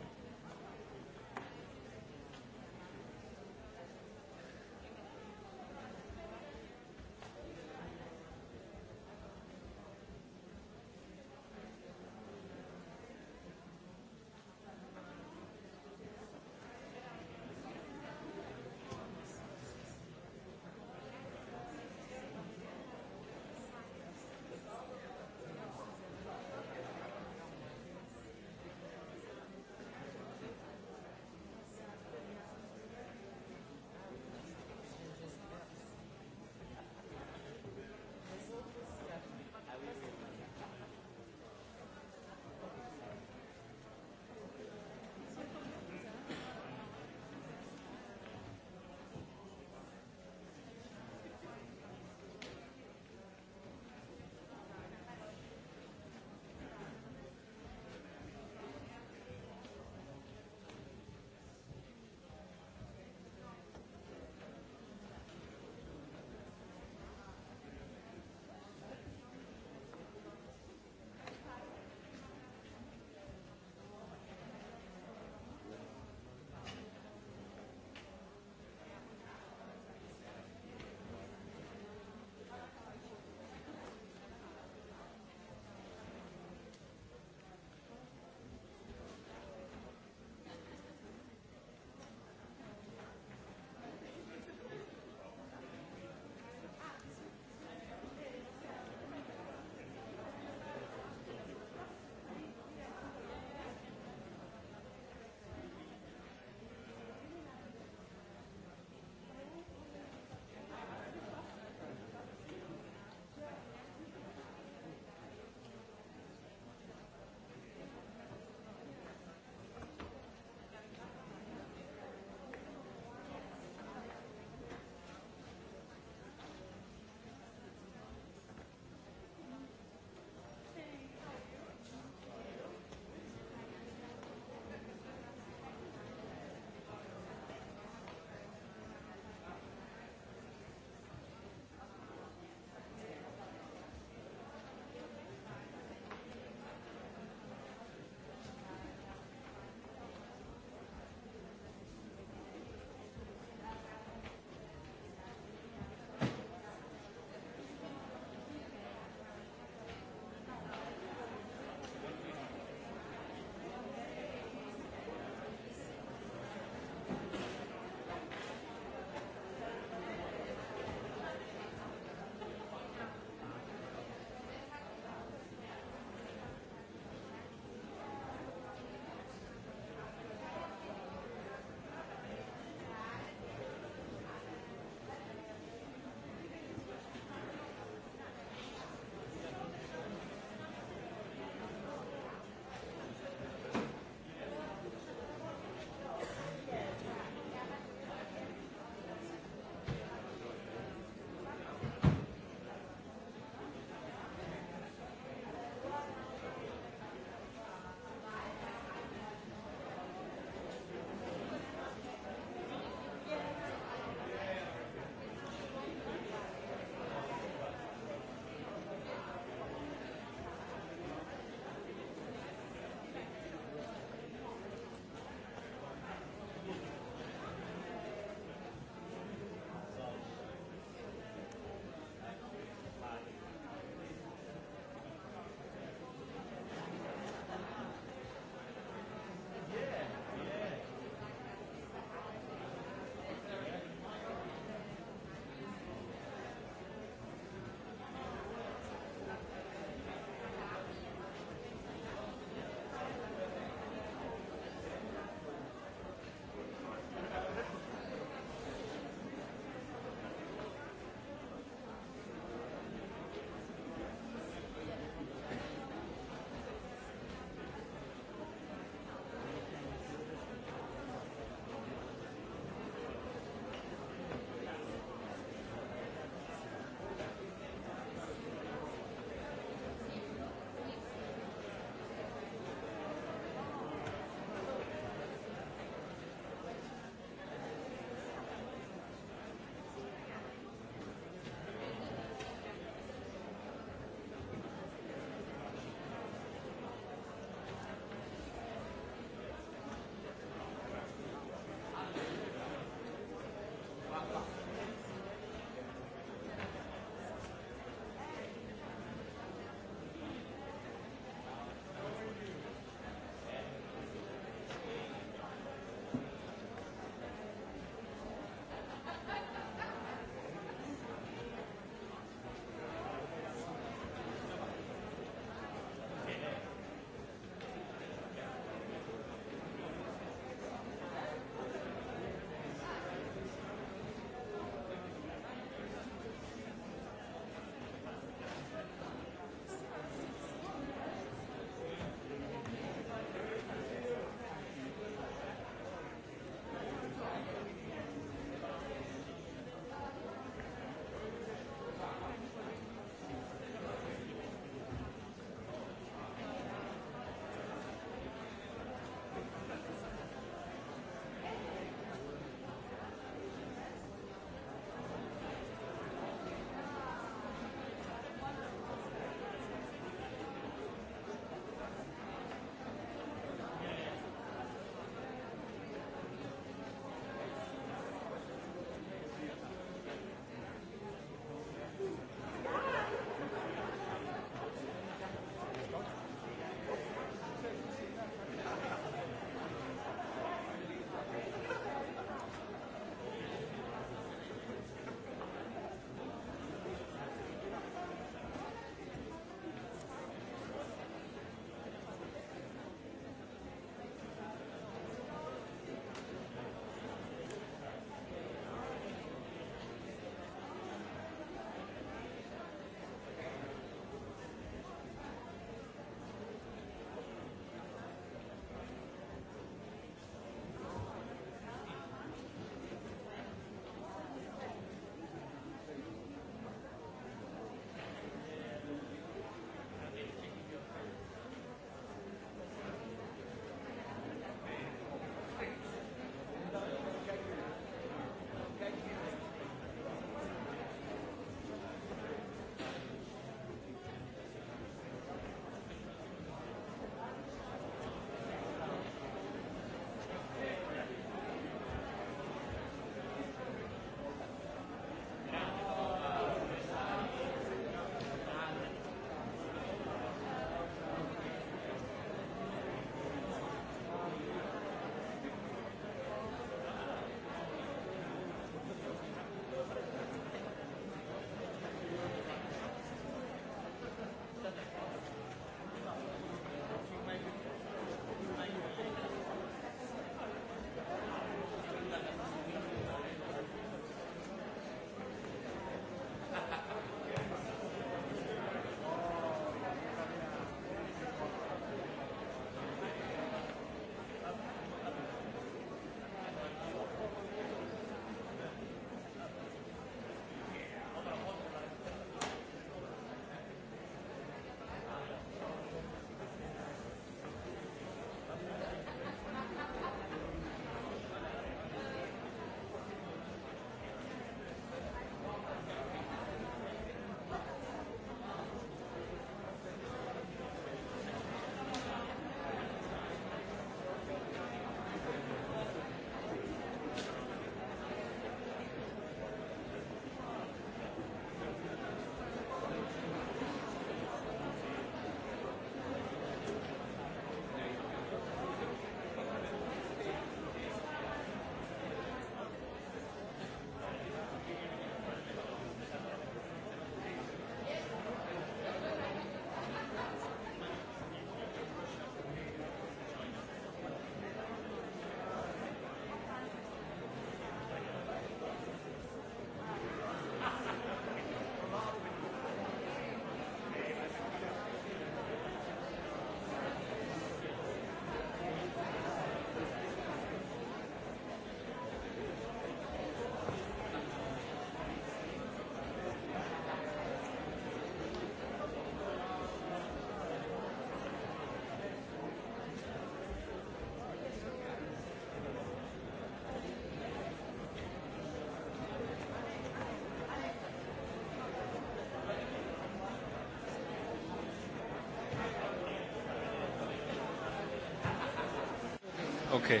Okay.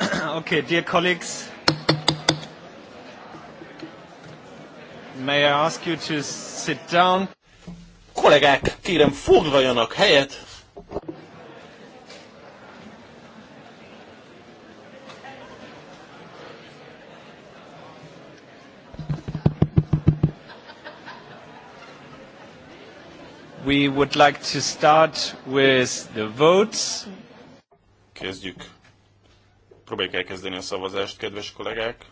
Okay, dear colleagues, may I ask you to sit down? Kollégák, kérem foglaljanak helyet. We would like to start with the votes. Kezdjük. Próbáljuk elkezdeni a szavazást, kedves kollégák.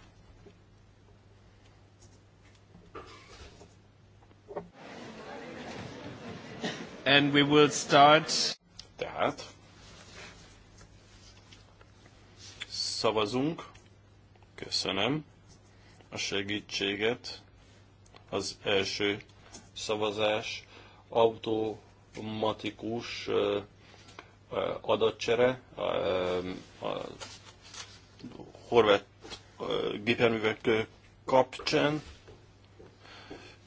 And we will start. Tehát szavazunk. Köszönöm a segítséget. Az első szavazás automatikus adatcsere, a, a horvát gépjárművek kapcsán.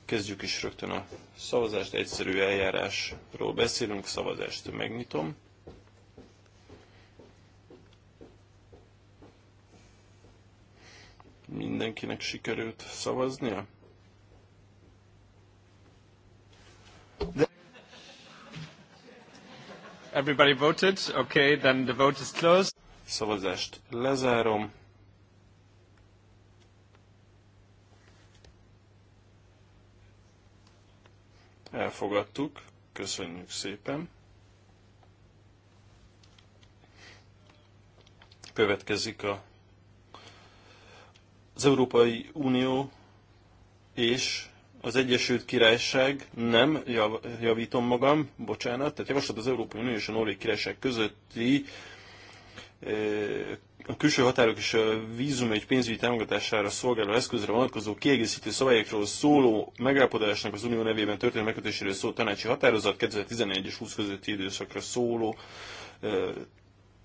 Kezdjük is rögtön a szavazást, egyszerű eljárásról beszélünk, szavazást megnyitom. Mindenkinek sikerült szavaznia? Everybody voted? Okay, then the vote is closed. Szavazást lezárom. Elfogadtuk. Köszönjük szépen. Következik a, az Európai Unió és az Egyesült Királyság nem, jav, javítom magam, bocsánat, tehát javaslat az Európai Unió és a Norvég Királyság közötti a külső határok és a vízum egy pénzügyi támogatására szolgáló eszközre vonatkozó kiegészítő szabályokról szóló megállapodásnak az Unió nevében történő megkötéséről szóló tanácsi határozat 2011 és 20 közötti időszakra szóló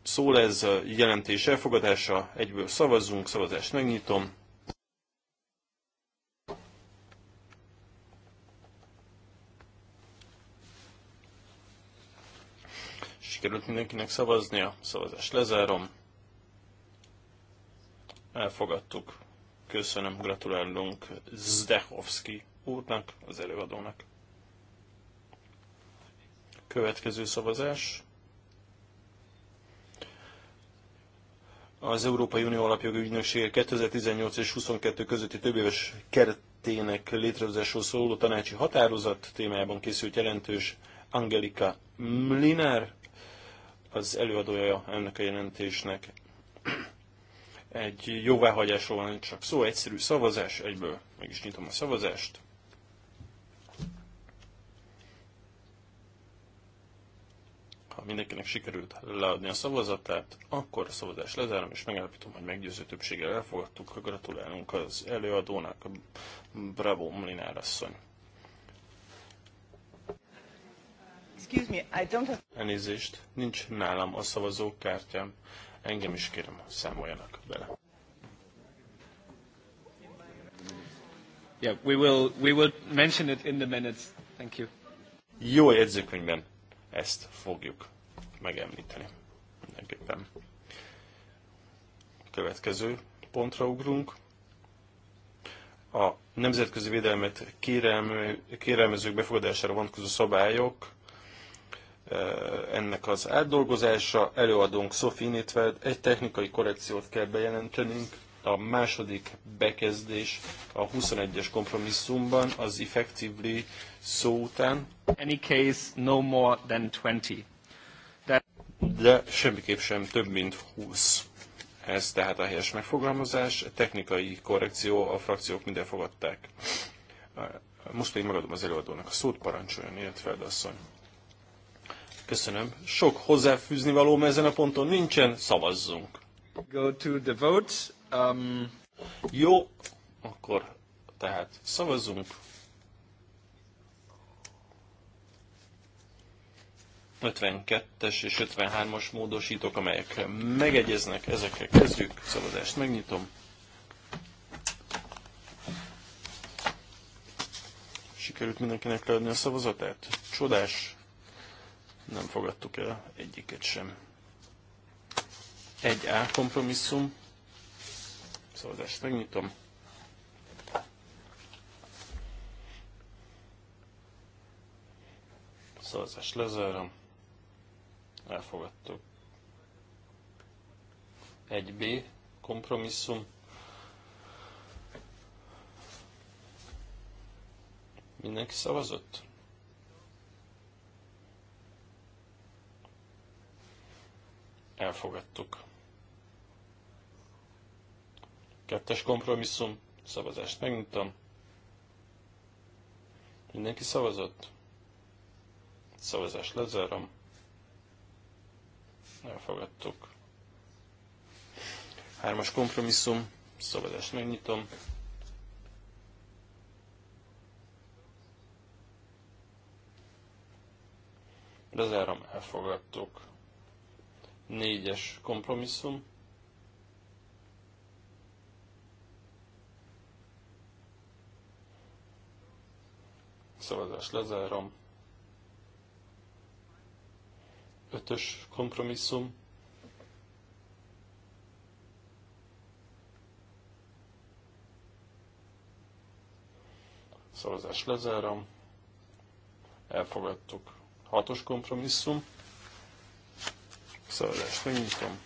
szól ez a jelentés elfogadása, egyből szavazzunk, szavazást megnyitom. Sikerült mindenkinek szavaznia, szavazást lezárom. Elfogadtuk. Köszönöm, gratulálunk Zdechovski úrnak, az előadónak. Következő szavazás. az Európai Unió alapjogi ügynöksége 2018 és 22 közötti többéves keretének létrehozásról szóló tanácsi határozat témájában készült jelentős Angelika Mliner az előadója ennek a jelentésnek. Egy jóváhagyásról van csak szó, egyszerű szavazás, egyből meg is nyitom a szavazást. Ha mindenkinek sikerült leadni a szavazatát, akkor a szavazás lezárom, és megállapítom, hogy meggyőző többséggel elfogadtuk. Gratulálunk az előadónak, Bravo Molinár asszony. Excuse me, I don't have... Elnézést, nincs nálam a szavazókártyám. Engem is kérem, számoljanak bele. Yeah, we will, we will mention it in the minutes. Thank you. Jó jegyzőkönyvben ezt fogjuk megemlíteni mindenképpen. Következő pontra ugrunk. A nemzetközi védelmet kérelmezők befogadására vonatkozó szabályok Eh, ennek az átdolgozása. Előadónk Sophie Nitveld, egy technikai korrekciót kell bejelentenünk. A második bekezdés a 21-es kompromisszumban az effectively szó után. Any case no more than 20. That... De semmiképp sem több, mint 20. Ez tehát a helyes megfogalmazás, a technikai korrekció, a frakciók minden fogadták. Most pedig megadom az előadónak a szót, parancsoljon, illetve asszony. Köszönöm. Sok hozzáfűzni való ezen a ponton nincsen, szavazzunk. Go to the vote. Um... Jó, akkor tehát szavazzunk. es és 53-as módosítók, amelyek megegyeznek, ezekkel kezdjük, szavazást megnyitom. Sikerült mindenkinek leadni a szavazatát? Csodás! nem fogadtuk el egyiket sem. Egy A kompromisszum, szavazást megnyitom. Szavazást lezárom. Elfogadtuk. Egy b kompromisszum. Mindenki szavazott? elfogadtuk. Kettes kompromisszum, szavazást megnyitom. Mindenki szavazott? Szavazást lezárom. Elfogadtuk. Hármas kompromisszum, szavazást megnyitom. Lezárom, elfogadtuk. Négyes kompromisszum. Szavazás lezárom. Ötös kompromisszum. Szavazás lezárom. Elfogadtuk. Hatos kompromisszum szavazást megnyitom.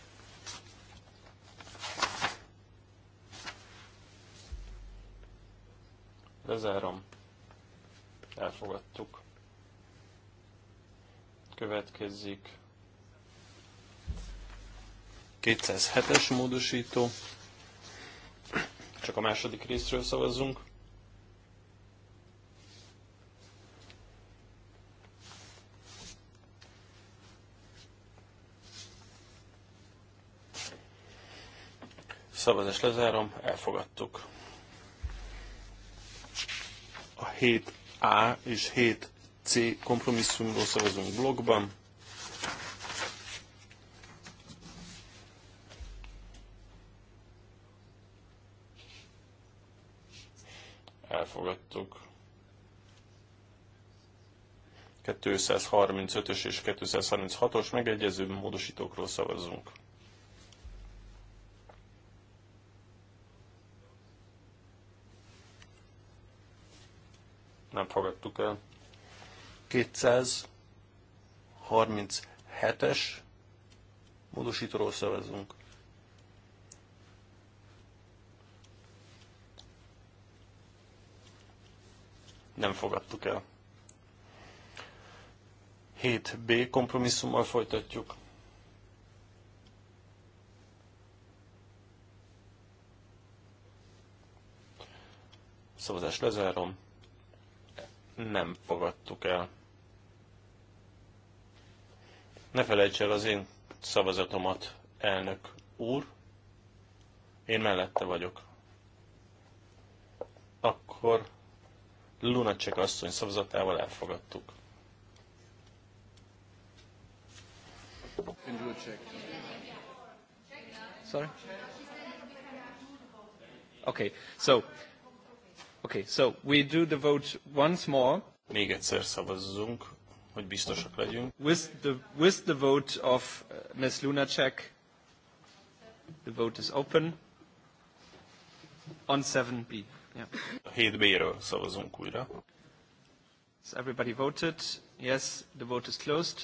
Lezárom. Elfogadtuk. Következik 207-es módosító. Csak a második részről szavazzunk. Szavazást lezárom, elfogadtuk. A 7A és 7C kompromisszumról szavazunk blogban. Elfogadtuk. 235-ös és 236-os megegyező módosítókról szavazunk. nem fogadtuk el. 237-es módosítóról szavazunk. Nem fogadtuk el. 7B kompromisszummal folytatjuk. Szavazás lezárom nem fogadtuk el. Ne felejts el az én szavazatomat, elnök úr. Én mellette vagyok. Akkor Lunacek asszony szavazatával elfogadtuk. Sorry? Okay, so Okay, so we do the vote once more. Még egyszer szavazzunk, hogy biztosak legyünk. With the, with the vote of uh, Ms. Lunacek, the vote is open. On 7B. Yeah. A 7B-ről szavazunk újra. So everybody voted. Yes, the vote is closed.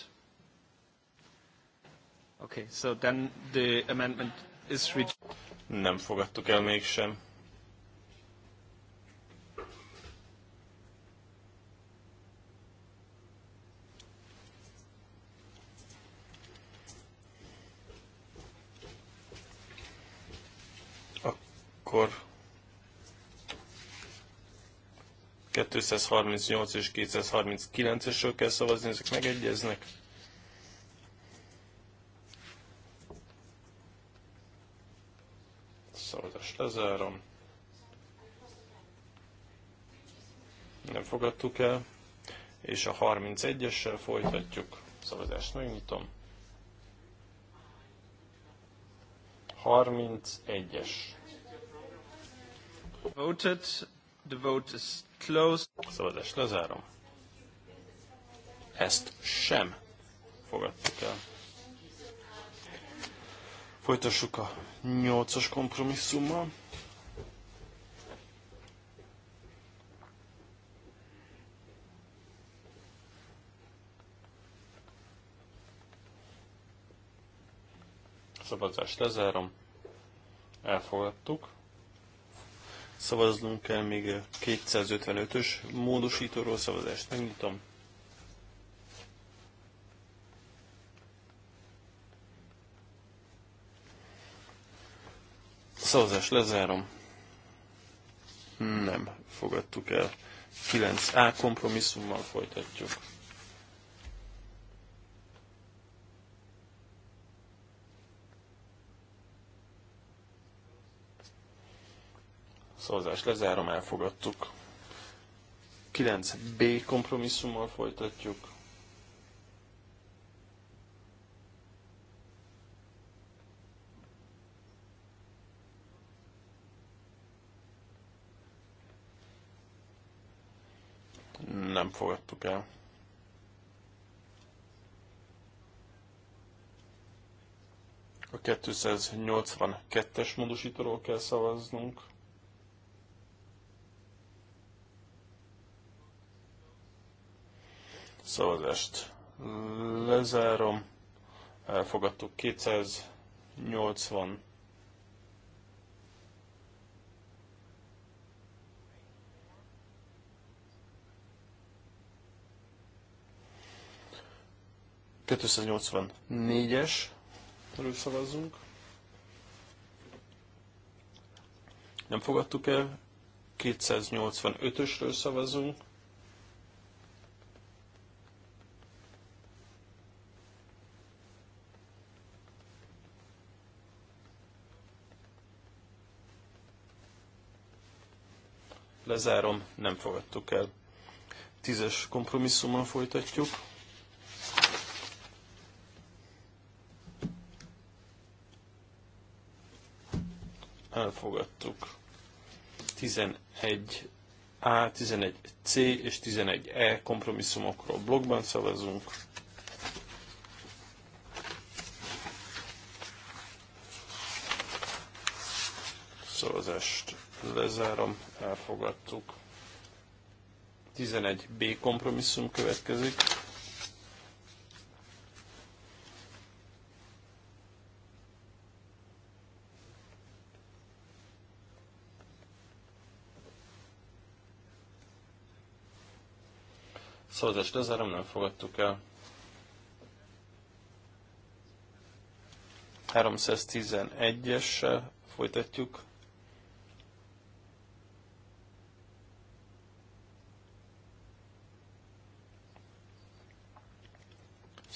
Okay, so then the amendment is rejected. Nem fogadtuk el mégsem. akkor 238 és 239-esről kell szavazni, ezek megegyeznek. Szavazást lezárom. Nem fogadtuk el. És a 31-essel folytatjuk. Szavazást megnyitom. 31-es. Voted. The vote is closed. Szavazást lezárom. Ezt sem fogadtuk el. Folytassuk a nyolcas kompromisszummal. Szavazást lezárom. Elfogadtuk. Szavaznunk kell még 255-ös módosítóról szavazást. Megnyitom. Szavazást lezárom. Nem fogadtuk el. 9A kompromisszummal folytatjuk. Szavazást lezárom, elfogadtuk. 9B kompromisszummal folytatjuk. Nem fogadtuk el. A 282-es módosítóról kell szavaznunk. Szavazást lezárom. Elfogadtuk 280 284-es, erről szavazzunk. Nem fogadtuk el, 285-ösről szavazunk. lezárom, nem fogadtuk el. Tízes kompromisszummal folytatjuk. Elfogadtuk. 11 A, 11 C és 11 E kompromisszumokról blogban szavazunk. Szavazást lezárom, elfogadtuk. 11b kompromisszum következik. Szavazást lezárom, nem fogadtuk el. 311 es folytatjuk.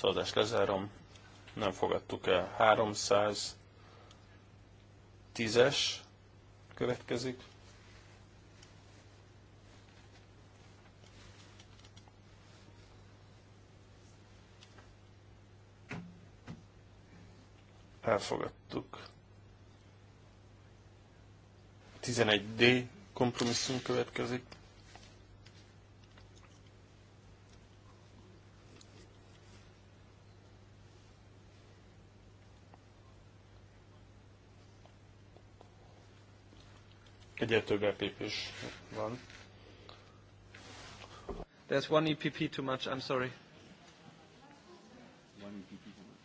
Szavazást lezárom. Nem fogadtuk el. 310-es következik. Elfogadtuk. 11D kompromisszum következik. egyet több epp is van. There's one EPP too much, I'm sorry. One EPP too much.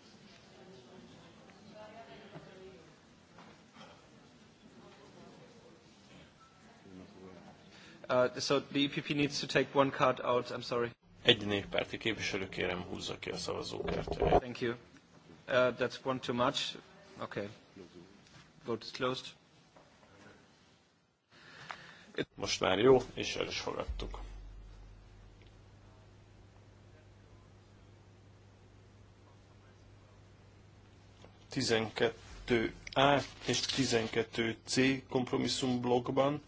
Uh, so the EPP needs to take one card out, I'm sorry. Egy néppárti képviselő kérem húzza ki a szavazókártyáját. Thank you. Uh, that's one too much. Okay. Vote is closed. Most már jó, és el is fogadtuk. Tizenkettő A és 12 C kompromisszum blokkban.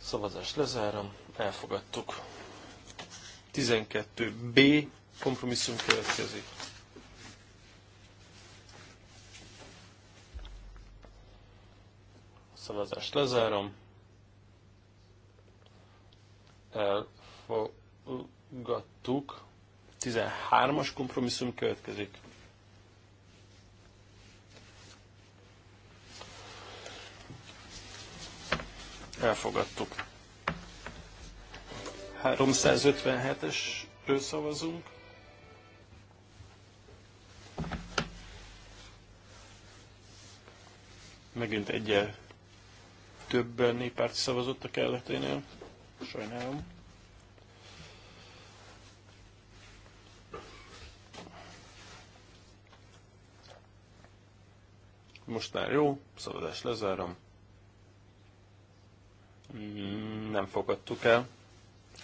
Szavazást lezárom, elfogadtuk. 12 B kompromisszum következik. szavazást lezárom. Elfogadtuk. 13-as kompromisszum következik. Elfogadtuk. 357-esről szavazunk. Megint egyel több néppárti szavazott a kelleténél. Sajnálom. Most már jó, szavazás lezárom. Mm, nem fogadtuk el.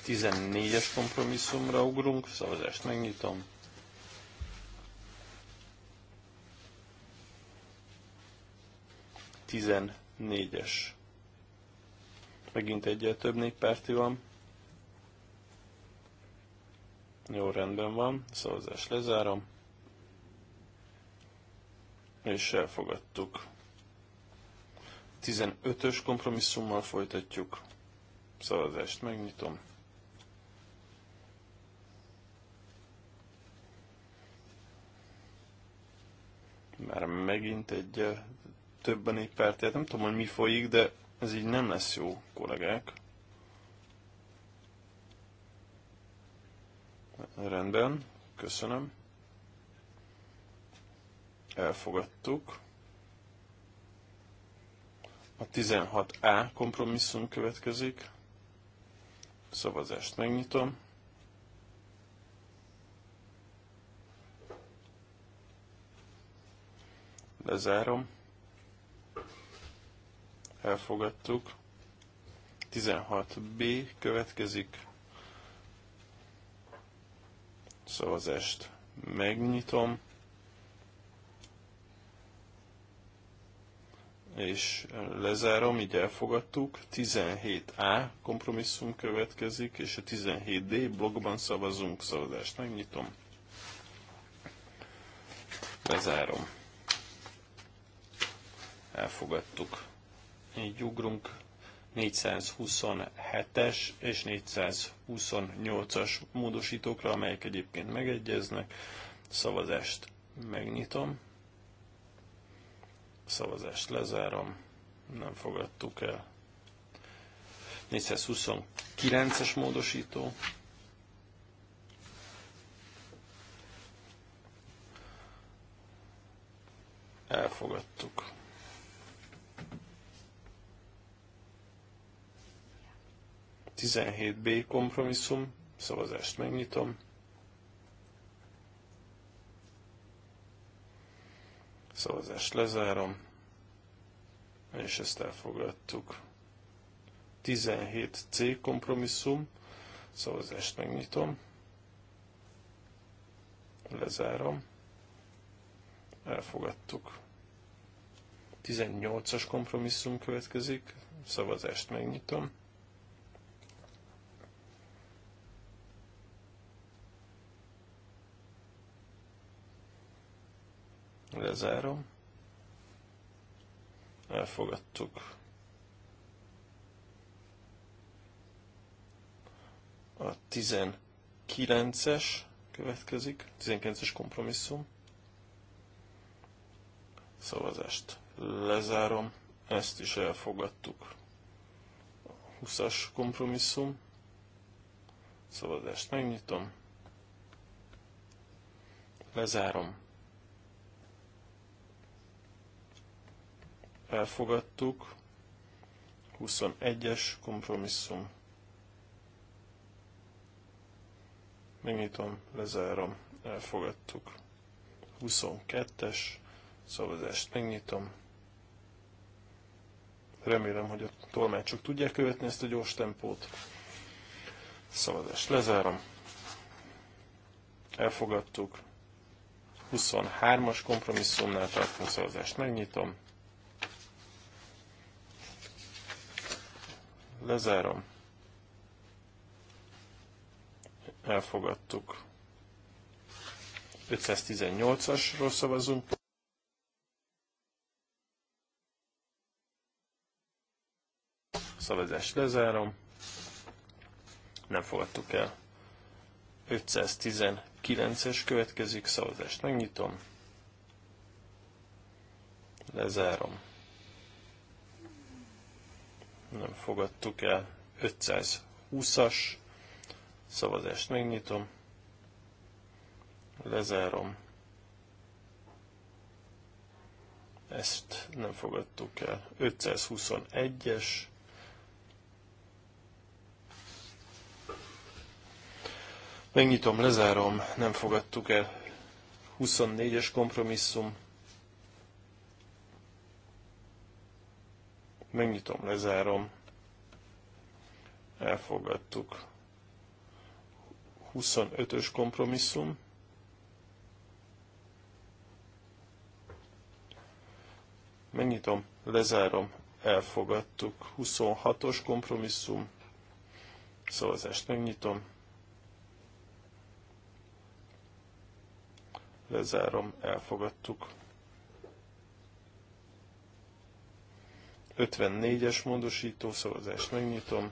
14-es kompromisszumra ugrunk, szavazást megnyitom. Tizen négyes Megint egyet több néppárti van. Jó, rendben van. szavazás lezárom. És elfogadtuk. 15-ös kompromisszummal folytatjuk. Szavazást megnyitom. Már megint egy több a néppárt, hát nem tudom, hogy mi folyik, de ez így nem lesz jó, kollégák. Rendben, köszönöm. Elfogadtuk. A 16A kompromisszum következik. Szavazást megnyitom. Lezárom elfogadtuk. 16B következik. Szavazást megnyitom. és lezárom, így elfogadtuk. 17A kompromisszum következik, és a 17D blogban szavazunk, szavazást megnyitom. Lezárom. Elfogadtuk így ugrunk 427-es és 428-as módosítókra, amelyek egyébként megegyeznek. Szavazást megnyitom, szavazást lezárom, nem fogadtuk el. 429-es módosító. Elfogadtuk. 17B kompromisszum, szavazást megnyitom. Szavazást lezárom, és ezt elfogadtuk. 17C kompromisszum, szavazást megnyitom. Lezárom. Elfogadtuk. 18-as kompromisszum következik, szavazást megnyitom. Lezárom. Elfogadtuk. A 19-es következik, 19-es kompromisszum. Szavazást lezárom, ezt is elfogadtuk. 20-as kompromisszum. Szavazást megnyitom. Lezárom elfogadtuk. 21-es kompromisszum. Megnyitom, lezárom, elfogadtuk. 22-es szavazást megnyitom. Remélem, hogy a tolmácsok tudják követni ezt a gyors tempót. Szavazást lezárom. Elfogadtuk. 23-as kompromisszumnál tartunk szavazást megnyitom. Lezárom. Elfogadtuk. 518-asról szavazunk. Szavazást lezárom. Nem fogadtuk el. 519-es következik, szavazást megnyitom. Lezárom nem fogadtuk el. 520-as szavazást megnyitom, lezárom. Ezt nem fogadtuk el. 521-es. Megnyitom, lezárom, nem fogadtuk el. 24-es kompromisszum. Megnyitom, lezárom. Elfogadtuk. 25-ös kompromisszum. Megnyitom, lezárom, elfogadtuk. 26-os kompromisszum. Szavazást megnyitom. Lezárom, elfogadtuk. 54-es módosító szavazást megnyitom.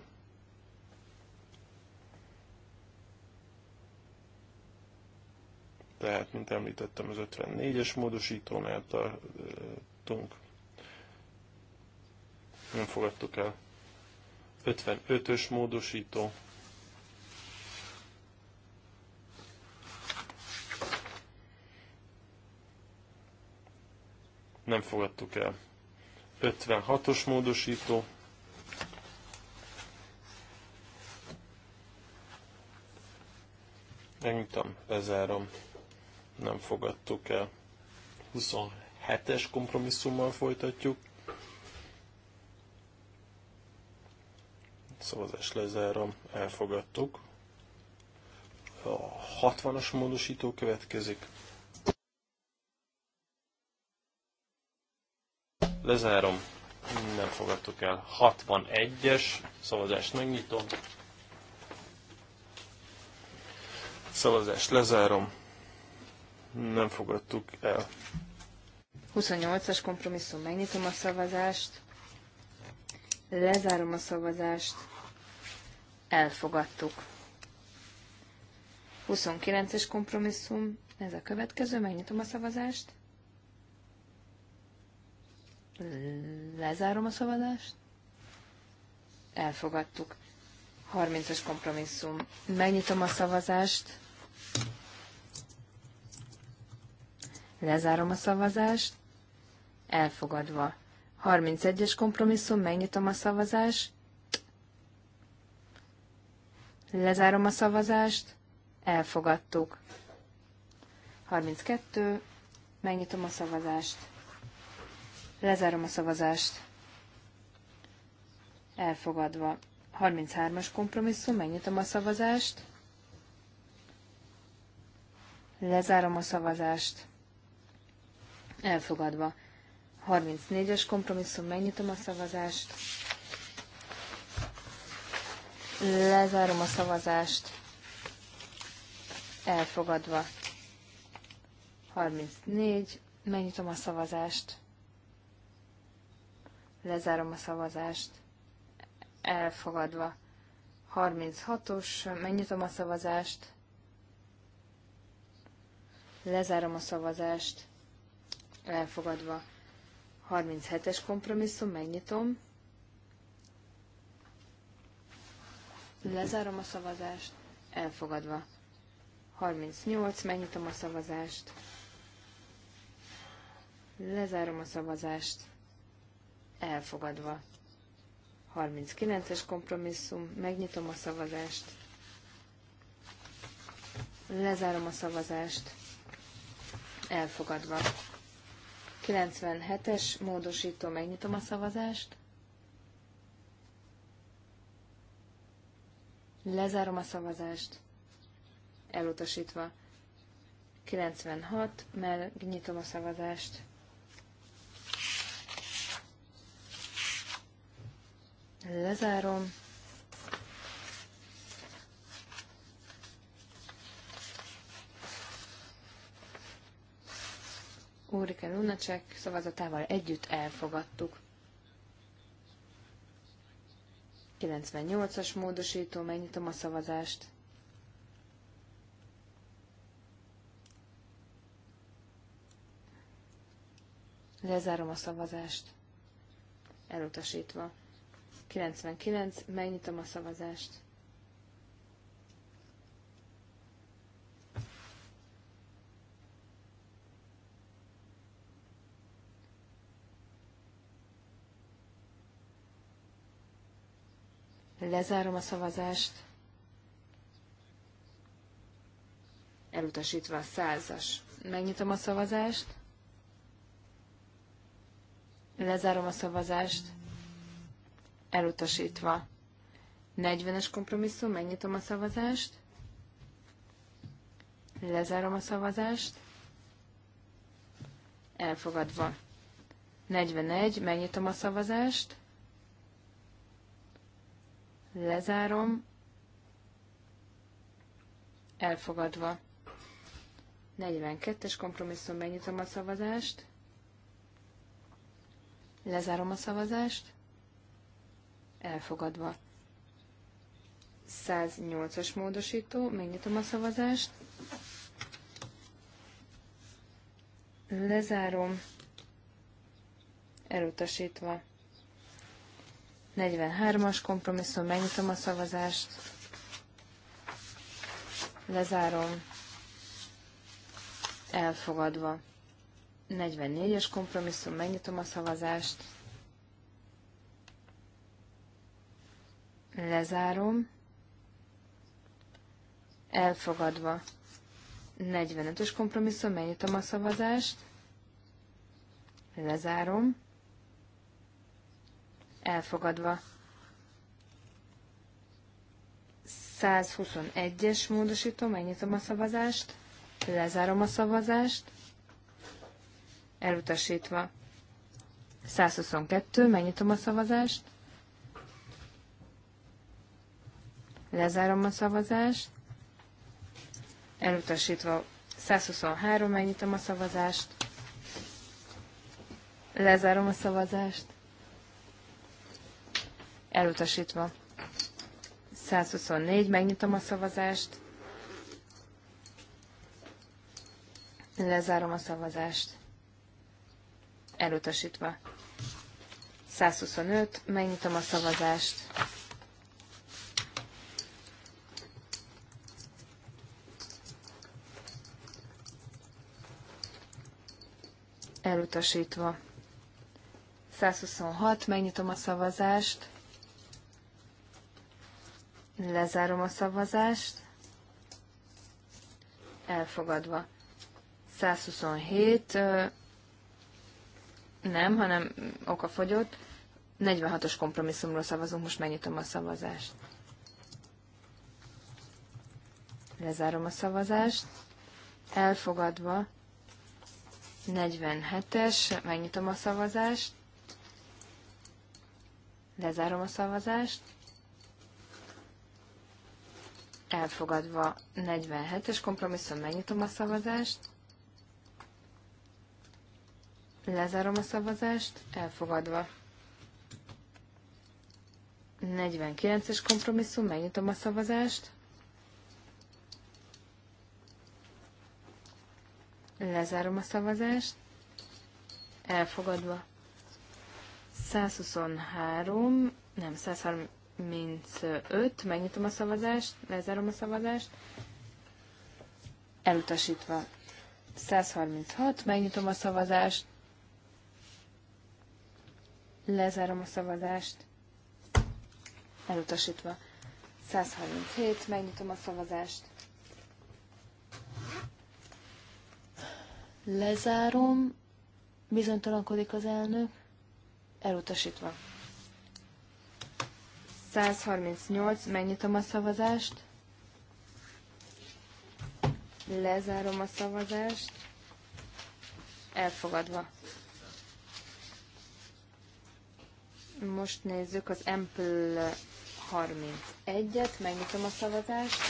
Tehát, mint említettem, az 54-es módosítónál tartunk. Nem fogadtuk el. 55-ös módosító. Nem fogadtuk el. 56-os módosító. Megnyitom, bezárom. Nem fogadtuk el. 27-es kompromisszummal folytatjuk. Szavazás lezárom, elfogadtuk. A 60-as módosító következik. Lezárom. Nem fogadtuk el. 61-es szavazást megnyitom. Szavazást lezárom. Nem fogadtuk el. 28-as kompromisszum. Megnyitom a szavazást. Lezárom a szavazást. Elfogadtuk. 29-es kompromisszum. Ez a következő. Megnyitom a szavazást. Lezárom a szavazást. Elfogadtuk. 30-as kompromisszum. Megnyitom a szavazást. Lezárom a szavazást. Elfogadva. 31-es kompromisszum. Megnyitom a szavazást. Lezárom a szavazást. Elfogadtuk. 32. Megnyitom a szavazást. Lezárom a szavazást. Elfogadva. 33-as kompromisszum, megnyitom a szavazást. Lezárom a szavazást. Elfogadva. 34-es kompromisszum, megnyitom a szavazást. Lezárom a szavazást. Elfogadva. 34. Megnyitom a szavazást. Lezárom a szavazást. Elfogadva. 36-os, megnyitom a szavazást. Lezárom a szavazást. Elfogadva. 37-es kompromisszum, megnyitom. Lezárom a szavazást. Elfogadva. 38, megnyitom a szavazást. Lezárom a szavazást elfogadva. 39-es kompromisszum, megnyitom a szavazást, lezárom a szavazást, elfogadva. 97-es módosító, megnyitom a szavazást, lezárom a szavazást, elutasítva. 96, megnyitom a szavazást, Lezárom. Úrike Lunacek szavazatával együtt elfogadtuk. 98-as módosító, megnyitom a szavazást. Lezárom a szavazást. Elutasítva. 99, megnyitom a szavazást. Lezárom a szavazást. Elutasítva a százas. Megnyitom a szavazást. Lezárom a szavazást elutasítva. 40-es kompromisszum, megnyitom a szavazást, lezárom a szavazást, elfogadva. 41, megnyitom a szavazást, lezárom, elfogadva. 42-es kompromisszum, megnyitom a szavazást, lezárom a szavazást, elfogadva. 108-as módosító, megnyitom a szavazást. Lezárom, elutasítva. 43-as kompromisszum, megnyitom a szavazást. Lezárom, elfogadva. 44-es kompromisszum, megnyitom a szavazást. Lezárom. Elfogadva. 45-ös kompromisszum, megnyitom a szavazást. Lezárom. Elfogadva. 121-es módosítom, megnyitom a szavazást. Lezárom a szavazást. Elutasítva. 122, megnyitom a szavazást. Lezárom a szavazást. Elutasítva 123, megnyitom a szavazást. Lezárom a szavazást. Elutasítva. 124, megnyitom a szavazást. Lezárom a szavazást. Elutasítva. 125, megnyitom a szavazást. elutasítva. 126, megnyitom a szavazást, lezárom a szavazást, elfogadva. 127, nem, hanem oka fogyott. 46-os kompromisszumról szavazunk, most megnyitom a szavazást. Lezárom a szavazást. Elfogadva 47-es, megnyitom a szavazást, lezárom a szavazást, elfogadva 47-es kompromisszum, megnyitom a szavazást, lezárom a szavazást, elfogadva 49-es kompromisszum, megnyitom a szavazást, Lezárom a szavazást. Elfogadva. 123, nem, 135, megnyitom a szavazást, lezárom a szavazást. Elutasítva. 136, megnyitom a szavazást. Lezárom a szavazást. Elutasítva. 137, megnyitom a szavazást. Lezárom, bizonytalankodik az elnök, elutasítva. 138, megnyitom a szavazást, lezárom a szavazást, elfogadva. Most nézzük az Ample 31-et, megnyitom a szavazást.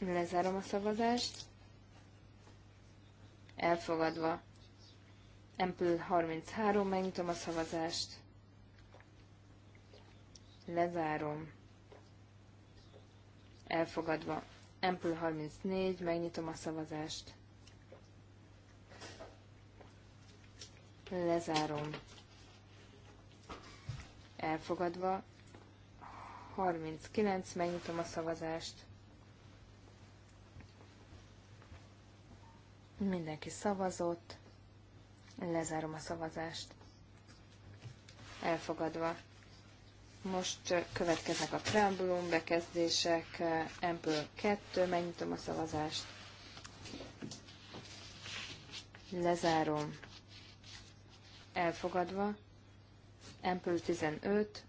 Lezárom a szavazást. Elfogadva. Ample 33, megnyitom a szavazást. Lezárom. Elfogadva. Ample 34, megnyitom a szavazást. Lezárom. Elfogadva. 39, megnyitom a szavazást. Mindenki szavazott. Lezárom a szavazást. Elfogadva. Most következnek a preambulum bekezdések, Ebből kettő, megnyitom a szavazást. Lezárom. Elfogadva. Ample 15,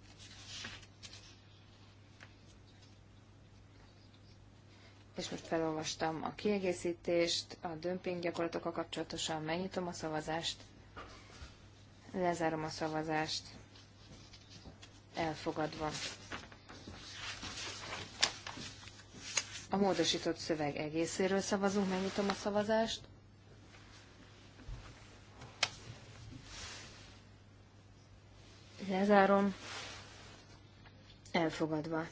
és most felolvastam a kiegészítést, a dömping gyakorlatokkal kapcsolatosan megnyitom a szavazást, lezárom a szavazást, elfogadva. A módosított szöveg egészéről szavazunk, megnyitom a szavazást. Lezárom, elfogadva.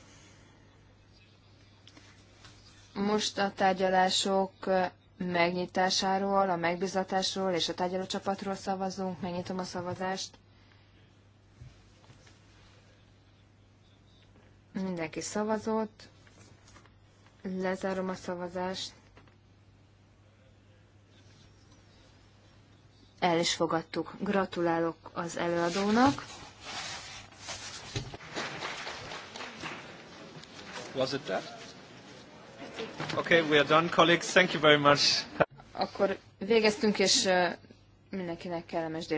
Most a tárgyalások megnyitásáról, a megbizatásról és a tárgyalócsapatról szavazunk. Megnyitom a szavazást. Mindenki szavazott. Lezárom a szavazást. El is fogadtuk. Gratulálok az előadónak. Was it that? Okay, we are done, colleagues. Thank you very much. Akkor végeztünk, és mindenkinek kellemes délután.